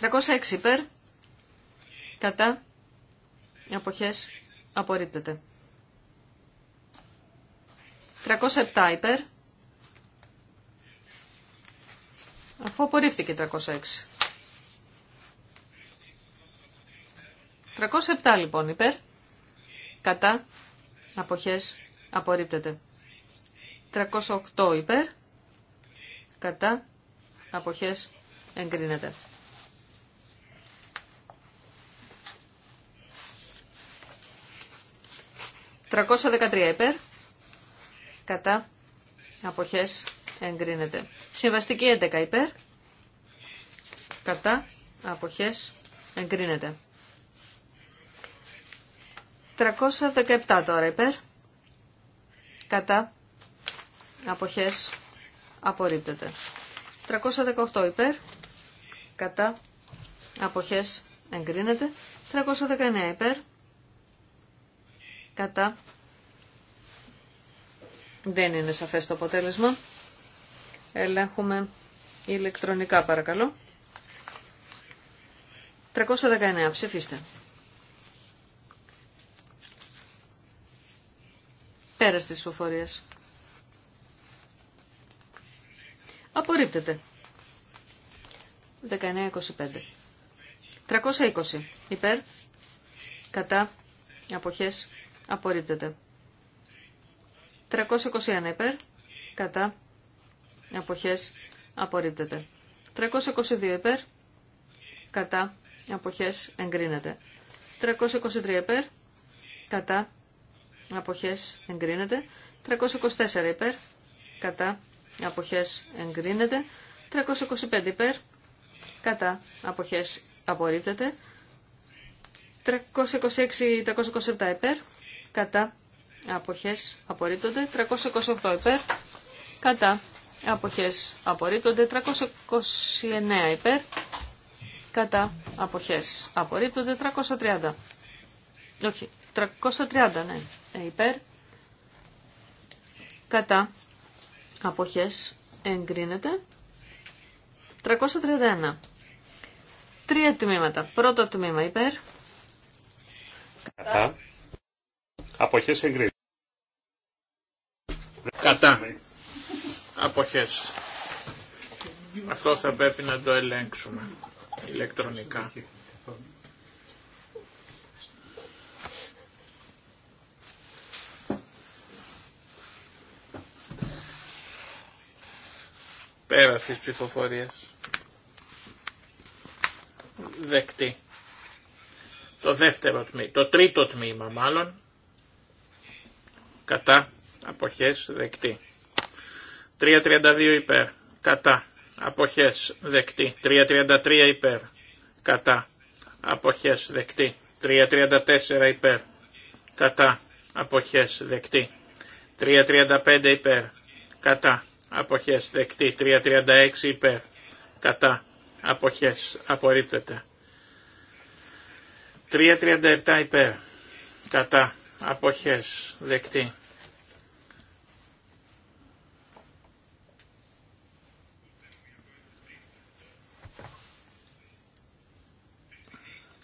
306 υπέρ. Κατά. Αποχές. Απορρίπτεται. 307 υπέρ. Αφού απορρίφθηκε 306. 307 λοιπόν υπέρ. Κατά. Αποχές. Απορρίπτεται. 308 υπέρ, κατά, αποχές, εγκρίνεται. «313 υπέρ, κατά, αποχές, εγκρίνεται. Συμβαστική 11 υπέρ, κατά, αποχές, εγκρίνεται. 317 τώρα υπέρ, κατά, αποχές απορρίπτεται. 318 υπέρ, κατά, αποχές εγκρίνεται. 319 υπέρ, κατά, δεν είναι σαφές το αποτέλεσμα. Ελέγχουμε ηλεκτρονικά παρακαλώ. 319 ψηφίστε. Πέρας της φοφορίες. Απορρίπτεται. 19-25. 320. Υπέρ. Κατά. Αποχές. Απορρίπτεται. 321 υπέρ. Κατά. Αποχές. Απορρίπτεται. 322 υπέρ. Κατά. Αποχές. Εγκρίνεται. 323 υπέρ. Κατά. Αποχές. Εγκρίνεται. 324 υπέρ. Κατά αποχές εγκρίνεται. 325 υπέρ, κατά αποχές απορρίπτεται. 326-327 υπέρ, κατά αποχές απορρίπτονται. 328 υπέρ, κατά αποχές απορρίπτονται. 329 υπέρ, κατά αποχές απορρίπτονται. 330, όχι, 330 ναι, ε, υπέρ, κατά αποχές εγκρίνεται. 331. Τρία τμήματα. Πρώτο τμήμα υπέρ. Κατά. Αποχές εγκρίνεται. Κατά. Αποχές. Αυτό θα πρέπει να το ελέγξουμε ηλεκτρονικά. Πέρα στις ψηφοφορίες. Δεκτή. Το δεύτερο τμήμα, το τρίτο τμήμα μάλλον, κατά, αποχές, δεκτή. 3.32 υπέρ, κατά, αποχές, δεκτή. 3.33 υπέρ, κατά, αποχές, δεκτή. 3.34 υπέρ, κατά, αποχές, δεκτή. 3.35 υπέρ, κατά, αποχές δεκτή, 3.36 υπέρ, κατά, αποχές, απορρίπτεται. 3.37 υπέρ, κατά, αποχές, δεκτή.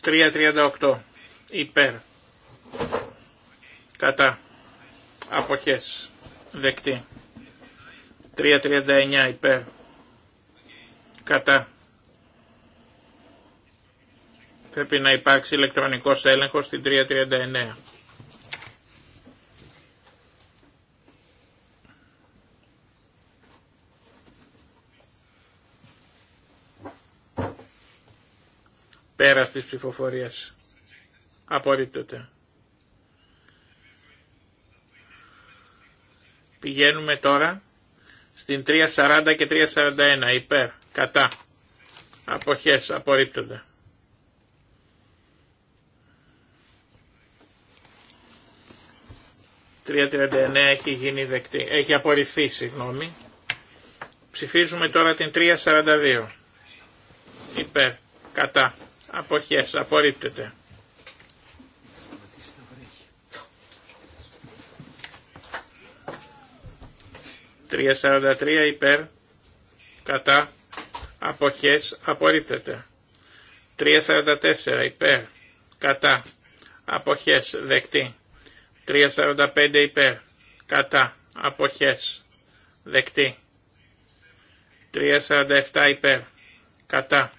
3.38 υπέρ, κατά, αποχές, δεκτή. 3.39 υπέρ. Κατά. Πρέπει να υπάρξει ηλεκτρονικός έλεγχος στην 3.39. Πέρα της ψηφοφορίας. Απορρίπτεται. Πηγαίνουμε τώρα στην 3.40 και 3.41 υπέρ, κατά, αποχές, απορρίπτονται. ...3.39 έχει γίνει δεκτή, έχει απορριφθεί, συγγνώμη. Ψηφίζουμε τώρα την 3.42. Υπέρ, κατά, αποχές, απορρίπτεται. 343 υπέρ κατά αποχές απορρίπτεται. 344 υπέρ κατά αποχές δεκτή. 345 υπέρ κατά αποχές δεκτή. 347 υπέρ κατά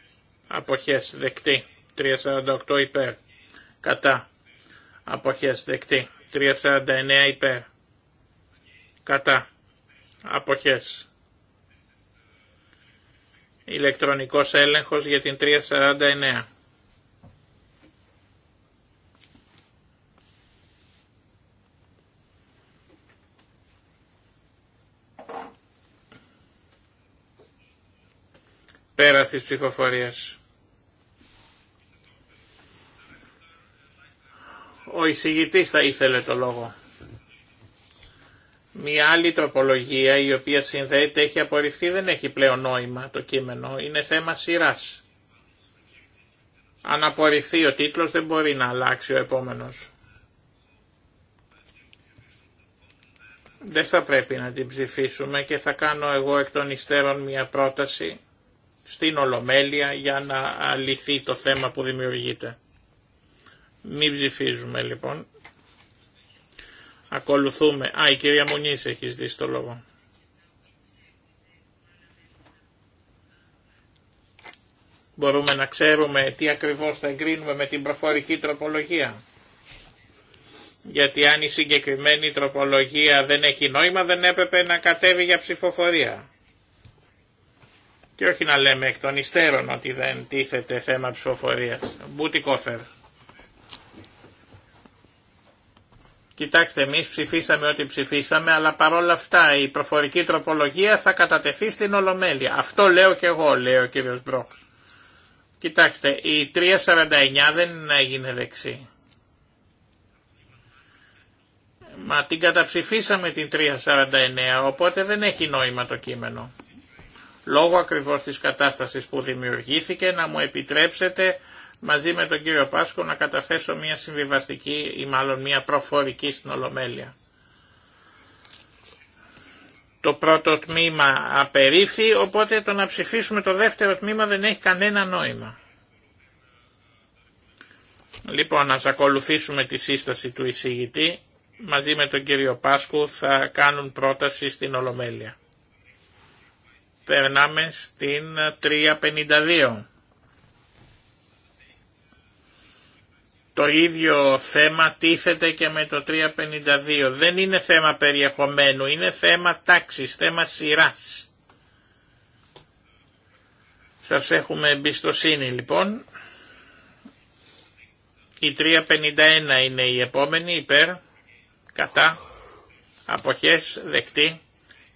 αποχές δεκτή. 348 υπέρ κατά αποχές δεκτή. 349 υπέρ κατά Αποχές. Ηλεκτρονικός έλεγχος για την 349. Πέρα της ψηφοφορίας. Ο εισηγητής θα ήθελε το λόγο. Μια άλλη τροπολογία η οποία συνδέεται έχει απορριφθεί, δεν έχει πλέον νόημα το κείμενο, είναι θέμα σειράς. Αν απορριφθεί ο τίτλος δεν μπορεί να αλλάξει ο επόμενος. Δεν θα πρέπει να την ψηφίσουμε και θα κάνω εγώ εκ των υστέρων μια πρόταση στην Ολομέλεια για να λυθεί το θέμα που δημιουργείται. Μην ψηφίζουμε λοιπόν. Ακολουθούμε. Α, η κυρία Μονής έχει δει το λόγο. Μπορούμε να ξέρουμε τι ακριβώς θα εγκρίνουμε με την προφορική τροπολογία. Γιατί αν η συγκεκριμένη τροπολογία δεν έχει νόημα δεν έπρεπε να κατέβει για ψηφοφορία. Και όχι να λέμε εκ των υστέρων ότι δεν τίθεται θέμα ψηφοφορίας. Μπούτι κόφερ. Κοιτάξτε, εμείς ψηφίσαμε ό,τι ψηφίσαμε, αλλά παρόλα αυτά η προφορική τροπολογία θα κατατεθεί στην Ολομέλεια. Αυτό λέω και εγώ, λέει ο κύριος Μπρόκ. Κοιτάξτε, η 349 δεν έγινε δεξή. Μα την καταψηφίσαμε την 349, οπότε δεν έχει νόημα το κείμενο. Λόγω ακριβώς της κατάστασης που δημιουργήθηκε να μου επιτρέψετε μαζί με τον κύριο Πάσκο να καταθέσω μια συμβιβαστική ή μάλλον μια προφορική στην Ολομέλεια. Το πρώτο τμήμα απερίφθη, οπότε το να ψηφίσουμε το δεύτερο τμήμα δεν έχει κανένα νόημα. Λοιπόν, ας ακολουθήσουμε τη σύσταση του εισηγητή. Μαζί με τον κύριο Πάσκου θα κάνουν πρόταση στην Ολομέλεια. Περνάμε στην 352. Το ίδιο θέμα τίθεται και με το 352. Δεν είναι θέμα περιεχομένου, είναι θέμα τάξης, θέμα σειράς. Σας έχουμε εμπιστοσύνη λοιπόν. Η 351 είναι η επόμενη, υπέρ, κατά, αποχές, δεκτή.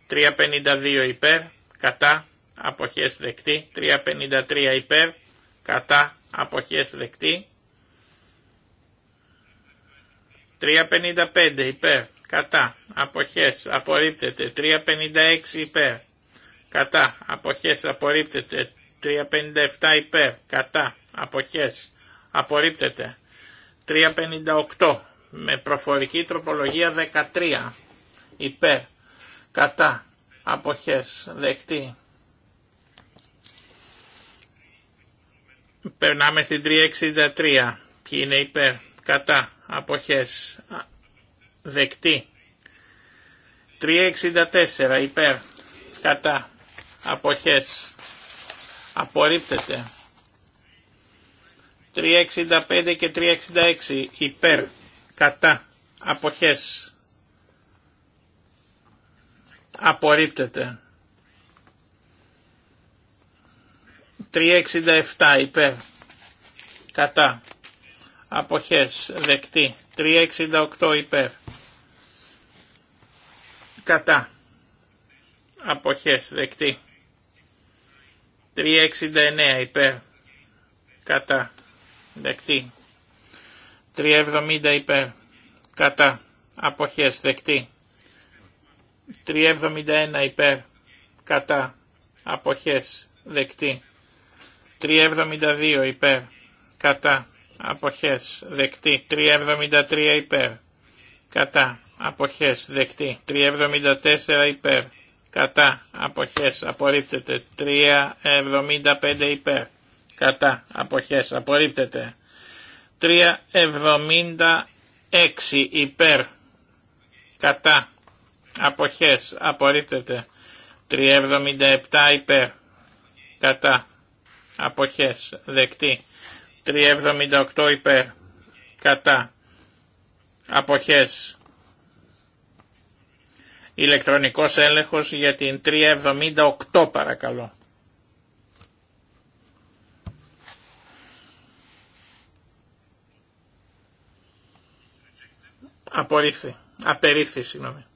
352 υπέρ, κατά, αποχές δεκτή. 353 υπέρ, κατά, αποχές δεκτή. 3.55 υπέρ, κατά, αποχές, απορρίπτεται. 3.56 υπέρ, κατά, αποχές, απορρίπτεται. 3.57 υπέρ, κατά, αποχές, απορρίπτεται. 3.58 με προφορική τροπολογία 13 υπέρ, κατά, αποχές, δεκτή. Περνάμε στην 363. Ποιοι είναι υπέρ, κατά αποχές δεκτή 364 υπέρ κατά αποχές απορρίπτεται 365 και 366 υπέρ κατά αποχές απορρίπτεται 367 υπέρ κατά αποχές δεκτή 368 υπέρ κατά αποχές δεκτή 369 υπέρ κατά δεκτή 370 υπέρ κατά αποχές δεκτή 371 υπέρ κατά αποχές δεκτή 372 υπέρ κατά αποχές δεκτή 373 υπέρ κατά αποχές δεκτή 374 υπέρ κατά αποχές απορρίπτεται 375 υπέρ κατά αποχές απορρίπτεται 376 υπέρ κατά αποχές απορρίπτεται 377 υπέρ κατά αποχές δεκτή 378 υπέρ. Κατά. Αποχές. Ηλεκτρονικός έλεγχος για την 378 παρακαλώ. Απορρίφθη. Απερίφθη, συγγνώμη.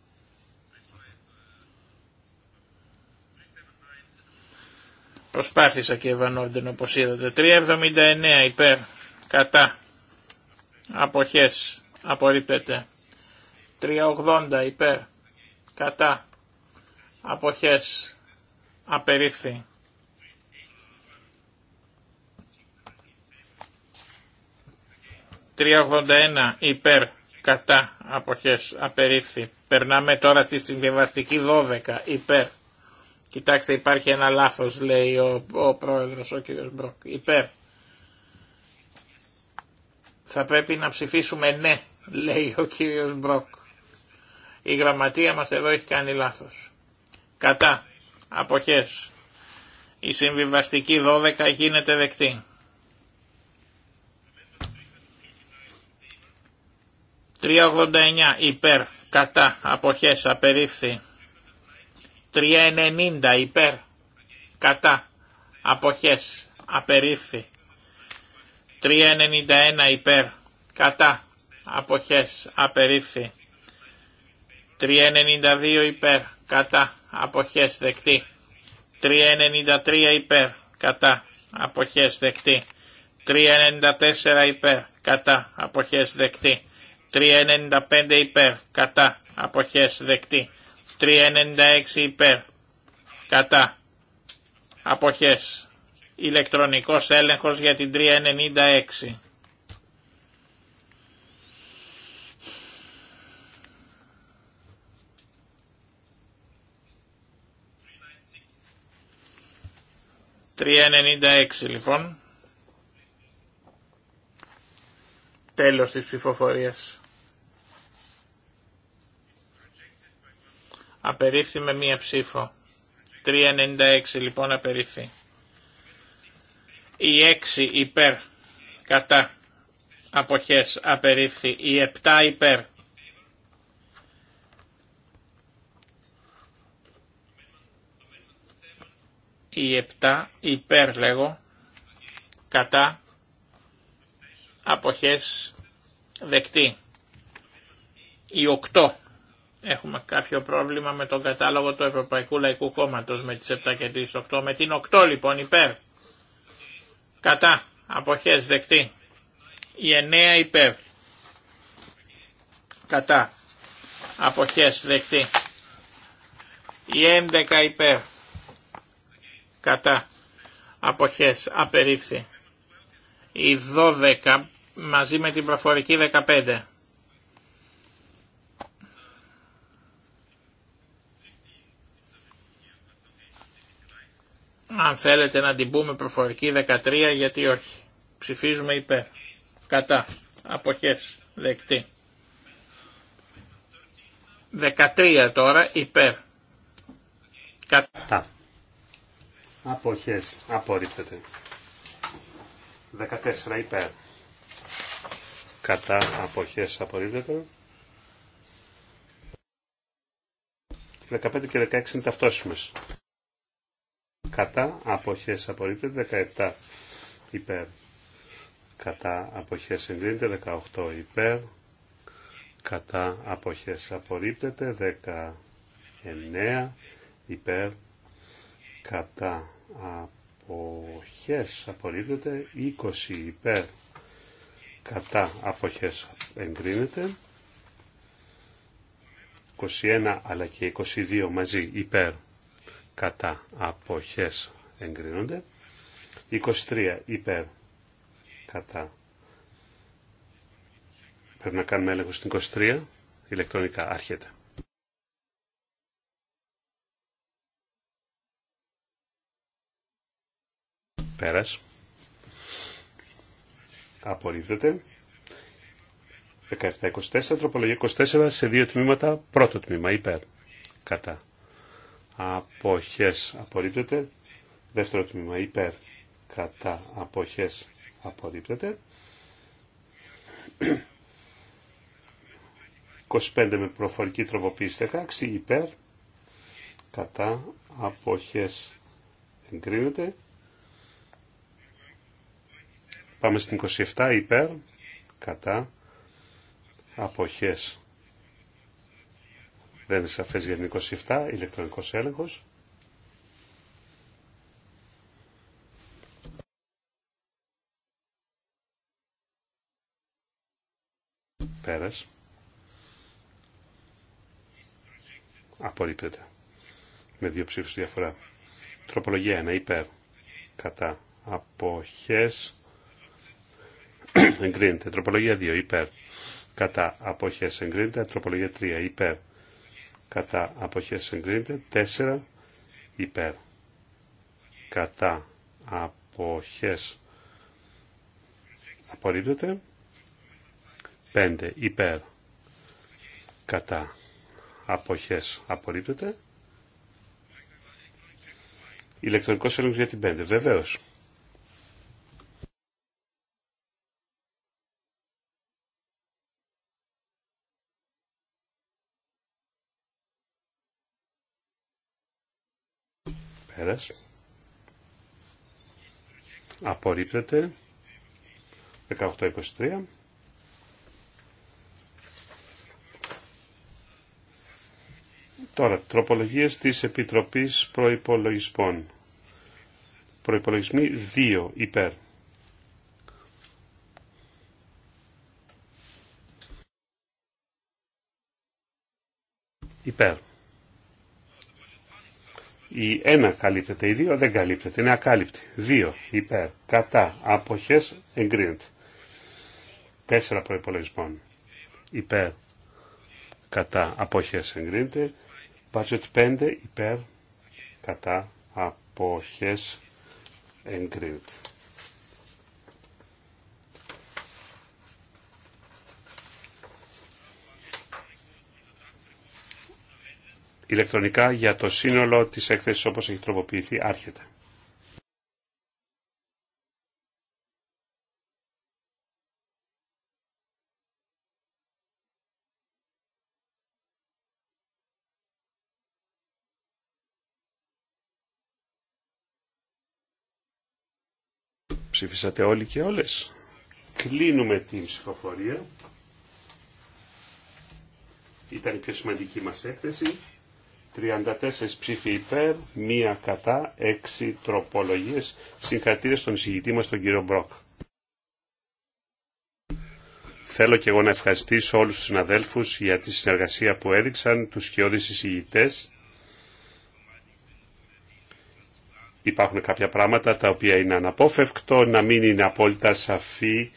Προσπάθησα και Βανόρντεν όπως είδατε. 3,79 υπέρ, κατά, αποχές, απορρίπτεται. 3,80 υπέρ, κατά, αποχές, απερίφθη. 381 υπέρ κατά αποχές απερίφθη. Περνάμε τώρα στη συμβιβαστική 12 υπέρ Κοιτάξτε υπάρχει ένα λάθος λέει ο, ο πρόεδρος ο κύριος Μπροκ. Υπέρ. Θα πρέπει να ψηφίσουμε ναι λέει ο κύριος Μπροκ. Η γραμματεία μας εδώ έχει κάνει λάθος. Κατά. Αποχές. Η συμβιβαστική 12 γίνεται δεκτή. 389 υπέρ κατά αποχές απερίφθη. 390 υπέρ κατά αποχές απερίφθη 391 υπέρ κατά αποχές απερίφθη 392 υπέρ κατά αποχές δεκτή 393 υπέρ κατά αποχές δεκτή 394 υπέρ κατά αποχές δεκτή 395 υπέρ κατά αποχές δεκτή 396 υπέρ. Κατά. Αποχές. Ηλεκτρονικός έλεγχος για την 396. 3.96 λοιπόν. Τέλος της ψηφοφορίας. Απερίφθη με μία ψήφο. 3.96 λοιπόν απερίφθη. Η 6 υπέρ κατά αποχές απερίφθη. Η 7 υπέρ. Η 7 υπέρ λέγω κατά αποχές δεκτή. Η 8 Έχουμε κάποιο πρόβλημα με τον κατάλογο του Ευρωπαϊκού Λαϊκού Κόμματος με τις 7 και τις 8. Με την 8 λοιπόν υπέρ. Κατά. Αποχές δεκτή. Η 9 υπέρ. Κατά. Αποχές δεκτή. Η 11 υπέρ. Κατά. Αποχές απερίφθη. Η 12 μαζί με την προφορική 15. Αν θέλετε να την πούμε προφορική 13 γιατί όχι. Ψηφίζουμε υπέρ. Κατά. Αποχές. Δεκτή. 13 τώρα υπέρ. Κατά. Αποχές. Απορρίπτεται. 14 υπέρ. Κατά. Αποχές. Απορρίπτεται. 15 και 16 είναι ταυτόσιμες κατά αποχές απορρίπτεται 17 υπέρ κατά αποχές εγκρίνεται 18 υπέρ κατά αποχές απορρίπτεται 19 υπέρ κατά αποχές απορρίπτεται 20 υπέρ κατά αποχές εγκρίνεται 21 αλλά και 22 μαζί υπέρ κατά αποχές εγκρίνονται. 23 υπέρ κατά πρέπει να κάνουμε έλεγχο στην 23 ηλεκτρονικά άρχεται. Πέρας. Απορρίπτεται. 17-24, τροπολογία 24 σε δύο τμήματα, πρώτο τμήμα υπέρ κατά αποχές απορρίπτεται. Δεύτερο τμήμα υπέρ κατά αποχές απορρίπτεται. 25 με προφορική τροποποίηση 16 υπέρ κατά αποχές εγκρίνεται. Πάμε στην 27 υπέρ κατά αποχές δεν είναι σαφές για την 27, ηλεκτρονικός έλεγχος. Πέρας. Απορρίπτεται. Με δύο ψήφους διαφορά. Τροπολογία 1, υπέρ. Κατά. Αποχές. εγκρίνεται. Τροπολογία 2, υπέρ. Κατά. Αποχές εγκρίνεται. Τροπολογία 3, υπέρ κατά αποχές συγκρίνεται, 4 υπέρ κατά αποχές απορρίπτεται 5 υπέρ κατά αποχές απορρίπτεται ηλεκτρονικός έλεγχος για την 5 βεβαίως απορριπτεται Απορρίπτεται. 18-23. Τώρα, τροπολογίες της Επιτροπής Προϋπολογισμών. Προϋπολογισμοί 2 υπέρ. Υπέρ. Η ένα καλύπτεται, η δύο δεν καλύπτεται, είναι ακάλυπτη. Δύο υπέρ, κατά, αποχές, εγκρίνεται. Τέσσερα προϋπολογισμών υπέρ, κατά, αποχές, εγκρίνεται. Budget 5 υπέρ, κατά, αποχές, εγκρίνεται. ηλεκτρονικά για το σύνολο της έκθεσης όπως έχει τροποποιηθεί άρχεται. Ψήφισατε όλοι και όλες. Κλείνουμε την ψηφοφορία. Ήταν η πιο σημαντική μας έκθεση. 34 ψήφοι υπέρ, μία κατά, 6 τροπολογίες. Συγχαρητήρια στον εισηγητή μας, τον κύριο Μπρόκ. Θέλω και εγώ να ευχαριστήσω όλους τους συναδέλφους για τη συνεργασία που έδειξαν, τους σκιώδεις εισηγητές. Υπάρχουν κάποια πράγματα τα οποία είναι αναπόφευκτο, να μην είναι απόλυτα σαφή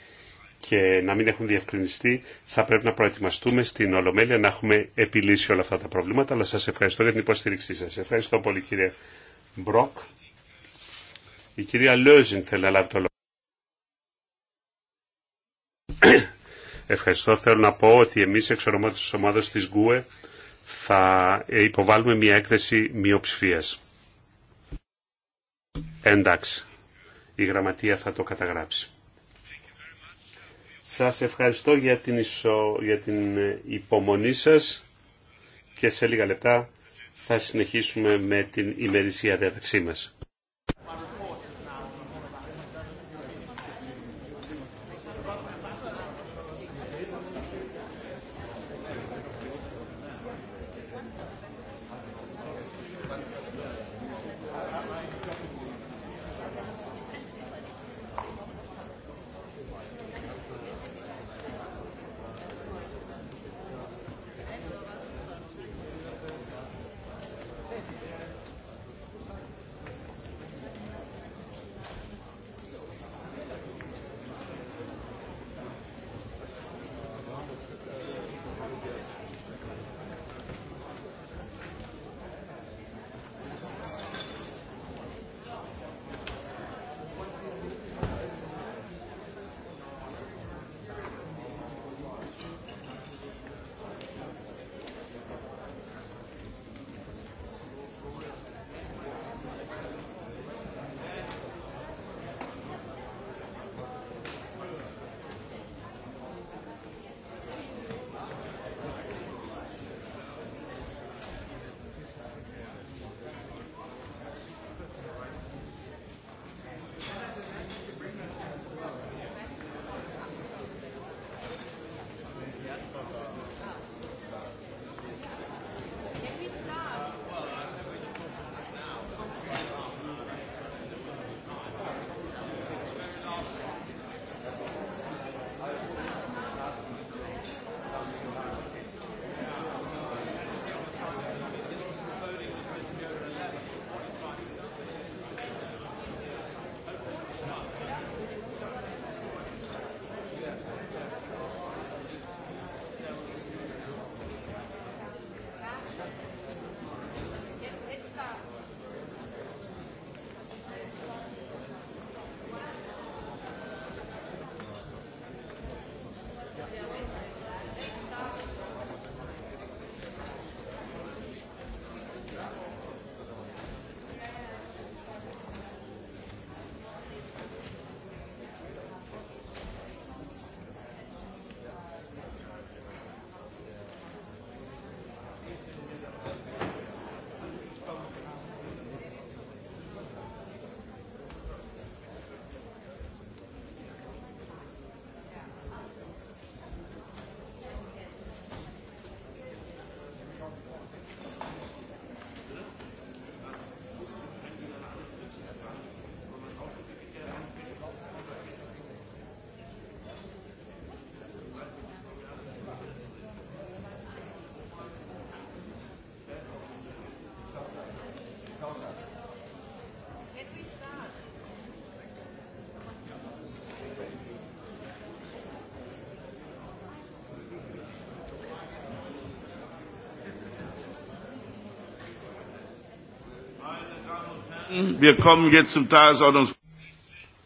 και να μην έχουν διευκρινιστεί, θα πρέπει να προετοιμαστούμε στην Ολομέλεια να έχουμε επιλύσει όλα αυτά τα προβλήματα. Αλλά σας ευχαριστώ για την υποστήριξή σας. Ευχαριστώ πολύ κύριε Μπροκ. Η κυρία Λέζιν θέλει να λάβει το λόγο. Ευχαριστώ. Θέλω να πω ότι εμείς εξ ονομάτων της ομάδας της ΓΚΟΕ θα υποβάλουμε μια έκθεση μειοψηφία. Εντάξει. Η γραμματεία θα το καταγράψει. Σας ευχαριστώ για την, για την ε, υπομονή σας και σε λίγα λεπτά θα συνεχίσουμε με την ημερησία διάταξή μας.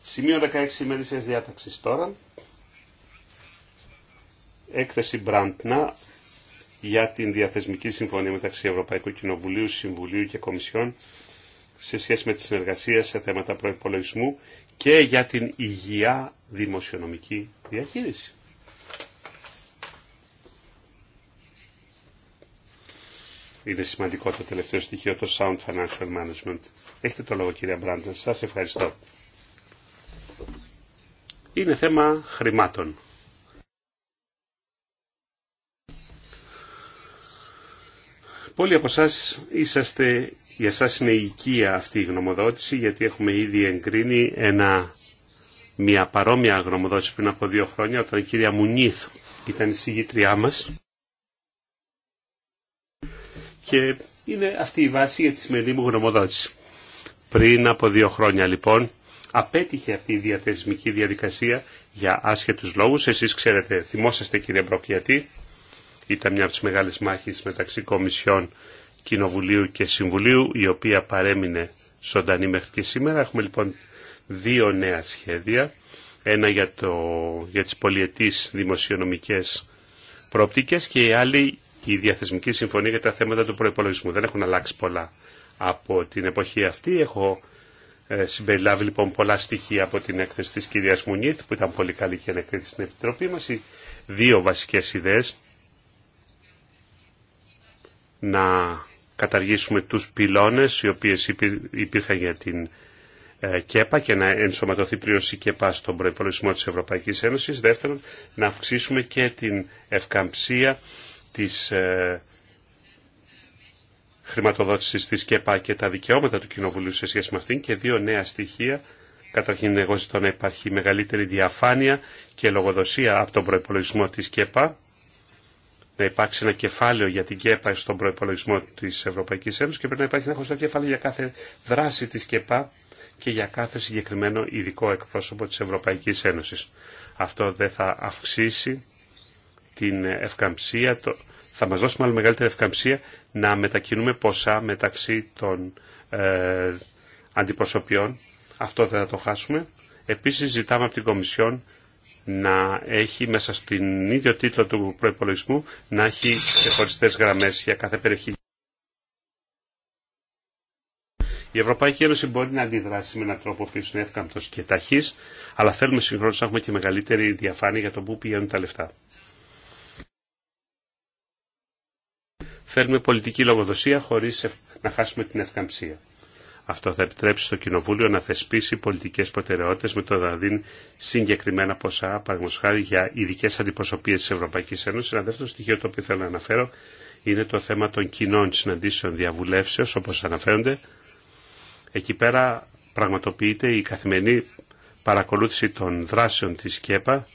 Σημείο 16 ημερήσιας διάταξης τώρα. Έκθεση Μπραντνα για την διαθεσμική συμφωνία μεταξύ Ευρωπαϊκού Κοινοβουλίου, Συμβουλίου και Κομισιών σε σχέση με τη συνεργασία σε θέματα προϋπολογισμού και για την υγεία δημοσιονομική διαχείριση. είναι σημαντικό το τελευταίο στοιχείο, το Sound Financial Management. Έχετε το λόγο κυρία Μπράντον, σας ευχαριστώ. Είναι θέμα χρημάτων. Πολλοί από εσά είσαστε, για εσά είναι οικία αυτή η γνωμοδότηση, γιατί έχουμε ήδη εγκρίνει ένα, μια παρόμοια γνωμοδότηση πριν από δύο χρόνια, όταν η κυρία Μουνίθ ήταν η συγγήτριά μας. Και είναι αυτή η βάση για τη σημερινή μου γνωμοδότηση. Πριν από δύο χρόνια λοιπόν απέτυχε αυτή η διαθεσμική διαδικασία για άσχετους λόγους. Εσείς ξέρετε, θυμόσαστε κύριε Μπροκιατή, ήταν μια από τις μεγάλες μάχες μεταξύ Κομισιών Κοινοβουλίου και Συμβουλίου η οποία παρέμεινε σοντανή μέχρι και σήμερα. Έχουμε λοιπόν δύο νέα σχέδια. Ένα για, το, για τις πολιετής δημοσιονομικές προοπτικές και η άλλη η διαθεσμική συμφωνία για τα θέματα του προπολογισμού. Δεν έχουν αλλάξει πολλά από την εποχή αυτή. Έχω ε, συμπεριλάβει λοιπόν πολλά στοιχεία από την έκθεση της κυρία Μουνίτ που ήταν πολύ καλή και ανεκρίτη στην Επιτροπή μας. Οι δύο βασικές ιδέες να καταργήσουμε τους πυλώνες οι οποίες υπήρχαν για την ε, ΚΕΠΑ και να ενσωματωθεί πλήρω η ΚΕΠΑ στον προπολογισμό της Ευρωπαϊκής Ένωσης. Δεύτερον, να αυξήσουμε και την ευκαμψία της ε, χρηματοδότησης της ΚΕΠΑ και τα δικαιώματα του Κοινοβουλίου σε σχέση με αυτήν και δύο νέα στοιχεία. Καταρχήν εγώ ζητώ να υπάρχει μεγαλύτερη διαφάνεια και λογοδοσία από τον προπολογισμό της ΚΕΠΑ να υπάρξει ένα κεφάλαιο για την ΚΕΠΑ στον προπολογισμό της Ευρωπαϊκής Ένωσης και πρέπει να υπάρχει ένα χωριστό κεφάλαιο για κάθε δράση της ΚΕΠΑ και για κάθε συγκεκριμένο ειδικό εκπρόσωπο τη Ευρωπαϊκή Ένωση. Αυτό δεν θα αυξήσει την ευκαμψία, θα μας δώσει μάλλον μεγαλύτερη ευκαμψία να μετακινούμε ποσά μεταξύ των ε, αντιπροσωπιών. Αυτό δεν θα το χάσουμε. Επίσης ζητάμε από την Κομισιόν να έχει μέσα στην ίδιο τίτλο του προϋπολογισμού να έχει ξεχωριστές γραμμές για κάθε περιοχή. Η Ευρωπαϊκή Ένωση μπορεί να αντιδράσει με έναν τρόπο που είναι εύκαμπτος και ταχύς, αλλά θέλουμε συγχρόνως να έχουμε και μεγαλύτερη διαφάνεια για το πού πηγαίνουν τα λεφτά. Φέρνουμε πολιτική λογοδοσία χωρί να χάσουμε την ευκαμψία. Αυτό θα επιτρέψει στο Κοινοβούλιο να θεσπίσει πολιτικέ προτεραιότητε με το να δίνει συγκεκριμένα ποσά, παραδείγματο για ειδικέ αντιπροσωπείε τη Ευρωπαϊκή Ένωση. Ένα δεύτερο στοιχείο το οποίο θέλω να αναφέρω είναι το θέμα των κοινών συναντήσεων διαβουλεύσεω, όπω αναφέρονται. Εκεί πέρα πραγματοποιείται η καθημερινή παρακολούθηση των δράσεων της ΚΕΠΑ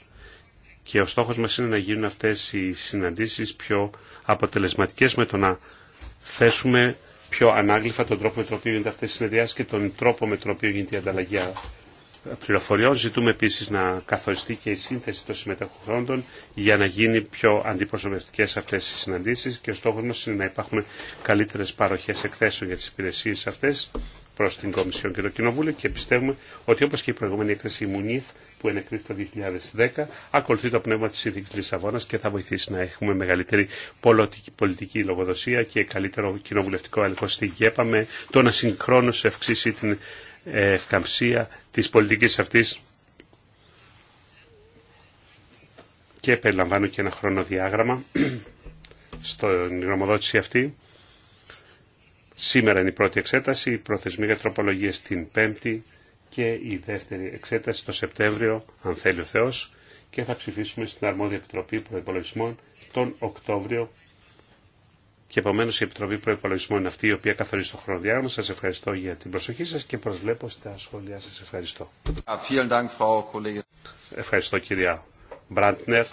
και ο στόχος μας είναι να γίνουν αυτές οι συναντήσεις πιο αποτελεσματικές με το να θέσουμε πιο ανάγλυφα τον τρόπο με τον οποίο γίνεται αυτές οι συνεδριάσεις και τον τρόπο με τον οποίο γίνεται η ανταλλαγή πληροφοριών. Ζητούμε επίσης να καθοριστεί και η σύνθεση των συμμετεχόντων για να γίνει πιο αντιπροσωπευτικές αυτές οι συναντήσεις και ο στόχος μας είναι να υπάρχουν καλύτερες παροχές εκθέσεων για τις υπηρεσίες αυτές προ την Κομισιόν και το Κοινοβούλιο και πιστεύουμε ότι όπω και η προηγούμενη έκθεση Μουνίθ που ενεκρίθηκε το 2010 ακολουθεί το πνεύμα τη συνθήκη Λισαβόνα και θα βοηθήσει να έχουμε μεγαλύτερη πολιτική λογοδοσία και καλύτερο κοινοβουλευτικό έλεγχο στην ΚΕΠΑ με το να συγχρόνω αυξήσει την ε, ευκαμψία τη πολιτική αυτή και περιλαμβάνω και ένα χρονοδιάγραμμα (clears throat) στην γνωμοδότηση αυτή Σήμερα είναι η πρώτη εξέταση, η προθεσμή για τροπολογίε την Πέμπτη και η δεύτερη εξέταση το Σεπτέμβριο, αν θέλει ο Θεός, και θα ψηφίσουμε στην Αρμόδια Επιτροπή Προϋπολογισμών τον Οκτώβριο. Και επομένω η Επιτροπή Προπολογισμών είναι αυτή η οποία καθορίζει το χρονοδιάγραμμα. Σα ευχαριστώ για την προσοχή σα και προσβλέπω στα σχόλιά σα. Ευχαριστώ. Ευχαριστώ κυρία Μπραντνερ.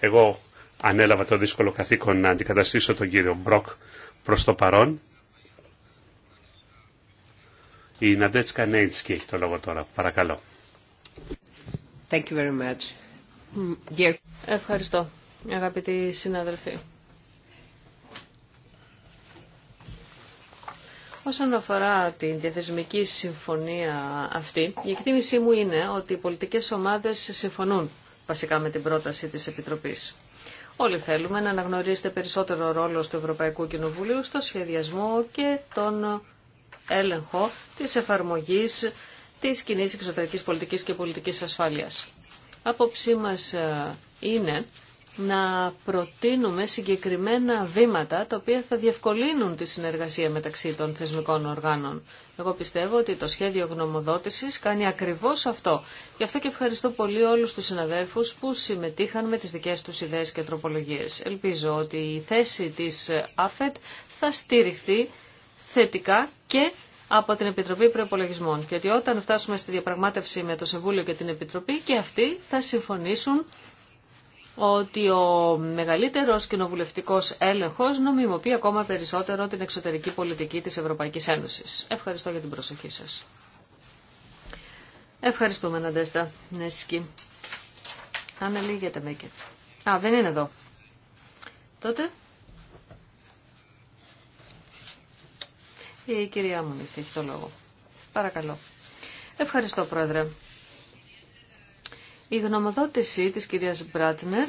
Εγώ ανέλαβα το δύσκολο καθήκον να αντικαταστήσω τον κύριο Μπροκ, Προς το παρόν, η Ναντέτσκα Νέιτσκι έχει το λόγο τώρα. Παρακαλώ. Thank you very much. Ευχαριστώ, αγαπητοί συνάδελφοι. Όσον αφορά την διαθεσμική συμφωνία αυτή, η εκτίμησή μου είναι ότι οι πολιτικές ομάδες συμφωνούν βασικά με την πρόταση της Επιτροπής. Όλοι θέλουμε να αναγνωρίσετε περισσότερο ρόλο του Ευρωπαϊκού Κοινοβουλίου στο σχεδιασμό και τον έλεγχο της εφαρμογής της κοινή εξωτερικής πολιτικής και πολιτικής ασφάλειας. Απόψή μας ε, είναι να προτείνουμε συγκεκριμένα βήματα τα οποία θα διευκολύνουν τη συνεργασία μεταξύ των θεσμικών οργάνων. Εγώ πιστεύω ότι το σχέδιο γνωμοδότησης κάνει ακριβώς αυτό. Γι' αυτό και ευχαριστώ πολύ όλους τους συναδέλφους που συμμετείχαν με τις δικές τους ιδέες και τροπολογίες. Ελπίζω ότι η θέση της ΑΦΕΤ θα στηριχθεί θετικά και από την Επιτροπή Προπολογισμών και ότι όταν φτάσουμε στη διαπραγμάτευση με το Συμβούλιο και την Επιτροπή και αυτοί θα συμφωνήσουν ότι ο μεγαλύτερος κοινοβουλευτικός έλεγχος νομιμοποιεί ακόμα περισσότερο την εξωτερική πολιτική της Ευρωπαϊκής Ένωσης. Ευχαριστώ για την προσοχή σας. Ευχαριστούμε, Ναντέστα Νέσκι. Άννα για Μέκε. Α, δεν είναι εδώ. Τότε... Η κυρία μου έχει το λόγο. Παρακαλώ. Ευχαριστώ, Πρόεδρε. Η γνωμοδότηση της κυρίας Μπράτνερ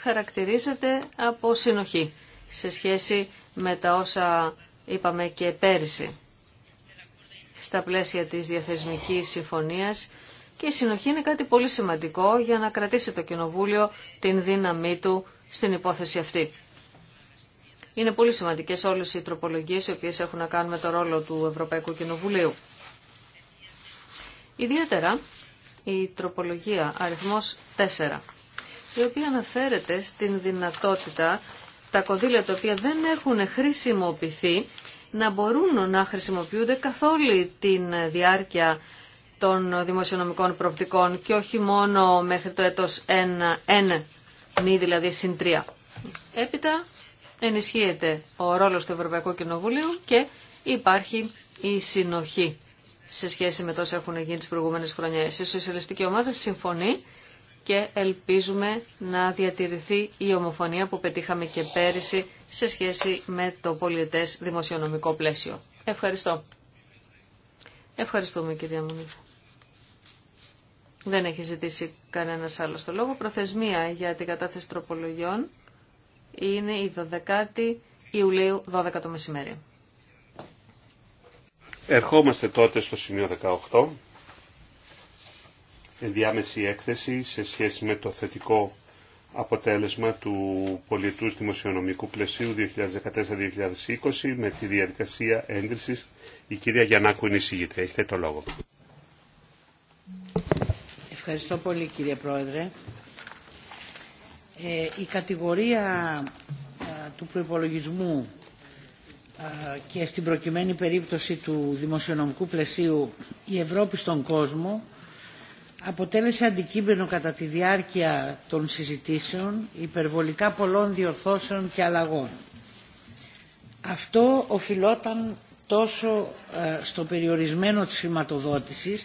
χαρακτηρίζεται από συνοχή σε σχέση με τα όσα είπαμε και πέρυσι στα πλαίσια της διαθεσμικής συμφωνίας και η συνοχή είναι κάτι πολύ σημαντικό για να κρατήσει το Κοινοβούλιο την δύναμή του στην υπόθεση αυτή. Είναι πολύ σημαντικές όλες οι τροπολογίες οι οποίες έχουν να κάνουν με το ρόλο του Ευρωπαϊκού Κοινοβουλίου. Ιδιαίτερα η τροπολογία αριθμός 4, η οποία αναφέρεται στην δυνατότητα τα κονδύλια τα οποία δεν έχουν χρησιμοποιηθεί να μπορούν να χρησιμοποιούνται καθ' την διάρκεια των δημοσιονομικών προοπτικών και όχι μόνο μέχρι το έτος 1, 1 μη δηλαδή συν 3. Έπειτα ενισχύεται ο ρόλος του Ευρωπαϊκού Κοινοβουλίου και υπάρχει η συνοχή σε σχέση με τόσα έχουν γίνει τις προηγούμενες χρονιές. Η σοσιαλιστική ομάδα συμφωνεί και ελπίζουμε να διατηρηθεί η ομοφωνία που πετύχαμε και πέρυσι σε σχέση με το πολιετές δημοσιονομικό πλαίσιο. Ευχαριστώ. Ευχαριστούμε κυρία Μονή. Δεν έχει ζητήσει κανένας άλλο το λόγο. Προθεσμία για την κατάθεση τροπολογιών είναι η 12η Ιουλίου 12 το μεσημέρι. Ερχόμαστε τότε στο σημείο 18, ενδιάμεση έκθεση σε σχέση με το θετικό αποτέλεσμα του πολιτου δημοσιονομικου δημοσιονομικού πλαισίου 2014-2020 με τη διαδικασία έγκρισης. Η κυρία Γιαννάκου είναι η Έχετε το λόγο. Ευχαριστώ πολύ κύριε Πρόεδρε. Ε, η κατηγορία ε, του προϋπολογισμού ε, και στην προκειμένη περίπτωση του δημοσιονομικού πλαισίου η Ευρώπη στον κόσμο αποτέλεσε αντικείμενο κατά τη διάρκεια των συζητήσεων υπερβολικά πολλών διορθώσεων και αλλαγών. Αυτό οφειλόταν τόσο ε, στο περιορισμένο της χρηματοδότηση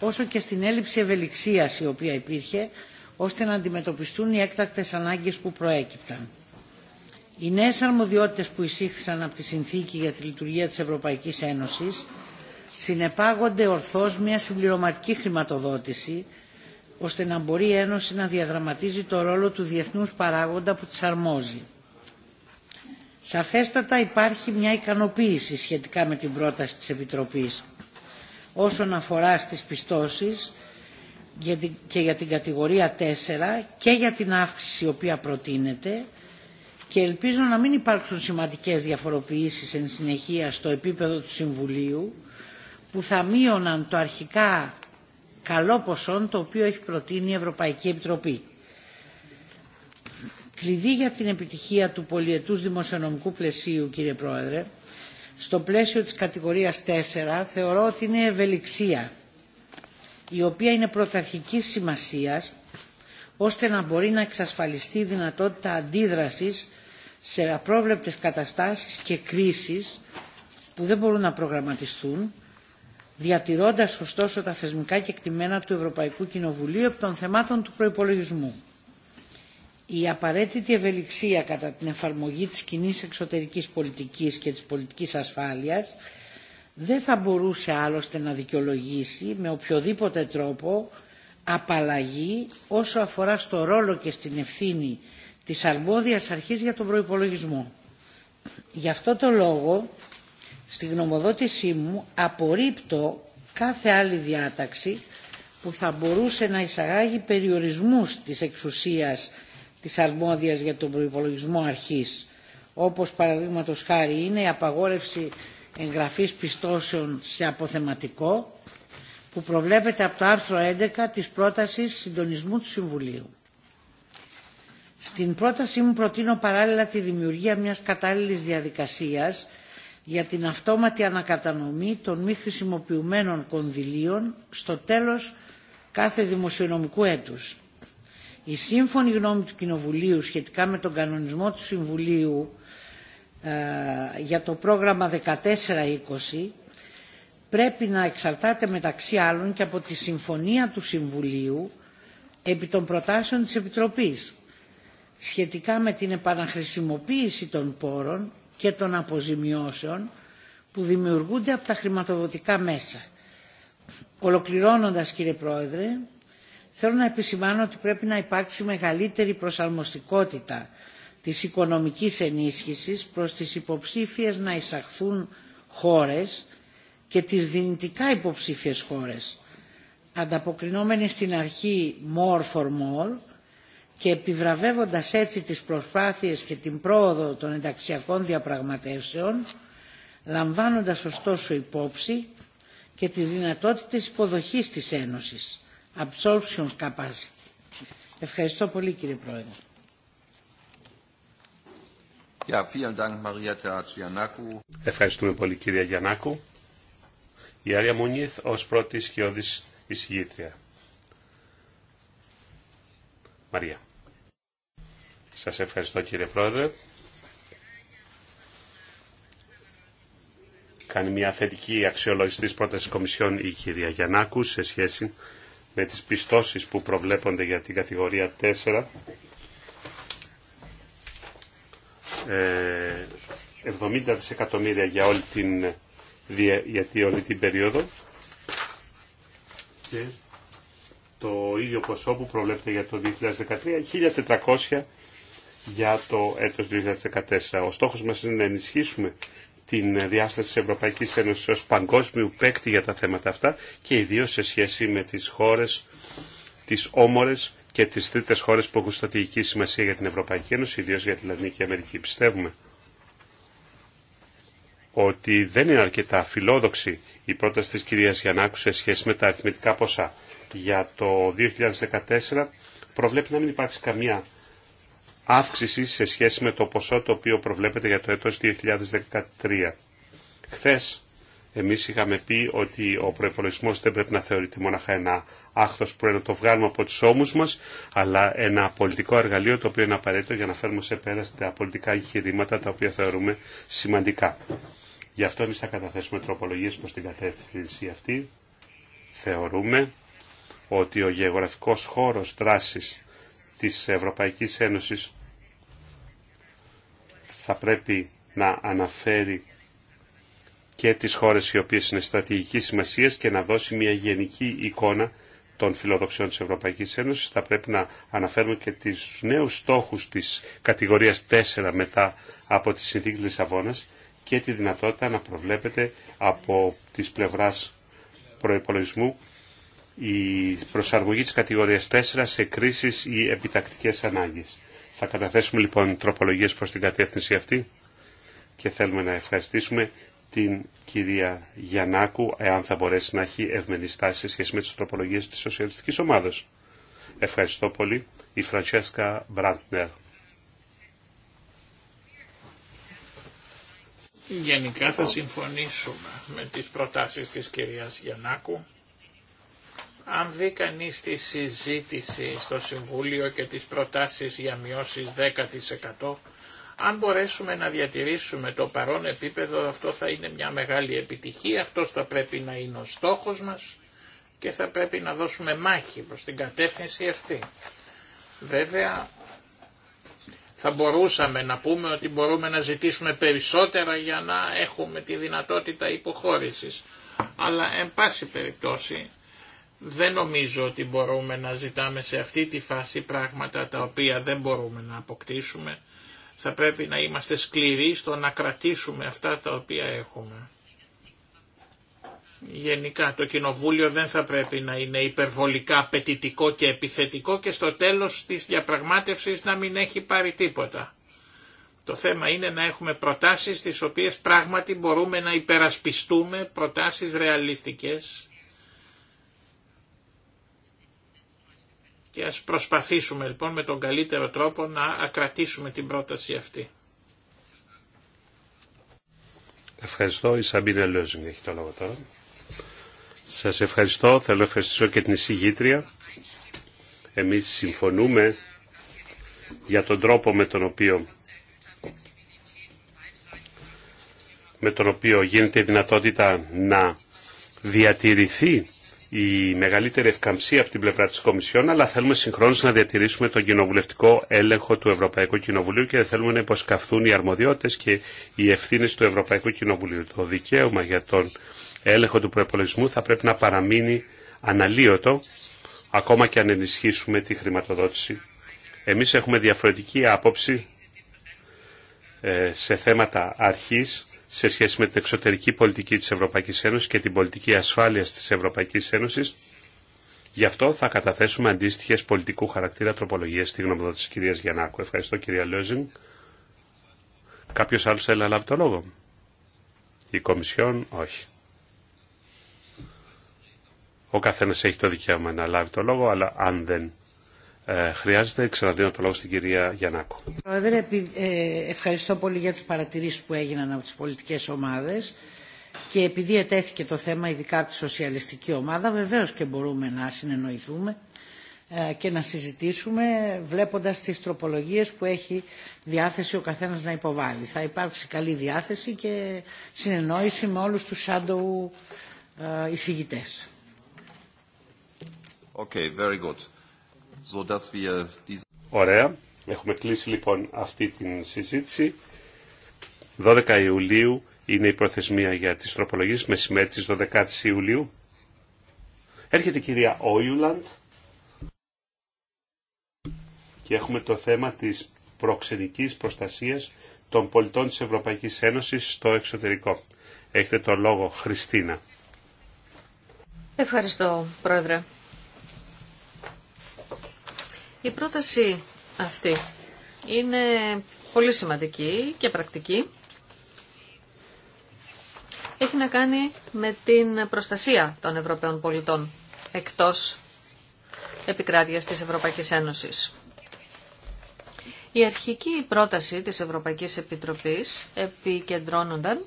όσο και στην έλλειψη ευελιξίας η οποία υπήρχε ώστε να αντιμετωπιστούν οι έκτακτες ανάγκες που προέκυπταν. Οι νέε αρμοδιότητε που εισήχθησαν από τη Συνθήκη για τη Λειτουργία τη Ευρωπαϊκή Ένωση συνεπάγονται ορθώ μια συμπληρωματική χρηματοδότηση ώστε να μπορεί η Ένωση να διαδραματίζει το ρόλο του διεθνού παράγοντα που τη αρμόζει. Σαφέστατα υπάρχει μια ικανοποίηση σχετικά με την πρόταση της Επιτροπής όσον αφορά στις πιστώσεις και για την κατηγορία 4 και για την αύξηση η οποία προτείνεται και ελπίζω να μην υπάρξουν σημαντικές διαφοροποιήσεις εν συνεχεία στο επίπεδο του Συμβουλίου που θα μείωναν το αρχικά καλό ποσό το οποίο έχει προτείνει η Ευρωπαϊκή Επιτροπή. Κλειδί για την επιτυχία του πολιετούς δημοσιονομικού πλαισίου, κύριε Πρόεδρε, στο πλαίσιο της κατηγορίας 4 θεωρώ ότι είναι ευελιξία, η οποία είναι πρωταρχικής σημασίας ώστε να μπορεί να εξασφαλιστεί η δυνατότητα αντίδρασης σε απρόβλεπτες καταστάσεις και κρίσεις που δεν μπορούν να προγραμματιστούν, διατηρώντας ωστόσο τα θεσμικά κεκτημένα του Ευρωπαϊκού Κοινοβουλίου από των θεμάτων του προϋπολογισμού. Η απαραίτητη ευελιξία κατά την εφαρμογή της κοινή εξωτερικής πολιτικής και της πολιτικής ασφάλειας δεν θα μπορούσε άλλωστε να δικαιολογήσει με οποιοδήποτε τρόπο απαλλαγή όσο αφορά στο ρόλο και στην ευθύνη της αρμόδιας αρχής για τον προϋπολογισμό. Γι' αυτό το λόγο, στη γνωμοδότησή μου, απορρίπτω κάθε άλλη διάταξη που θα μπορούσε να εισαγάγει περιορισμούς της εξουσίας της αρμόδιας για τον προϋπολογισμό αρχής, όπως παραδείγματος χάρη είναι η απαγόρευση εγγραφής πιστώσεων σε αποθεματικό που προβλέπεται από το άρθρο 11 της πρότασης συντονισμού του Συμβουλίου. Στην πρότασή μου προτείνω παράλληλα τη δημιουργία μιας κατάλληλης διαδικασίας για την αυτόματη ανακατανομή των μη χρησιμοποιουμένων κονδυλίων στο τέλος κάθε δημοσιονομικού έτους. Η σύμφωνη γνώμη του Κοινοβουλίου σχετικά με τον κανονισμό του Συμβουλίου ε, για το πρόγραμμα πρέπει να εξαρτάται μεταξύ άλλων και από τη συμφωνία του Συμβουλίου επί των προτάσεων της Επιτροπής σχετικά με την επαναχρησιμοποίηση των πόρων και των αποζημιώσεων που δημιουργούνται από τα χρηματοδοτικά μέσα. Ολοκληρώνοντας κύριε Πρόεδρε, θέλω να επισημάνω ότι πρέπει να υπάρξει μεγαλύτερη προσαρμοστικότητα της οικονομικής ενίσχυσης προς τις υποψήφιες να εισαχθούν χώρες και τις δυνητικά υποψήφιες χώρες, ανταποκρινόμενοι στην αρχή more for more και επιβραβεύοντας έτσι τις προσπάθειες και την πρόοδο των ενταξιακών διαπραγματεύσεων, λαμβάνοντας ωστόσο υπόψη και τις δυνατότητες υποδοχής της Ένωσης, absorption capacity. Ευχαριστώ πολύ κύριε Πρόεδρε. Ευχαριστούμε πολύ κυρία Γιαννάκου. Η Άρια Μουνίθ ως πρώτη σκιώδης εισηγήτρια. Μαρία. Σας ευχαριστώ κύριε Πρόεδρε. Κάνει μια θετική αξιολόγηση της πρότασης Κομισιόν η κυρία Γιαννάκου σε σχέση με τις πιστώσεις που προβλέπονται για την κατηγορία 4. 70 ε, δισεκατομμύρια για όλη την γιατί όλη την περίοδο και το ίδιο ποσό που προβλέπεται για το 2013, 1.400 για το έτος 2014. Ο στόχος μας είναι να ενισχύσουμε την διάσταση της Ευρωπαϊκής Ένωσης ως παγκόσμιου παίκτη για τα θέματα αυτά και ιδίως σε σχέση με τις χώρες, τις όμορες και τις τρίτες χώρες που έχουν στρατηγική σημασία για την Ευρωπαϊκή Ένωση, ιδίως για τη Λατινική Αμερική. Πιστεύουμε ότι δεν είναι αρκετά φιλόδοξη η πρόταση της κυρίας Γιαννάκου σε σχέση με τα αριθμητικά ποσά. Για το 2014 προβλέπει να μην υπάρξει καμία αύξηση σε σχέση με το ποσό το οποίο προβλέπεται για το έτος 2013. Χθες εμείς είχαμε πει ότι ο προπολογισμό δεν πρέπει να θεωρείται μοναχα ένα άχθος που να το βγάλουμε από τους ώμους μας, αλλά ένα πολιτικό εργαλείο το οποίο είναι απαραίτητο για να φέρουμε σε πέρα τα πολιτικά εγχειρήματα τα οποία θεωρούμε σημαντικά. Γι' αυτό εμείς θα καταθέσουμε τροπολογίες προς την κατεύθυνση αυτή. Θεωρούμε ότι ο γεωγραφικός χώρος δράσης της Ευρωπαϊκής Ένωσης θα πρέπει να αναφέρει και τις χώρες οι οποίες είναι στρατηγική σημασία και να δώσει μια γενική εικόνα των φιλοδοξιών της Ευρωπαϊκής Ένωσης. Θα πρέπει να αναφέρουμε και τις νέους στόχους της κατηγορίας 4 μετά από τη Συνθήκη Λισαβόνας και τη δυνατότητα να προβλέπεται από τις πλευράς προϋπολογισμού η προσαρμογή της κατηγορίας 4 σε κρίσεις ή επιτακτικές ανάγκες. Θα καταθέσουμε λοιπόν τροπολογίες προς την κατεύθυνση αυτή και θέλουμε να ευχαριστήσουμε την κυρία Γιαννάκου εάν θα μπορέσει να έχει ευμενή στάση σε σχέση με τις τροπολογίες της Σοσιαλιστικής Ομάδος. Ευχαριστώ πολύ. Η Φραντσέσκα Μπραντνερ. Γενικά θα συμφωνήσουμε με τις προτάσεις της κυρίας Γιαννάκου. Αν δει κανεί τη συζήτηση στο Συμβούλιο και τις προτάσεις για μειώσεις 10%, αν μπορέσουμε να διατηρήσουμε το παρόν επίπεδο αυτό θα είναι μια μεγάλη επιτυχία, αυτός θα πρέπει να είναι ο στόχος μας και θα πρέπει να δώσουμε μάχη προς την κατεύθυνση αυτή. Βέβαια θα μπορούσαμε να πούμε ότι μπορούμε να ζητήσουμε περισσότερα για να έχουμε τη δυνατότητα υποχώρησης. Αλλά εν πάση περιπτώσει δεν νομίζω ότι μπορούμε να ζητάμε σε αυτή τη φάση πράγματα τα οποία δεν μπορούμε να αποκτήσουμε. Θα πρέπει να είμαστε σκληροί στο να κρατήσουμε αυτά τα οποία έχουμε. Γενικά το Κοινοβούλιο δεν θα πρέπει να είναι υπερβολικά απαιτητικό και επιθετικό και στο τέλος της διαπραγμάτευσης να μην έχει πάρει τίποτα. Το θέμα είναι να έχουμε προτάσεις τις οποίες πράγματι μπορούμε να υπερασπιστούμε, προτάσεις ρεαλιστικές και ας προσπαθήσουμε λοιπόν με τον καλύτερο τρόπο να ακρατήσουμε την πρόταση αυτή. Ευχαριστώ. Η Σαμπίνα έχει το λόγο τώρα. Σας ευχαριστώ. Θέλω να ευχαριστήσω και την εισηγήτρια. Εμείς συμφωνούμε για τον τρόπο με τον οποίο με τον οποίο γίνεται η δυνατότητα να διατηρηθεί η μεγαλύτερη ευκαμψία από την πλευρά της Κομισιόν, αλλά θέλουμε συγχρόνως να διατηρήσουμε τον κοινοβουλευτικό έλεγχο του Ευρωπαϊκού Κοινοβουλίου και δεν θέλουμε να υποσκαφθούν οι αρμοδιότητες και οι ευθύνες του Ευρωπαϊκού Κοινοβουλίου. Το δικαίωμα για τον έλεγχο του προπολογισμού θα πρέπει να παραμείνει αναλύωτο ακόμα και αν ενισχύσουμε τη χρηματοδότηση. Εμείς έχουμε διαφορετική άποψη ε, σε θέματα αρχής σε σχέση με την εξωτερική πολιτική της Ευρωπαϊκής Ένωσης και την πολιτική ασφάλειας της Ευρωπαϊκής Ένωσης. Γι' αυτό θα καταθέσουμε αντίστοιχες πολιτικού χαρακτήρα τροπολογίες στη γνωμοδότηση της κυρίας Γιαννάκου. Ευχαριστώ κυρία Λόζιν. Κάποιος άλλος θέλει να λάβει το λόγο. Η Κομισιόν όχι. Ο καθένας έχει το δικαίωμα να λάβει το λόγο, αλλά αν δεν ε, χρειάζεται, ξαναδίνω το λόγο στην κυρία Γιαννάκου. Πρόεδρε, ε, ευχαριστώ πολύ για τις παρατηρήσεις που έγιναν από τις πολιτικές ομάδες και επειδή ετέθηκε το θέμα ειδικά από τη σοσιαλιστική ομάδα, βεβαίως και μπορούμε να συνεννοηθούμε ε, και να συζητήσουμε βλέποντας τις τροπολογίες που έχει διάθεση ο καθένας να υποβάλει. Θα υπάρξει καλή διάθεση και συνεννόηση με όλους τους shadow εισηγητές. Uh, Ωραία. Έχουμε κλείσει λοιπόν αυτή την συζήτηση. 12 Ιουλίου είναι η προθεσμία για τις τροπολογίες, μεσημέρι της 12 Ιουλίου. Έρχεται η κυρία Όιουλαντ και έχουμε το θέμα της προξενικής προστασίας των πολιτών της Ευρωπαϊκής Ένωσης στο εξωτερικό. Έχετε το λόγο, Χριστίνα. Ευχαριστώ, Πρόεδρε. Η πρόταση αυτή είναι πολύ σημαντική και πρακτική. Έχει να κάνει με την προστασία των Ευρωπαίων πολιτών εκτός επικράτειας της Ευρωπαϊκής Ένωσης. Η αρχική πρόταση της Ευρωπαϊκής Επιτροπής επικεντρώνονταν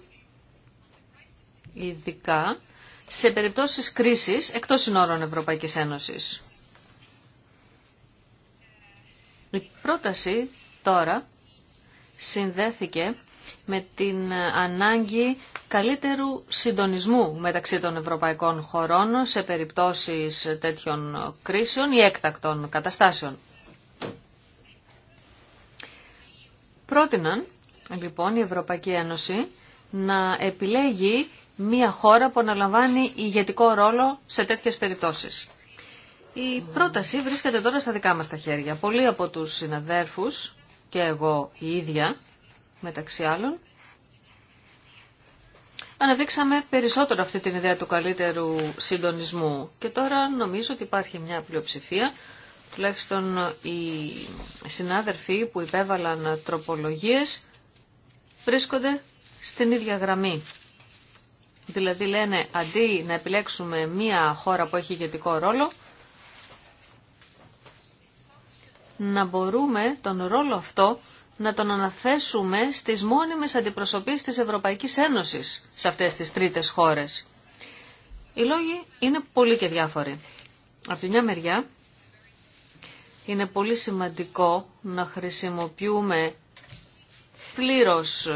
ειδικά σε περιπτώσεις κρίσης εκτός συνόρων Ευρωπαϊκής Ένωσης. Η πρόταση τώρα συνδέθηκε με την ανάγκη καλύτερου συντονισμού μεταξύ των ευρωπαϊκών χωρών σε περιπτώσεις τέτοιων κρίσεων ή έκτακτων καταστάσεων. Πρότειναν λοιπόν η Ευρωπαϊκή Ένωση να επιλέγει μία χώρα που αναλαμβάνει ηγετικό ρόλο σε τέτοιες περιπτώσεις. Η πρόταση βρίσκεται τώρα στα δικά μας τα χέρια. Πολλοί από τους συναδέρφους και εγώ η ίδια μεταξύ άλλων αναδείξαμε περισσότερο αυτή την ιδέα του καλύτερου συντονισμού και τώρα νομίζω ότι υπάρχει μια πλειοψηφία τουλάχιστον οι συνάδελφοί που υπέβαλαν τροπολογίες βρίσκονται στην ίδια γραμμή. Δηλαδή λένε αντί να επιλέξουμε μία χώρα που έχει ηγετικό ρόλο, να μπορούμε τον ρόλο αυτό να τον αναθέσουμε στις μόνιμες αντιπροσωπείς της Ευρωπαϊκής Ένωσης σε αυτές τις τρίτες χώρες. Οι λόγοι είναι πολύ και διάφοροι. Από τη μια μεριά είναι πολύ σημαντικό να χρησιμοποιούμε πλήρως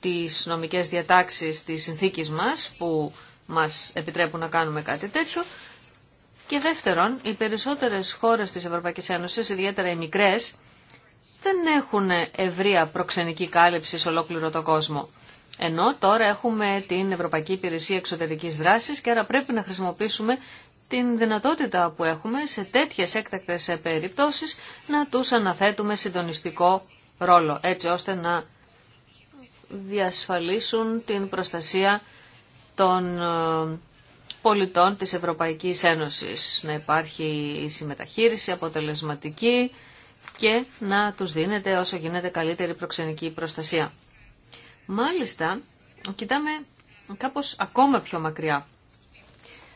τις νομικές διατάξεις της συνθήκης μας που μας επιτρέπουν να κάνουμε κάτι τέτοιο και δεύτερον, οι περισσότερες χώρες της Ευρωπαϊκής Ένωσης, ιδιαίτερα οι μικρές, δεν έχουν ευρεία προξενική κάλυψη σε ολόκληρο τον κόσμο. Ενώ τώρα έχουμε την Ευρωπαϊκή Υπηρεσία Εξωτερικής Δράσης και άρα πρέπει να χρησιμοποιήσουμε την δυνατότητα που έχουμε σε τέτοιες έκτακτες περιπτώσεις να τους αναθέτουμε συντονιστικό ρόλο, έτσι ώστε να διασφαλίσουν την προστασία των ε, πολιτών της Ευρωπαϊκής Ένωσης. Να υπάρχει η συμμεταχείριση αποτελεσματική και να τους δίνεται όσο γίνεται καλύτερη προξενική προστασία. Μάλιστα, κοιτάμε κάπως ακόμα πιο μακριά.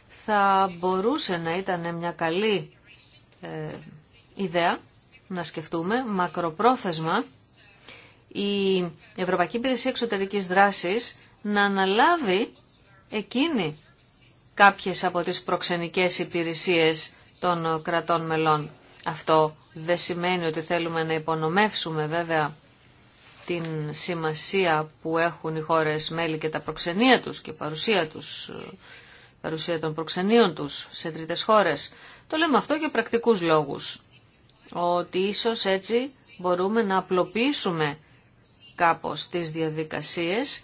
Θα μπορούσε να ήταν μια καλή ε, ιδέα να σκεφτούμε μακροπρόθεσμα η Ευρωπαϊκή Υπηρεσία Εξωτερικής Δράσης να αναλάβει εκείνη κάποιες από τις προξενικές υπηρεσίες των κρατών μελών. Αυτό δεν σημαίνει ότι θέλουμε να υπονομεύσουμε βέβαια την σημασία που έχουν οι χώρες μέλη και τα προξενία τους και παρουσία, τους, παρουσία των προξενίων τους σε τρίτες χώρες. Το λέμε αυτό για πρακτικούς λόγους, ότι ίσως έτσι μπορούμε να απλοποιήσουμε κάπως τις διαδικασίες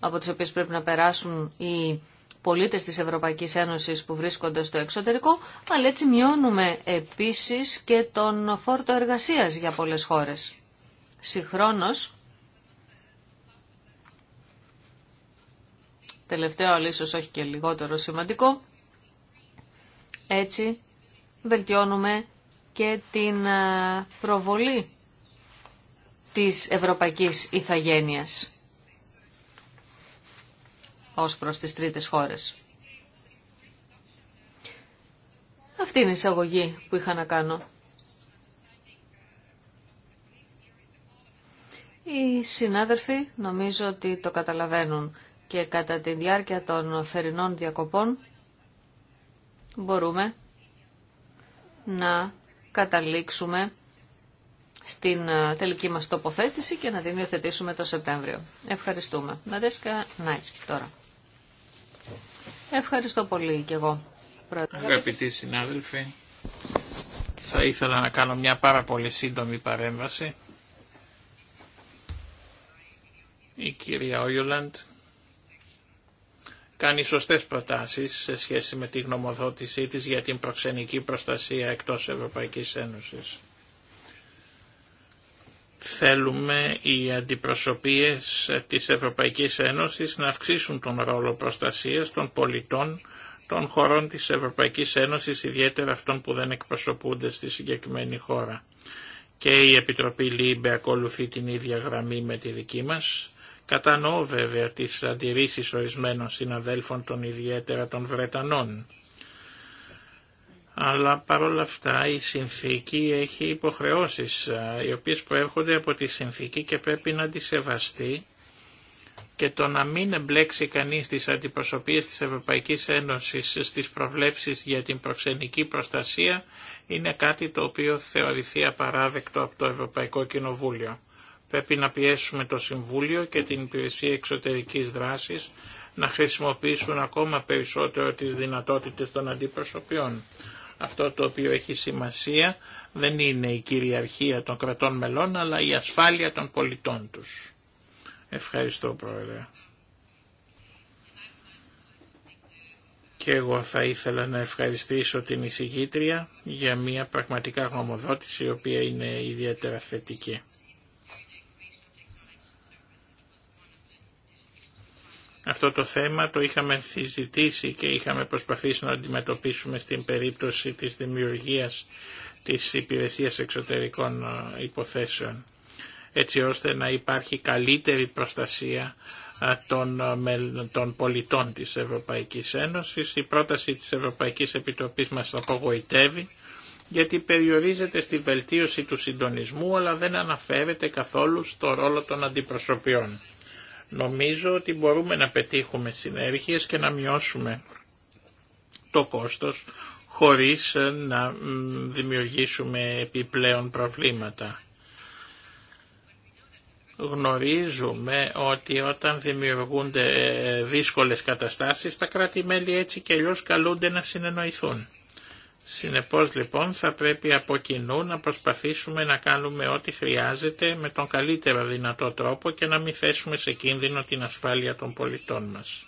από τις οποίες πρέπει να περάσουν οι πολίτες της Ευρωπαϊκής Ένωσης που βρίσκονται στο εξωτερικό, αλλά έτσι μειώνουμε επίσης και τον φόρτο εργασίας για πολλές χώρες. Συγχρόνως, τελευταίο αλλά ίσως όχι και λιγότερο σημαντικό, έτσι βελτιώνουμε και την ε, προβολή της ευρωπαϊκής ηθαγένειας ως προς τις τρίτες χώρες. Αυτή είναι η εισαγωγή που είχα να κάνω. Οι συνάδελφοι νομίζω ότι το καταλαβαίνουν και κατά τη διάρκεια των θερινών διακοπών μπορούμε να καταλήξουμε στην ε, τελική μας τοποθέτηση και να την υιοθετήσουμε το Σεπτέμβριο. Ευχαριστούμε. Νάιτσκι τώρα. Ευχαριστώ πολύ και εγώ. Αγαπητοί συνάδελφοι, θα ήθελα να κάνω μια πάρα πολύ σύντομη παρέμβαση. Η κυρία Όγιολαντ κάνει σωστές προτάσεις σε σχέση με τη γνωμοδότησή της για την προξενική προστασία εκτός Ευρωπαϊκής Ένωσης. Θέλουμε οι αντιπροσωπείες της Ευρωπαϊκής Ένωσης να αυξήσουν τον ρόλο προστασίας των πολιτών των χωρών της Ευρωπαϊκής Ένωσης, ιδιαίτερα αυτών που δεν εκπροσωπούνται στη συγκεκριμένη χώρα. Και η Επιτροπή ΛΥΜΠΕ ακολουθεί την ίδια γραμμή με τη δική μας. Κατανοώ βέβαια τις αντιρρήσεις ορισμένων συναδέλφων των ιδιαίτερα των Βρετανών αλλά παρόλα αυτά η συνθήκη έχει υποχρεώσεις ε, οι οποίες προέρχονται από τη συνθήκη και πρέπει να τη σεβαστεί και το να μην εμπλέξει κανείς τις αντιπροσωπείες της Ευρωπαϊκής Ένωσης στις προβλέψεις για την προξενική προστασία είναι κάτι το οποίο θεωρηθεί απαράδεκτο από το Ευρωπαϊκό Κοινοβούλιο. Πρέπει να πιέσουμε το Συμβούλιο και την Υπηρεσία Εξωτερικής Δράσης να χρησιμοποιήσουν ακόμα περισσότερο τις δυνατότητες των αντιπροσωπιών. Αυτό το οποίο έχει σημασία δεν είναι η κυριαρχία των κρατών μελών αλλά η ασφάλεια των πολιτών τους. Ευχαριστώ Πρόεδρε. Και εγώ θα ήθελα να ευχαριστήσω την εισηγήτρια για μια πραγματικά γνωμοδότηση η οποία είναι ιδιαίτερα θετική. Αυτό το θέμα το είχαμε συζητήσει και είχαμε προσπαθήσει να αντιμετωπίσουμε στην περίπτωση της δημιουργίας της υπηρεσίας εξωτερικών ε, υποθέσεων έτσι ώστε να υπάρχει καλύτερη προστασία ε, ε, των, πολιτών της Ευρωπαϊκής Ένωσης. Η πρόταση της Ευρωπαϊκής Επιτροπής μας απογοητεύει γιατί περιορίζεται στη βελτίωση του συντονισμού αλλά δεν αναφέρεται καθόλου στο ρόλο των αντιπροσωπιών. Νομίζω ότι μπορούμε να πετύχουμε συνέργειες και να μειώσουμε το κόστος χωρίς ε, να δημιουργήσουμε επιπλέον προβλήματα. Γνωρίζουμε ότι όταν δημιουργούνται ε, δύσκολες καταστάσεις, τα κράτη-μέλη έτσι και αλλιώς καλούνται να συνεννοηθούν. Συνεπώς λοιπόν θα πρέπει από κοινού να προσπαθήσουμε να κάνουμε ό,τι χρειάζεται με τον καλύτερο δυνατό τρόπο και να μην θέσουμε σε κίνδυνο την ασφάλεια των πολιτών μας.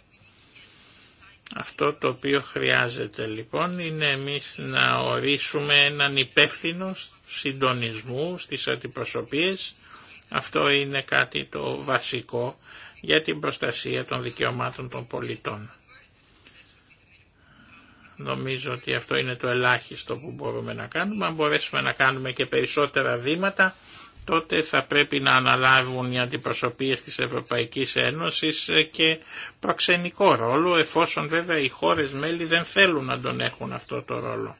Αυτό το οποίο χρειάζεται λοιπόν είναι εμείς να ορίσουμε έναν υπεύθυνο συντονισμού στις αντιπροσωπείες. Αυτό είναι κάτι το βασικό για την προστασία των δικαιωμάτων των πολιτών. Νομίζω ότι αυτό είναι το ελάχιστο που μπορούμε να κάνουμε. Αν μπορέσουμε να κάνουμε και περισσότερα βήματα, τότε θα πρέπει να αναλάβουν οι αντιπροσωπείες της Ευρωπαϊκής Ένωσης ε, και προξενικό ρόλο, εφόσον βέβαια οι χώρες μέλη δεν θέλουν να τον έχουν αυτό το ρόλο.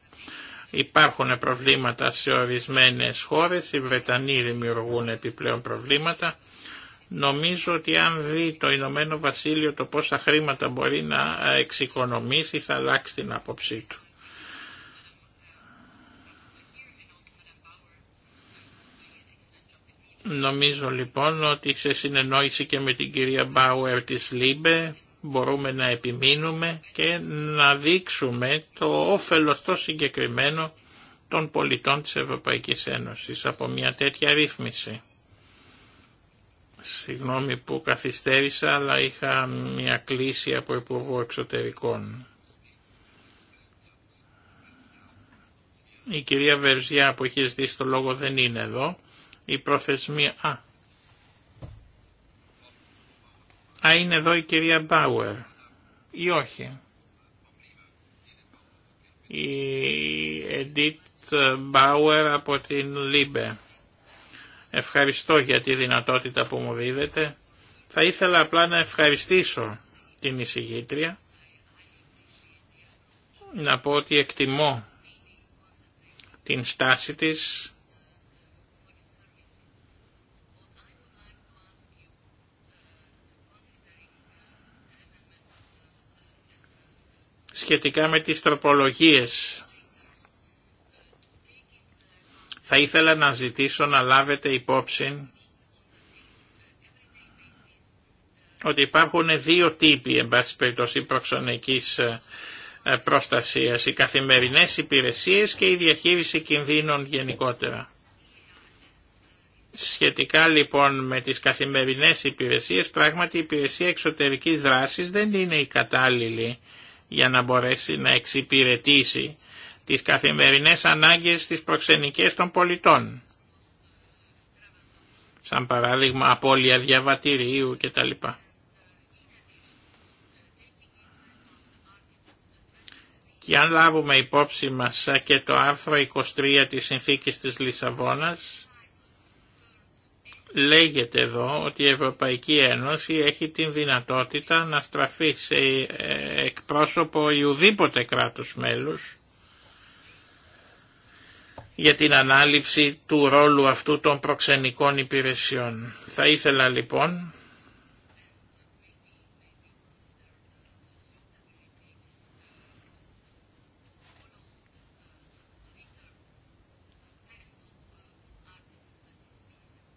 Υπάρχουν προβλήματα σε ορισμένες χώρες, οι Βρετανοί δημιουργούν επιπλέον προβλήματα Νομίζω ότι αν δει το Ηνωμένο Βασίλειο το πόσα χρήματα μπορεί να ε, εξοικονομήσει θα αλλάξει την άποψή του. Νομίζω λοιπόν ότι σε συνεννόηση και με την κυρία Μπάουερ της Λίμπε μπορούμε να επιμείνουμε και να δείξουμε το όφελος το συγκεκριμένο των πολιτών της Ευρωπαϊκής Ένωσης από μια τέτοια ρύθμιση. Συγγνώμη που καθυστέρησα, αλλά είχα μια κλίση από Υπουργό Εξωτερικών. Η κυρία Βερζιά που έχει δει το λόγο δεν είναι εδώ. Η προθεσμία... Α. Α, είναι εδώ η κυρία Μπάουερ. Ή όχι. Η Εντίτ Μπάουερ από την Λίμπε. Ευχαριστώ για τη δυνατότητα που μου δίδεται. Θα ήθελα απλά να ευχαριστήσω την εισηγήτρια. Να πω ότι εκτιμώ την στάση της σχετικά με τις τροπολογίες θα ήθελα να ζητήσω να λάβετε υπόψη ότι υπάρχουν δύο τύποι εν πάση περιπτώσει προξενικής ε, ε, προστασίας, οι καθημερινές υπηρεσίες και η διαχείριση κινδύνων γενικότερα. Σχετικά λοιπόν με τις καθημερινές υπηρεσίες, πράγματι η υπηρεσία εξωτερικής δράσης δεν είναι η κατάλληλη για να μπορέσει να εξυπηρετήσει τις καθημερινές ανάγκες της προξενικές των πολιτών. Σαν παράδειγμα απώλεια διαβατηρίου κτλ. Και αν λάβουμε υπόψη μας και το άρθρο 23 της Συνθήκης της Λισαβόνας, λέγεται εδώ ότι η Ευρωπαϊκή Ένωση έχει την δυνατότητα να στραφεί σε ε, εκπρόσωπο ιουδήποτε κράτους μέλους για την ανάληψη του ρόλου αυτού των προξενικών υπηρεσιών. Θα ήθελα λοιπόν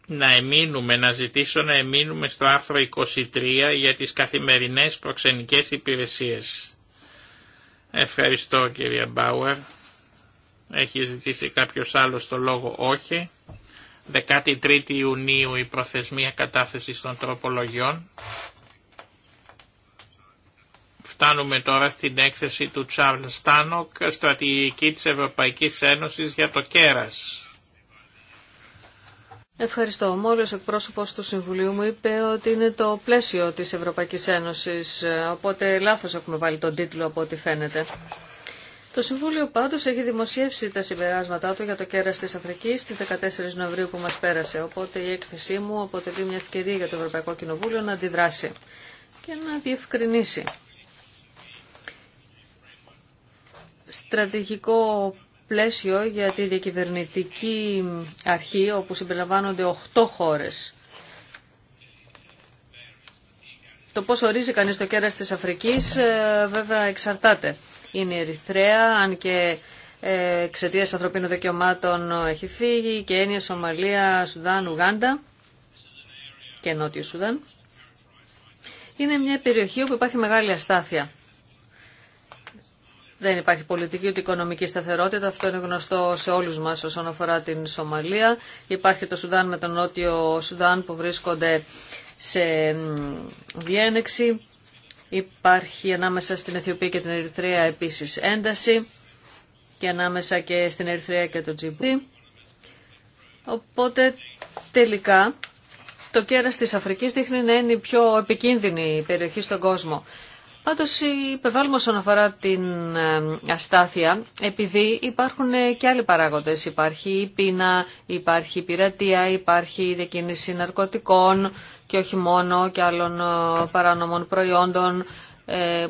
να εμείνουμε, να ζητήσω να εμείνουμε στο άρθρο 23 για τις καθημερινές προξενικές υπηρεσίες. Ευχαριστώ κυρία Μπάουερ. Έχει ζητήσει κάποιος άλλος το λόγο όχι. 13 Ιουνίου η προθεσμία κατάθεσης των τροπολογιών. Φτάνουμε τώρα στην έκθεση του Τσάρλ Στάνοκ, στρατηγική της Ευρωπαϊκής Ένωσης για το κέρας. Ευχαριστώ. Μόλις ο εκπρόσωπος του Συμβουλίου μου είπε ότι είναι το πλαίσιο της Ευρωπαϊκής Ένωσης, οπότε λάθος έχουμε βάλει τον τίτλο από ό,τι φαίνεται. Το Συμβούλιο πάντως έχει δημοσιεύσει τα συμπεράσματά του για το κέρα τη Αφρικής στι 14 Νοεμβρίου που μας πέρασε, οπότε η έκθεσή μου αποτελεί μια ευκαιρία για το Ευρωπαϊκό Κοινοβούλιο να αντιδράσει και να διευκρινίσει. Στρατηγικό πλαίσιο για τη διακυβερνητική αρχή όπου συμπεριλαμβάνονται 8 χώρες. Το πώς ορίζει κανείς το κέρας της Αφρικής ε, βέβαια εξαρτάται είναι η Ερυθρέα, αν και ε, εξαιτία ανθρωπίνων δικαιωμάτων έχει φύγει, και Ένια, Σομαλία, Σουδάν, Ουγάντα και Νότιο Σουδάν. Είναι μια περιοχή όπου υπάρχει μεγάλη αστάθεια. Δεν υπάρχει πολιτική ούτε οικονομική σταθερότητα. Αυτό είναι γνωστό σε όλους μας όσον αφορά την Σομαλία. Υπάρχει το Σουδάν με τον Νότιο Σουδάν που βρίσκονται σε διένεξη. Υπάρχει ανάμεσα στην Αιθιοπία και την Ερυθρέα επίσης ένταση και ανάμεσα και στην Ερυθρέα και το Τζιμπούτι. Οπότε τελικά το κέρας της Αφρικής δείχνει να είναι η πιο επικίνδυνη περιοχή στον κόσμο. Πάντως υπερβάλλουμε όσον αφορά την αστάθεια, επειδή υπάρχουν ε, και άλλοι παράγοντες. Υπάρχει η πείνα, υπάρχει η πειρατεία, υπάρχει η διακίνηση ναρκωτικών, και όχι μόνο και άλλων ε, παράνομων προϊόντων, ε,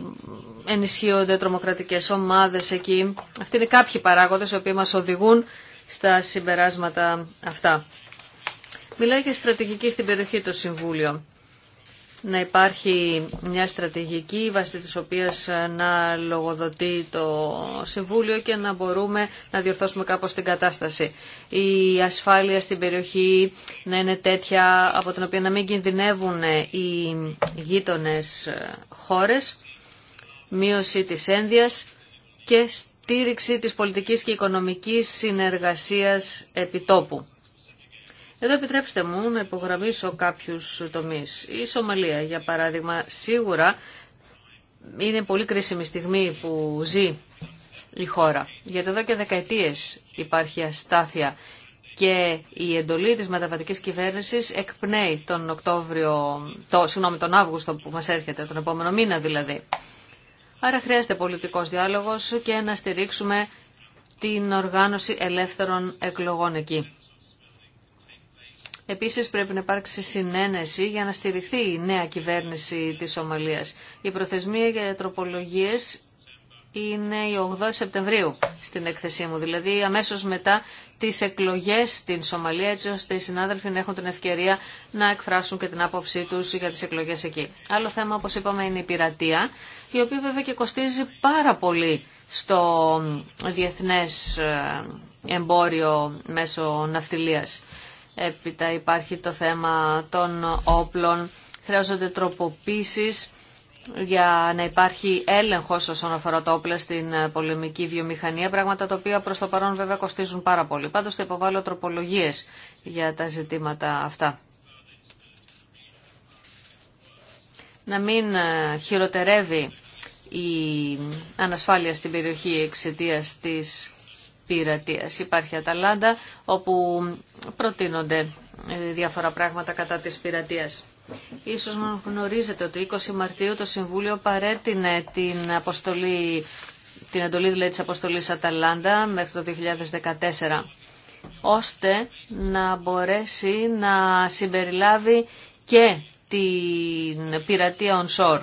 ενισχύονται τρομοκρατικές ομάδες εκεί. Αυτοί είναι κάποιοι παράγοντες οι οποίοι μας οδηγούν στα συμπεράσματα αυτά. Μιλάει για στρατηγική στην περιοχή το Συμβούλιο να υπάρχει μια στρατηγική βάση της οποίας ε, να λογοδοτεί το Συμβούλιο και να μπορούμε να διορθώσουμε κάπως την κατάσταση. Η ασφάλεια στην περιοχή να είναι τέτοια από την οποία να μην κινδυνεύουν ε, οι γείτονες ε, χώρες, μείωση της ένδειας και στήριξη της πολιτικής και οικονομικής συνεργασίας επιτόπου. Εδώ επιτρέψτε μου να υπογραμμίσω κάποιους τομείς. Η Σομαλία, για παράδειγμα, σίγουρα είναι πολύ κρίσιμη στιγμή που ζει η χώρα. Γιατί εδώ και δεκαετίες υπάρχει αστάθεια και η εντολή της μεταβατικής κυβέρνησης εκπνέει τον, Οκτώβριο, το, συγγνώμη, τον Αύγουστο που μας έρχεται, τον επόμενο μήνα δηλαδή. Άρα χρειάζεται πολιτικός διάλογος και να στηρίξουμε την οργάνωση ελεύθερων εκλογών εκεί. Επίσης πρέπει να υπάρξει συνένεση για να στηριχθεί η νέα κυβέρνηση της Σομαλίας. Η προθεσμία για τροπολογίες είναι η 8 Σεπτεμβρίου στην έκθεσή μου, δηλαδή αμέσως μετά τις εκλογές στην Σομαλία, έτσι ώστε οι συνάδελφοι να έχουν την ευκαιρία να εκφράσουν και την άποψή τους για τις εκλογές εκεί. Άλλο θέμα, όπως είπαμε, είναι η πειρατεία, η οποία βέβαια και κοστίζει πάρα πολύ στο διεθνές ε, εμπόριο μέσω ναυτιλίας. Έπειτα υπάρχει το θέμα των όπλων. Χρειάζονται τροποποίησεις για να υπάρχει έλεγχος όσον αφορά τα όπλα στην πολεμική βιομηχανία, πράγματα τα οποία προς το παρόν βέβαια κοστίζουν πάρα πολύ. Πάντως θα υποβάλω τροπολογίες για τα ζητήματα αυτά. Να μην ε, χειροτερεύει η ανασφάλεια στην περιοχή εξαιτία της πειρατείας. Υπάρχει Αταλάντα όπου προτείνονται ε, διάφορα πράγματα κατά της πειρατείας. Ίσως γνωρίζετε ότι 20 Μαρτίου το Συμβούλιο παρέτεινε την, αποστολή, την εντολή δηλαδή της αποστολής Αταλάντα μέχρι το 2014 ώστε να μπορέσει να συμπεριλάβει και την πειρατεία on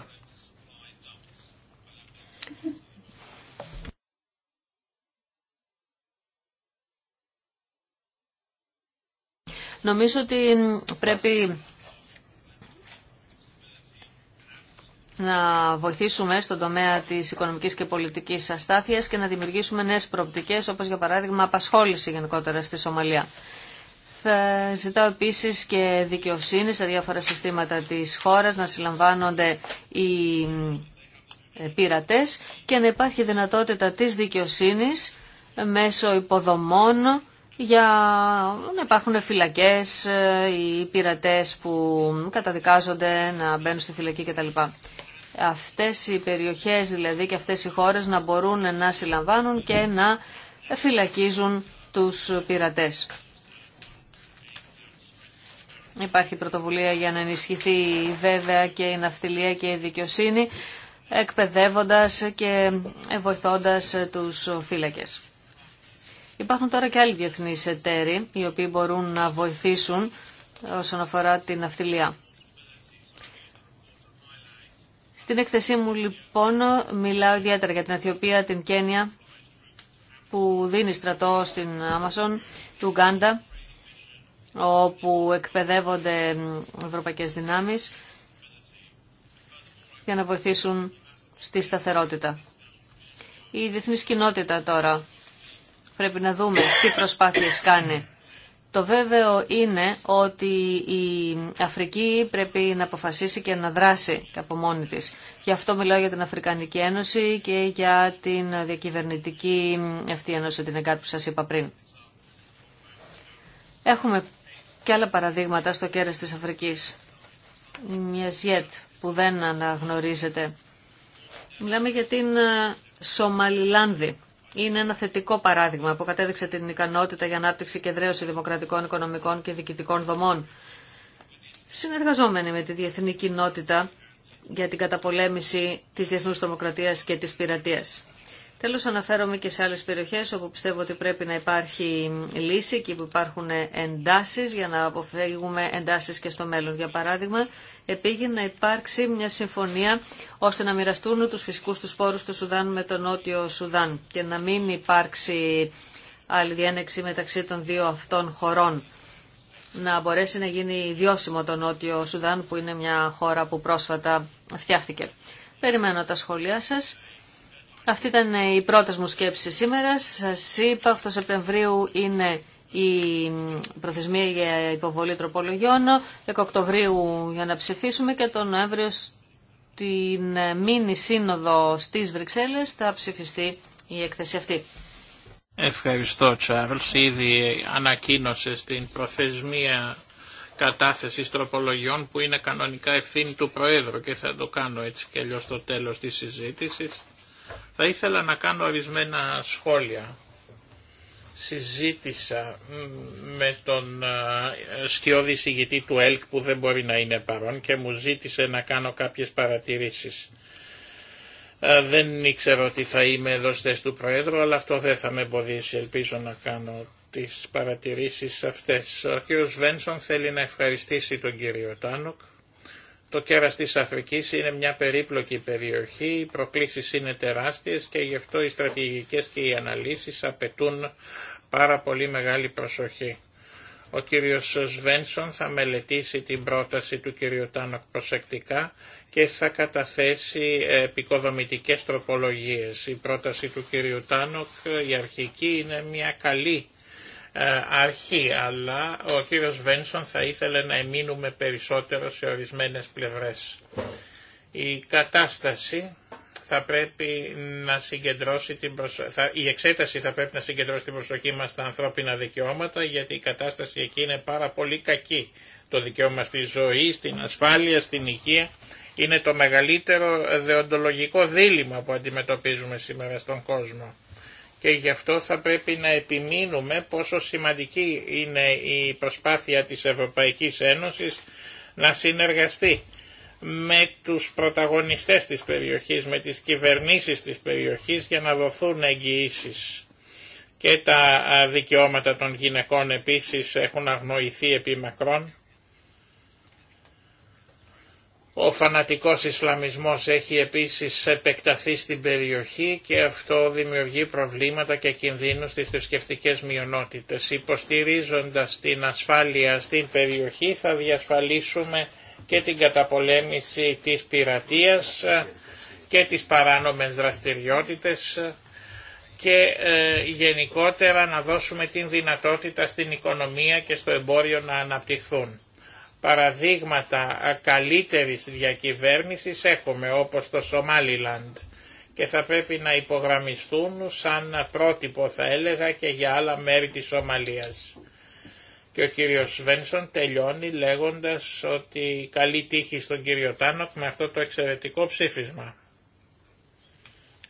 Νομίζω ότι πρέπει να βοηθήσουμε στον τομέα της οικονομικής και πολιτικής αστάθειας και να δημιουργήσουμε νέες προοπτικές, όπως για παράδειγμα απασχόληση γενικότερα στη Σομαλία. Θα ζητάω επίσης και δικαιοσύνη σε διάφορα συστήματα της χώρας να συλλαμβάνονται οι πειρατές και να υπάρχει δυνατότητα της δικαιοσύνης μέσω υποδομών για να υπάρχουν φυλακές, ε, οι πειρατές που καταδικάζονται να μπαίνουν στη φυλακή κτλ. Αυτές οι περιοχές δηλαδή και αυτές οι χώρες να μπορούν να συλλαμβάνουν και να φυλακίζουν τους πειρατές. Υπάρχει πρωτοβουλία για να ενισχυθεί βέβαια και η ναυτιλία και η δικαιοσύνη, εκπαιδεύοντας και βοηθώντας τους φύλακες. Υπάρχουν τώρα και άλλοι διεθνείς εταίροι, οι οποίοι μπορούν να βοηθήσουν όσον αφορά την αυτιλία. Στην έκθεσή μου λοιπόν μιλάω ιδιαίτερα για την Αθιοπία, την Κένια που δίνει στρατό στην Άμασον, του Ουγκάντα όπου εκπαιδεύονται ευρωπαϊκές δυνάμεις για να βοηθήσουν στη σταθερότητα. Η διεθνής κοινότητα τώρα Πρέπει να δούμε τι προσπάθειες κάνει. Το βέβαιο είναι ότι η Αφρική πρέπει να αποφασίσει και να δράσει από μόνη της. Γι' αυτό μιλάω για την Αφρικανική Ένωση και για την διακυβερνητική αυτή ένωση, την ΕΚΑΤ που σας είπα πριν. Έχουμε και άλλα παραδείγματα στο κέρας της Αφρικής. Μια ΖΙΕΤ που δεν αναγνωρίζεται. Μιλάμε για την Σομαλιλάνδη είναι ένα θετικό παράδειγμα που κατέδειξε την ικανότητα για ανάπτυξη και δρέωση δημοκρατικών, οικονομικών και διοικητικών δομών. Συνεργαζόμενοι με τη διεθνή κοινότητα για την καταπολέμηση της διεθνούς τρομοκρατίας και της πειρατείας. Τέλος αναφέρομαι και σε άλλες περιοχές όπου πιστεύω ότι πρέπει να υπάρχει λύση και που υπάρχουν εντάσεις για να αποφύγουμε εντάσεις και στο μέλλον. Για παράδειγμα, επήγει να υπάρξει μια συμφωνία ώστε να μοιραστούν τους φυσικούς τους πόρους του Σουδάν με τον Νότιο Σουδάν και να μην υπάρξει άλλη διένεξη μεταξύ των δύο αυτών χωρών. Να μπορέσει να γίνει βιώσιμο το Νότιο Σουδάν που είναι μια χώρα που πρόσφατα φτιάχτηκε. Περιμένω τα σχόλιά σας αυτή ήταν η πρώτη μου σκέψη σήμερα. Σα είπα, 8 Σεπτεμβρίου είναι η προθεσμία για υποβολή τροπολογιών, 10 Οκτωβρίου για να ψηφίσουμε και τον Νοέμβριο στην μήνυ σύνοδο στις Βρυξέλλες θα ψηφιστεί η έκθεση αυτή. Ευχαριστώ Τσάρλς. Ήδη ανακοίνωσε στην προθεσμία κατάθεσης τροπολογιών που είναι κανονικά ευθύνη του Προέδρου και θα το κάνω έτσι και αλλιώς στο τέλος της συζήτησης. Θα ήθελα να κάνω ορισμένα σχόλια. Συζήτησα με τον σκιώδη συγητή του ΕΛΚ που δεν μπορεί να είναι παρόν και μου ζήτησε να κάνω κάποιες παρατηρήσεις. Δεν ήξερα ότι θα είμαι εδώ του Προέδρου, αλλά αυτό δεν θα με εμποδίσει. Ελπίζω να κάνω τις παρατηρήσεις αυτές. Ο κ. Βένσον θέλει να ευχαριστήσει τον κύριο Τάνοκ το κέρας της Αφρικής είναι μια περίπλοκη περιοχή, οι προκλήσεις είναι τεράστιες και γι' αυτό οι στρατηγικές και οι αναλύσεις απαιτούν πάρα πολύ μεγάλη προσοχή. Ο κύριος Σβένσον θα μελετήσει την πρόταση του κύριου Τάνοκ προσεκτικά και θα καταθέσει επικοδομητικές τροπολογίες. Η πρόταση του κύριου Τάνοκ, η αρχική, είναι μια καλή ε, αρχή, αλλά ο κύριος Βένσον θα ήθελε να εμείνουμε περισσότερο σε ορισμένες πλευρές. Η κατάσταση θα πρέπει να συγκεντρώσει την η εξέταση θα πρέπει να συγκεντρώσει την προσοχή μας στα ανθρώπινα δικαιώματα, γιατί η κατάσταση εκεί είναι πάρα πολύ κακή. Το δικαίωμα στη ζωή, στην ασφάλεια, στην υγεία είναι το μεγαλύτερο δεοντολογικό δίλημα που αντιμετωπίζουμε σήμερα στον κόσμο και γι' αυτό θα πρέπει να επιμείνουμε πόσο σημαντική είναι η προσπάθεια της Ευρωπαϊκής Ένωσης να συνεργαστεί με τους πρωταγωνιστές της περιοχής, με τις κυβερνήσεις της περιοχής για να δοθούν εγγυήσει. Και τα δικαιώματα των γυναικών επίσης έχουν αγνοηθεί επί μακρόν ο φανατικός Ισλαμισμός έχει επίσης επεκταθεί στην περιοχή και αυτό δημιουργεί προβλήματα και κινδύνους στις θρησκευτικέ μειονότητες. Υποστηρίζοντας την ασφάλεια στην περιοχή θα διασφαλίσουμε και την καταπολέμηση της πειρατείας και τις παράνομες δραστηριότητες και ε, γενικότερα να δώσουμε την δυνατότητα στην οικονομία και στο εμπόριο να αναπτυχθούν. Παραδείγματα καλύτερης διακυβέρνησης έχουμε όπως το Σομάλιλαντ και θα πρέπει να υπογραμμιστούν σαν πρότυπο θα έλεγα και για άλλα μέρη της Σομαλίας. Και ο κύριος Βένσον τελειώνει λέγοντας ότι καλή τύχη στον κύριο Τάνοκ με αυτό το εξαιρετικό ψήφισμα.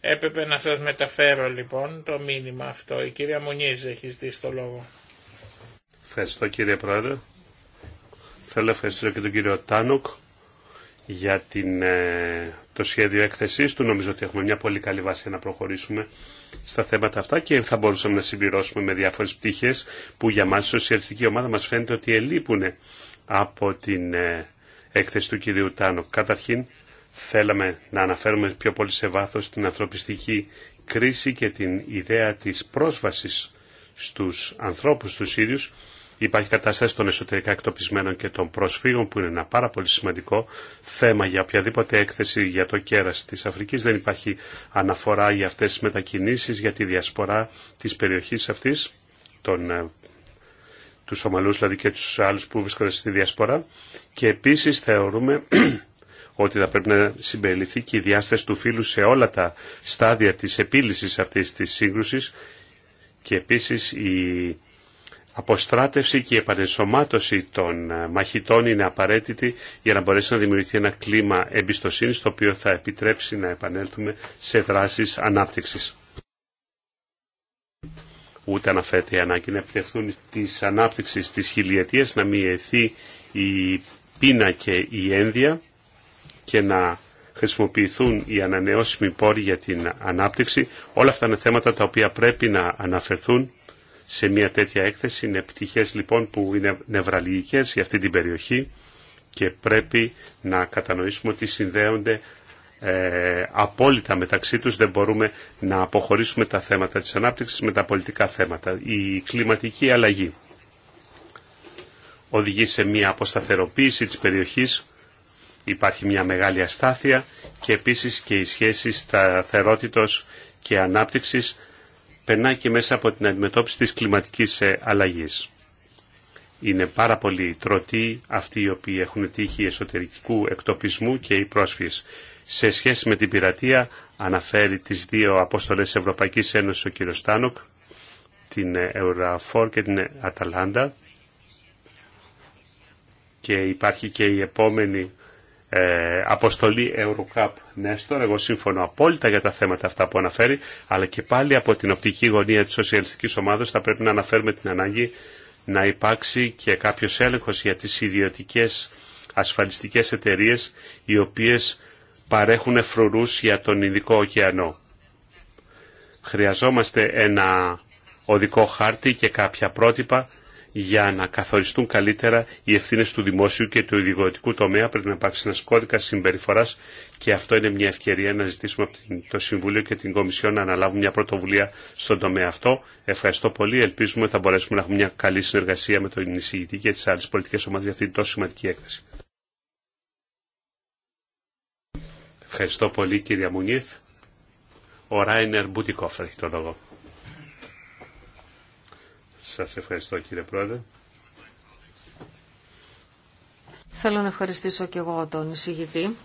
Έπρεπε να σας μεταφέρω λοιπόν το μήνυμα αυτό. Η κυρία Μουνίζη έχει ζητήσει το λόγο. Ευχαριστώ κύριε Πρόεδρε. Θέλω να ευχαριστήσω και τον κύριο Τάνοκ για την, ε, το σχέδιο έκθεσής του. Νομίζω ότι έχουμε μια πολύ καλή βάση να προχωρήσουμε στα θέματα αυτά και θα μπορούσαμε να συμπληρώσουμε με διάφορες πτυχές που για μας η σοσιαλιστική ομάδα μας φαίνεται ότι ελείπουν από την ε, έκθεση του κυρίου Τάνοκ. Καταρχήν θέλαμε να αναφέρουμε πιο πολύ σε βάθος την ανθρωπιστική κρίση και την ιδέα της πρόσβασης στους ανθρώπους του ίδιους Υπάρχει κατάσταση των εσωτερικά εκτοπισμένων και των προσφύγων που είναι ένα πάρα πολύ σημαντικό θέμα για οποιαδήποτε έκθεση για το κέρας της Αφρικής. Δεν υπάρχει αναφορά για αυτές τις μετακινήσεις, για τη διασπορά της περιοχής αυτής, ε, του ομαλού δηλαδή και τους άλλους που βρίσκονται στη διασπορά. Και επίσης θεωρούμε (clears throat) ότι θα πρέπει να συμπεριληφθεί και η διάσταση του φύλου σε όλα τα στάδια της επίλυσης αυτής της σύγκρουσης και επίσης η αποστράτευση και η των ε, μαχητών είναι απαραίτητη για να μπορέσει να δημιουργηθεί ένα κλίμα εμπιστοσύνη, το οποίο θα επιτρέψει να επανέλθουμε σε δράσεις ανάπτυξης. Ούτε αναφέρεται η ανάγκη να επιτευχθούν τις ανάπτυξη τη χιλιετία, να μειωθεί η πείνα και η ένδια και να χρησιμοποιηθούν οι ανανεώσιμοι πόροι για την ανάπτυξη. Όλα αυτά είναι θέματα τα οποία πρέπει να αναφερθούν σε μια τέτοια έκθεση. Είναι πτυχές λοιπόν που είναι νευραλυγικές για αυτή την περιοχή και πρέπει να κατανοήσουμε ότι συνδέονται ε, απόλυτα μεταξύ τους. Δεν μπορούμε να αποχωρήσουμε τα θέματα της ανάπτυξης με τα πολιτικά θέματα. Η κλιματική αλλαγή οδηγεί σε μια αποσταθεροποίηση της περιοχής υπάρχει μια μεγάλη αστάθεια και επίσης και οι σχέσεις σταθερότητος και ανάπτυξης περνά και μέσα από την αντιμετώπιση της κλιματικής ε, αλλαγής. Είναι πάρα πολλοί τρωτοί αυτοί οι οποίοι έχουν τύχει εσωτερικού εκτοπισμού και οι πρόσφυγες. Σε σχέση με την πειρατεία αναφέρει τις δύο απόστολες Ευρωπαϊκής Ένωσης ο κ. Στάνοκ, την Ευρωαφόρ και την ε, Αταλάντα και υπάρχει και η επόμενη ε, αποστολή Eurocup Nestor. Εγώ σύμφωνο απόλυτα για τα θέματα αυτά που αναφέρει, αλλά και πάλι από την οπτική γωνία της σοσιαλιστικής ομάδας θα πρέπει να αναφέρουμε την ανάγκη να υπάρξει και κάποιος έλεγχος για τις ιδιωτικές ασφαλιστικές εταιρείες οι οποίες παρέχουν φρουρούς για τον Ινδικό ωκεανό. Χρειαζόμαστε ένα οδικό χάρτη και κάποια πρότυπα για να καθοριστούν καλύτερα οι ευθύνε του δημόσιου και του ιδιωτικού τομέα. Πρέπει να υπάρξει ένα κώδικα συμπεριφορά και αυτό είναι μια ευκαιρία να ζητήσουμε από το Συμβούλιο και την Κομισιόν να αναλάβουν μια πρωτοβουλία στον τομέα αυτό. Ευχαριστώ πολύ. Ελπίζουμε ότι θα μπορέσουμε να έχουμε μια καλή συνεργασία με τον εισηγητή και τι άλλε πολιτικέ ομάδε για αυτή την τόσο σημαντική έκθεση. Ευχαριστώ πολύ κύριε Μουνίθ. Ο Ράινερ Μπουτικόφ έχει το λόγο. Σας ευχαριστώ κύριε Πρόεδρε. Θέλω να ευχαριστήσω και εγώ τον εισηγητή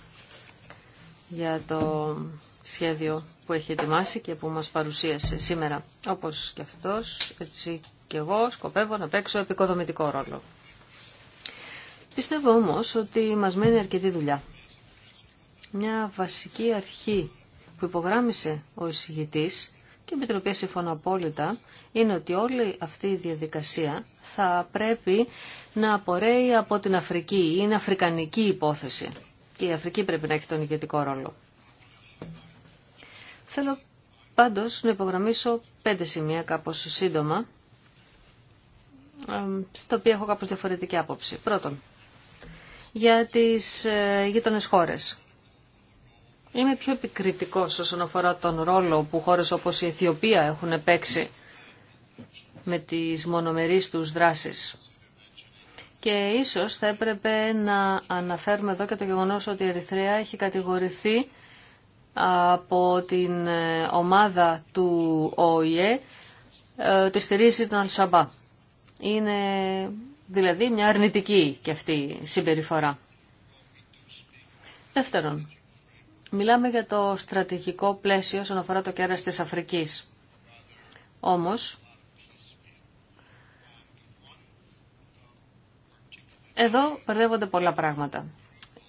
για το σχέδιο που έχει ετοιμάσει και που μας παρουσίασε σήμερα. Όπως και αυτός, έτσι και εγώ σκοπεύω να παίξω επικοδομητικό ρόλο. Πιστεύω όμως ότι μας μένει αρκετή δουλειά. Μια βασική αρχή που υπογράμμισε ο εισηγητής και με την οποία είναι ότι όλη αυτή η διαδικασία θα πρέπει να απορρέει από την Αφρική. Είναι αφρικανική υπόθεση και η Αφρική πρέπει να έχει τον ηγετικό ρόλο. Θέλω πάντως να υπογραμμίσω πέντε σημεία κάπως σύντομα, στο οποίο έχω κάπως διαφορετική άποψη. Πρώτον, για τις ε, γείτονες χώρες. Είμαι πιο επικριτικό όσον αφορά τον ρόλο που χώρες όπως η Αιθιοπία έχουν παίξει με τις μονομερείς τους δράσεις. Και ίσως θα έπρεπε να αναφέρουμε εδώ και το γεγονός ότι η Ερυθρέα έχει κατηγορηθεί από την ε, ομάδα του ΟΗΕ ε, τη στηρίζει τον Αλσαμπά. Είναι δηλαδή μια αρνητική και αυτή συμπεριφορά. Δεύτερον, Μιλάμε για το στρατηγικό πλαίσιο όσον αφορά το κέρας της Αφρικής. Όμως, εδώ μπερδεύονται πολλά πράγματα.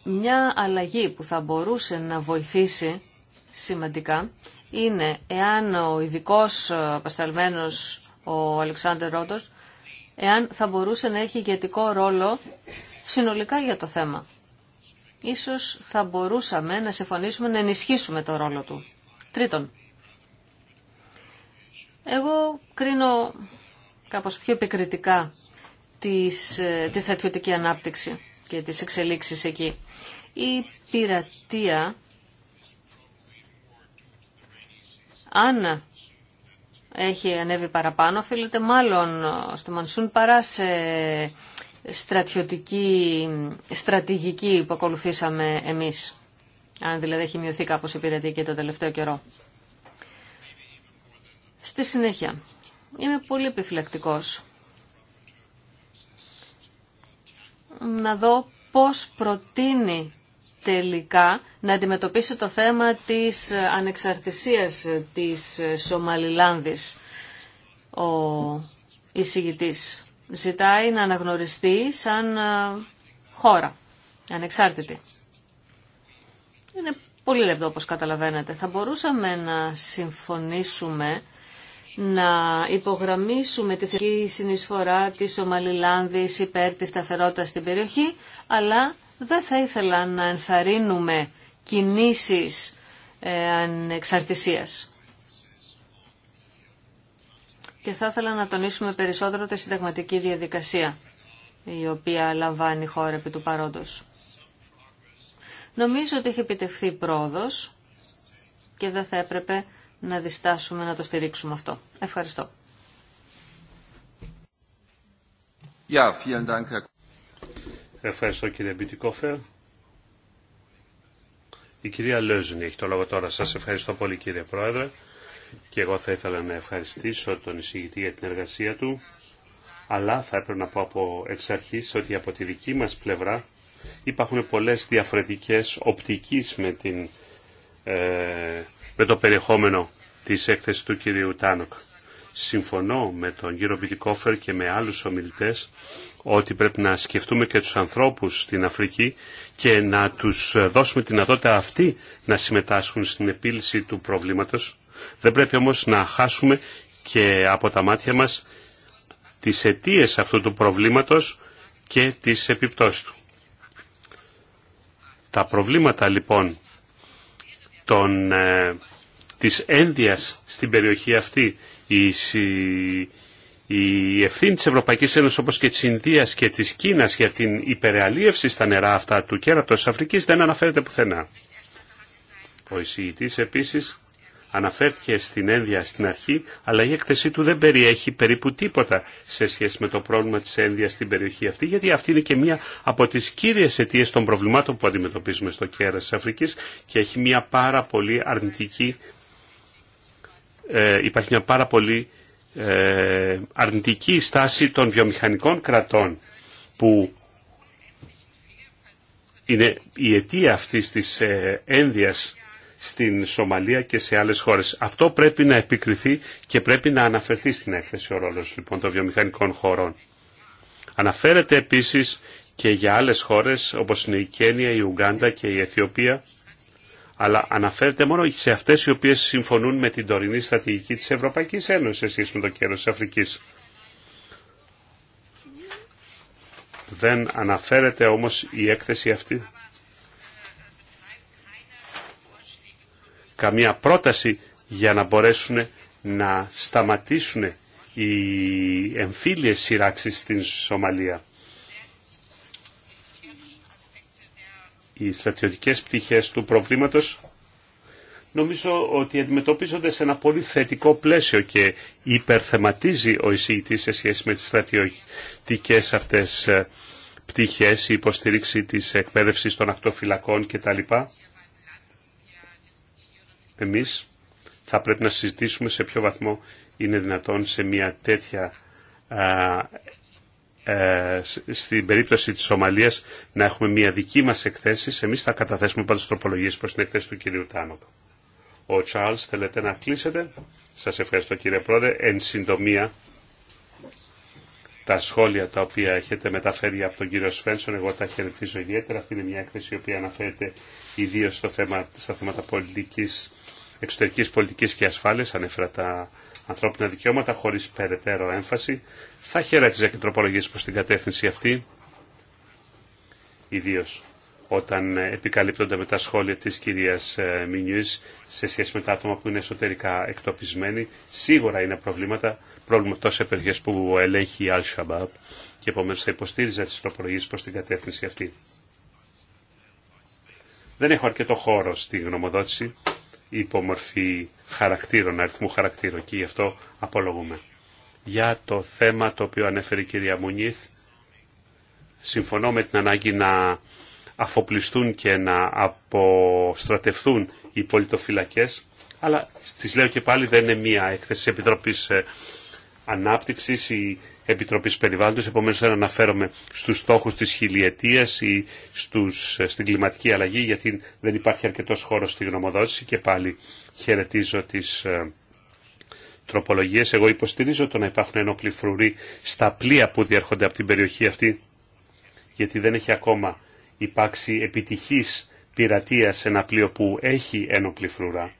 Μια αλλαγή που θα μπορούσε να βοηθήσει σημαντικά είναι εάν ο ειδικό απεσταλμένος ο Αλεξάνδρ Ρότος εάν θα μπορούσε να έχει ηγετικό ρόλο συνολικά για το θέμα ίσως θα μπορούσαμε να συμφωνήσουμε να ενισχύσουμε το ρόλο του. Τρίτον, εγώ κρίνω κάπως πιο επικριτικά της, ε, τη στρατιωτική ανάπτυξη και τις εξελίξεις εκεί. Η πειρατεία, αν έχει ανέβει παραπάνω, οφείλεται μάλλον στο Μανσούν παρά σε στρατιωτική στρατηγική που ακολουθήσαμε εμείς. Αν δηλαδή έχει μειωθεί κάπως η πυρετή και το τελευταίο καιρό. Στη συνέχεια, είμαι πολύ επιφυλακτικός να δω πώς προτείνει τελικά να αντιμετωπίσει το θέμα της ανεξαρτησίας της Σομαλιλάνδης ο εισηγητής ζητάει να αναγνωριστεί σαν ε, χώρα, ανεξάρτητη. Είναι πολύ λεπτό όπως καταλαβαίνετε. Θα μπορούσαμε να συμφωνήσουμε να υπογραμμίσουμε τη θετική συνεισφορά της Σομαλιλάνδης υπέρ της σταθερότητας στην περιοχή, αλλά δεν θα ήθελα να ενθαρρύνουμε κινήσεις ε, ανεξαρτησίας. Και θα ήθελα να τονίσουμε περισσότερο τη συνταγματική διαδικασία η οποία λαμβάνει η χώρα επί του παρόντος. Νομίζω ότι έχει επιτευχθεί πρόοδος και δεν θα έπρεπε να διστάσουμε να το στηρίξουμε αυτό. Ευχαριστώ. vielen Dank. Ευχαριστώ κύριε Μπιτικόφερ. Η κυρία Λέζιν έχει το λόγο τώρα. Σας ευχαριστώ πολύ κύριε Πρόεδρε και εγώ θα ήθελα να ευχαριστήσω τον εισηγητή για την εργασία του, αλλά θα έπρεπε να πω από εξ αρχής ότι από τη δική μας πλευρά υπάρχουν πολλές διαφορετικές οπτικές με, την, ε, το περιεχόμενο της έκθεσης του κυρίου Τάνοκ. Συμφωνώ με τον κύριο Μπιτικόφερ και με άλλους ομιλητές ότι πρέπει να σκεφτούμε και τους ανθρώπους στην Αφρική και να τους δώσουμε τη δυνατότητα αυτή να συμμετάσχουν στην επίλυση του προβλήματος δεν πρέπει όμως να χάσουμε και από τα μάτια μας τις αιτίες αυτού του προβλήματος και τις επιπτώσεις του. Τα προβλήματα λοιπόν των, ε, της ένδυας στην περιοχή αυτή, η, η ευθύνη της Ευρωπαϊκής Ένωσης όπως και της Ινδίας και της Κίνας για την υπερεαλίευση στα νερά αυτά του κέρατος της Αφρικής δεν αναφέρεται πουθενά. Ο εισηγητής επίσης αναφέρθηκε στην ένδια στην αρχή, αλλά η έκθεσή του δεν περιέχει περίπου τίποτα σε σχέση με το πρόβλημα της ένδια στην περιοχή αυτή, γιατί αυτή είναι και μία από τις κύριες αιτίες των προβλημάτων που αντιμετωπίζουμε στο κέρας της Αφρικής και έχει μία πάρα πολύ αρνητική, ε, υπάρχει μία πάρα πολύ ε, αρνητική στάση των βιομηχανικών κρατών που είναι η αιτία αυτής της ε, ένδυας στην Σομαλία και σε άλλες χώρες. Αυτό πρέπει να επικριθεί και πρέπει να αναφερθεί στην έκθεση ο ρόλος λοιπόν, των βιομηχανικών χωρών. Αναφέρεται επίσης και για άλλες χώρες όπως είναι η Κένια, η Ουγγάντα και η Αιθιοπία αλλά αναφέρεται μόνο σε αυτές οι οποίες συμφωνούν με την τωρινή στρατηγική της Ευρωπαϊκής Ένωσης σε με το κέντρο της Αφρικής. Δεν αναφέρεται όμως η έκθεση αυτή καμία πρόταση για να μπορέσουν να σταματήσουν οι εμφύλιες σειράξεις στην Σομαλία. Οι στρατιωτικές πτυχές του προβλήματος νομίζω ότι αντιμετωπίζονται σε ένα πολύ θετικό πλαίσιο και υπερθεματίζει ο εισηγητής σε σχέση με τις στρατιωτικές αυτές ε, πτυχές, η υποστήριξη της εκπαίδευσης των ακτοφυλακών κτλ. Εμείς θα πρέπει να συζητήσουμε σε ποιο βαθμό είναι δυνατόν σε μια τέτοια α, ε, στην περίπτωση της Σομαλίας να έχουμε μια δική μας εκθέση. Εμείς θα καταθέσουμε πάντως τροπολογίες προς την εκθέση του κυρίου Τάνοκ. Ο Τσάρλς θέλετε να κλείσετε. Σας ευχαριστώ κύριε Πρόεδρε. Εν συντομία τα σχόλια τα οποία έχετε μεταφέρει από τον κύριο Σφένσον, εγώ τα χαιρετίζω ιδιαίτερα. Αυτή είναι μια έκθεση η οποία αναφέρεται ιδίω στα θέματα πολιτικής Εξωτερική πολιτική και ασφάλεια ανέφερα τα ανθρώπινα δικαιώματα χωρί περαιτέρω έμφαση. Θα χαιρέτησα και τροπολογίες προ την κατεύθυνση αυτή, ιδίω όταν επικαλύπτονται με τα σχόλια της κυρίας ε, Μινιούς σε σχέση με τα άτομα που είναι εσωτερικά εκτοπισμένοι. Σίγουρα είναι προβλήματα, πρόβλημα τόσο περιοχέ που ελέγχει η Al-Shabaab και επομένως θα υποστήριζα τις τροπολογίες προς την κατεύθυνση αυτή. Δεν έχω αρκετό χώρο στη γνωμοδότηση υπομορφή χαρακτήρων, αριθμού χαρακτήρων και γι' αυτό απολογούμε. Για το θέμα το οποίο ανέφερε η κυρία Μουνίθ, συμφωνώ με την ανάγκη να αφοπλιστούν και να αποστρατευθούν οι πολιτοφυλακές, αλλά τις λέω και πάλι δεν είναι μία έκθεση Επιτροπής ε, Ανάπτυξης Επιτροπής Περιβάλλοντος. Επομένως δεν αναφέρομαι στους στόχους της χιλιετίας ή στους, ε, στην κλιματική αλλαγή γιατί δεν υπάρχει αρκετός χώρος στη γνωμοδότηση και πάλι χαιρετίζω τις ε, τροπολογίες. Εγώ υποστηρίζω το να υπάρχουν ενόπλοι φρουροί στα πλοία που διέρχονται από την περιοχή αυτή γιατί δεν έχει ακόμα υπάρξει επιτυχής πειρατεία σε ένα πλοίο που έχει ένοπλη φρουρά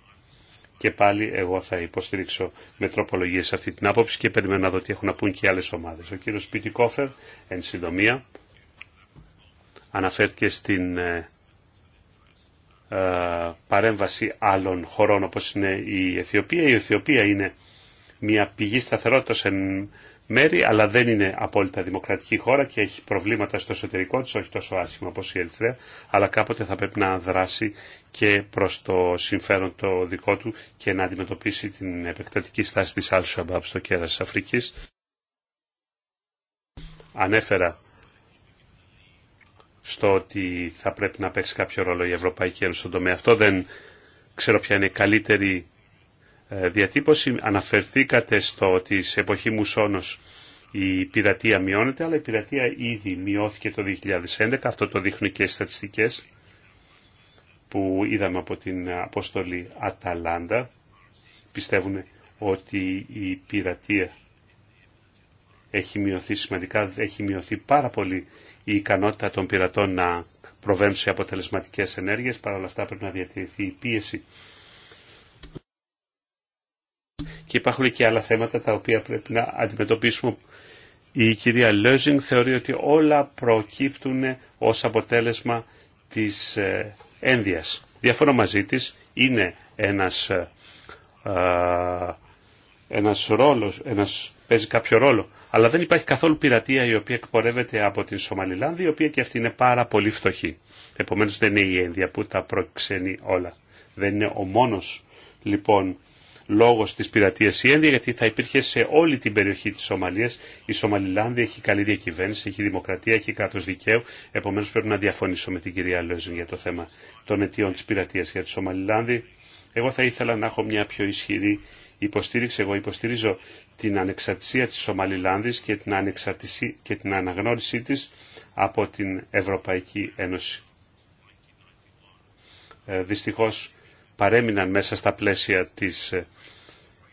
και πάλι εγώ θα υποστηρίξω με τροπολογίε αυτή την άποψη και περιμένω να δω τι έχουν να πούν και άλλε ομάδε. Ο κύριο Κόφερ, εν συντομία, αναφέρθηκε στην ε, ε παρέμβαση άλλων χωρών όπω είναι η Αιθιοπία. Η Αιθιοπία είναι μια πηγή σταθερότητα. εν μέρη, αλλά δεν είναι απόλυτα δημοκρατική χώρα και έχει προβλήματα στο εσωτερικό της, όχι τόσο άσχημα όπως η Ερυθρέα, αλλά κάποτε θα πρέπει να δράσει και προς το συμφέρον το δικό του και να αντιμετωπίσει την επεκτατική στάση της Άλσου Shabaab στο κέρας της Αφρικής. Ανέφερα στο ότι θα πρέπει να παίξει κάποιο ρόλο η Ευρωπαϊκή Ένωση στον τομέα αυτό. Δεν ξέρω ποια είναι η καλύτερη ε, διατύπωση αναφερθήκατε στο ότι σε εποχή μουσόνος η πειρατεία μειώνεται, αλλά η πειρατεία ήδη μειώθηκε το 2011, αυτό το δείχνουν και οι στατιστικές που είδαμε από την αποστολή Αταλάντα. Πιστεύουμε ότι η πειρατεία έχει μειωθεί σημαντικά, έχει μειωθεί πάρα πολύ η ικανότητα των πειρατών να προβαίνουν αποτελεσματικές ενέργειες, παρά όλα αυτά πρέπει να διατηρηθεί η πίεση και υπάρχουν και άλλα θέματα τα οποία πρέπει να αντιμετωπίσουμε. Η κυρία Λέζινγκ θεωρεί ότι όλα προκύπτουν ως αποτέλεσμα της ε, ένδυας. Διαφωνώ μαζί της, είναι ένας, ε, ε, ένας ρόλος, ένας, παίζει κάποιο ρόλο. Αλλά δεν υπάρχει καθόλου πειρατεία η οποία εκπορεύεται από την Σομαλιλάνδη, η οποία και αυτή είναι πάρα πολύ φτωχή. Επομένως δεν είναι η ένδια που τα προξενεί όλα. Δεν είναι ο μόνος λοιπόν λόγος της πειρατείας η Ένδια, γιατί θα υπήρχε σε όλη την περιοχή της Σομαλίας. Η Σομαλιλάνδη έχει καλή διακυβέρνηση, έχει δημοκρατία, έχει κάτω δικαίου. Επομένως πρέπει να διαφωνήσω με την κυρία Λόζιν για το θέμα των αιτιών της πειρατείας για τη Σομαλιλάνδη. Εγώ θα ήθελα να έχω μια πιο ισχυρή υποστήριξη. Εγώ υποστηρίζω την ανεξαρτησία της Σομαλιλάνδης και την, και την αναγνώρισή της από την Ευρωπαϊκή Ένωση. Ε, παρέμειναν μέσα στα πλαίσια της ε,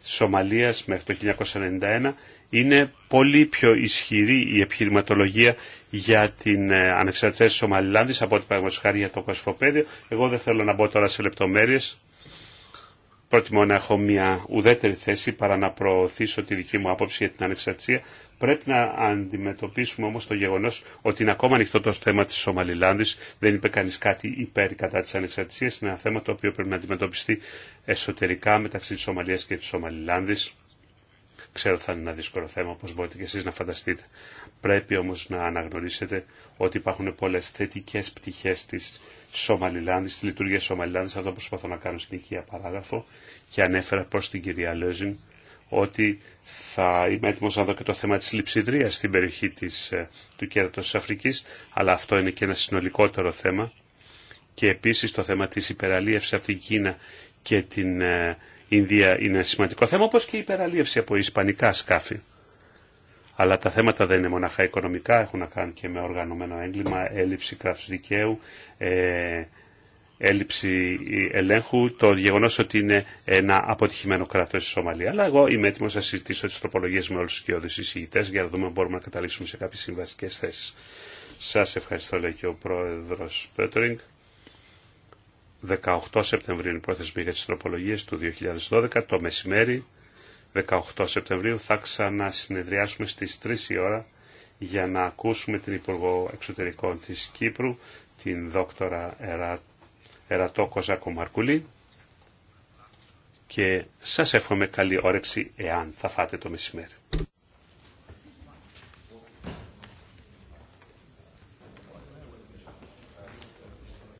Σομαλίας μέχρι το 1991 είναι πολύ πιο ισχυρή η επιχειρηματολογία για την ε, ανεξαρτησία της Σομαλιλάνδης από την παραγματικά για το Κοσφοπέδιο. Εγώ δεν θέλω να μπω τώρα σε λεπτομέρειες προτιμώ να έχω μια ουδέτερη θέση παρά να προωθήσω τη δική μου άποψη για την ανεξαρτησία. Πρέπει να αντιμετωπίσουμε όμως το γεγονός ότι είναι ακόμα ανοιχτό το θέμα της Σομαλιλάνδης. Δεν είπε κανείς κάτι υπέρ κατά της ανεξαρτησίας. Είναι ένα θέμα το οποίο πρέπει να αντιμετωπιστεί εσωτερικά μεταξύ της Σομαλίας και της Σομαλιλάνδης. Ξέρω θα είναι ένα δύσκολο θέμα όπως μπορείτε και εσείς να φανταστείτε. Πρέπει όμως να αναγνωρίσετε ότι υπάρχουν πολλές θετικές πτυχές της Σομαλιλάνδης, της λειτουργίας Σομαλιλάνδης, αυτό που προσπαθώ να κάνω στην οικία παράγραφο και ανέφερα προς την κυρία Λέζιν ότι θα είμαι έτοιμο να δω και το θέμα της λειψιδρίας στην περιοχή της, ε, του κέρατος της Αφρικής, αλλά αυτό είναι και ένα συνολικότερο θέμα και επίσης το θέμα της υπεραλίευσης από την Κίνα και την ε, Ινδία είναι σημαντικό θέμα, όπως και η υπεραλίευση από ισπανικά σκάφη. Αλλά τα θέματα δεν είναι μοναχά οικονομικά, έχουν να κάνουν και με οργανωμένο έγκλημα, έλλειψη κράτους δικαίου, ε, έλλειψη ελέγχου, το γεγονό ότι είναι ένα αποτυχημένο κράτο η Σομαλία. Αλλά εγώ είμαι έτοιμο να συζητήσω τι τροπολογίε με όλου του κοιόδου εισηγητέ για να δούμε αν μπορούμε να καταλήξουμε σε κάποιε συμβαστικέ θέσει. Σα ευχαριστώ, λέει και ο πρόεδρο Πέτρινγκ. 18 Σεπτεμβρίου είναι η πρόθεσμη για τι τροπολογίε του 2012 το μεσημέρι. 18 Σεπτεμβρίου θα ξανασυνεδριάσουμε στις 3 η ώρα για να ακούσουμε την Υπουργό Εξωτερικών της Κύπρου, την Δόκτωρα Ερατό Κοζάκο Μαρκουλή και σας εύχομαι καλή όρεξη εάν θα φάτε το μεσημέρι.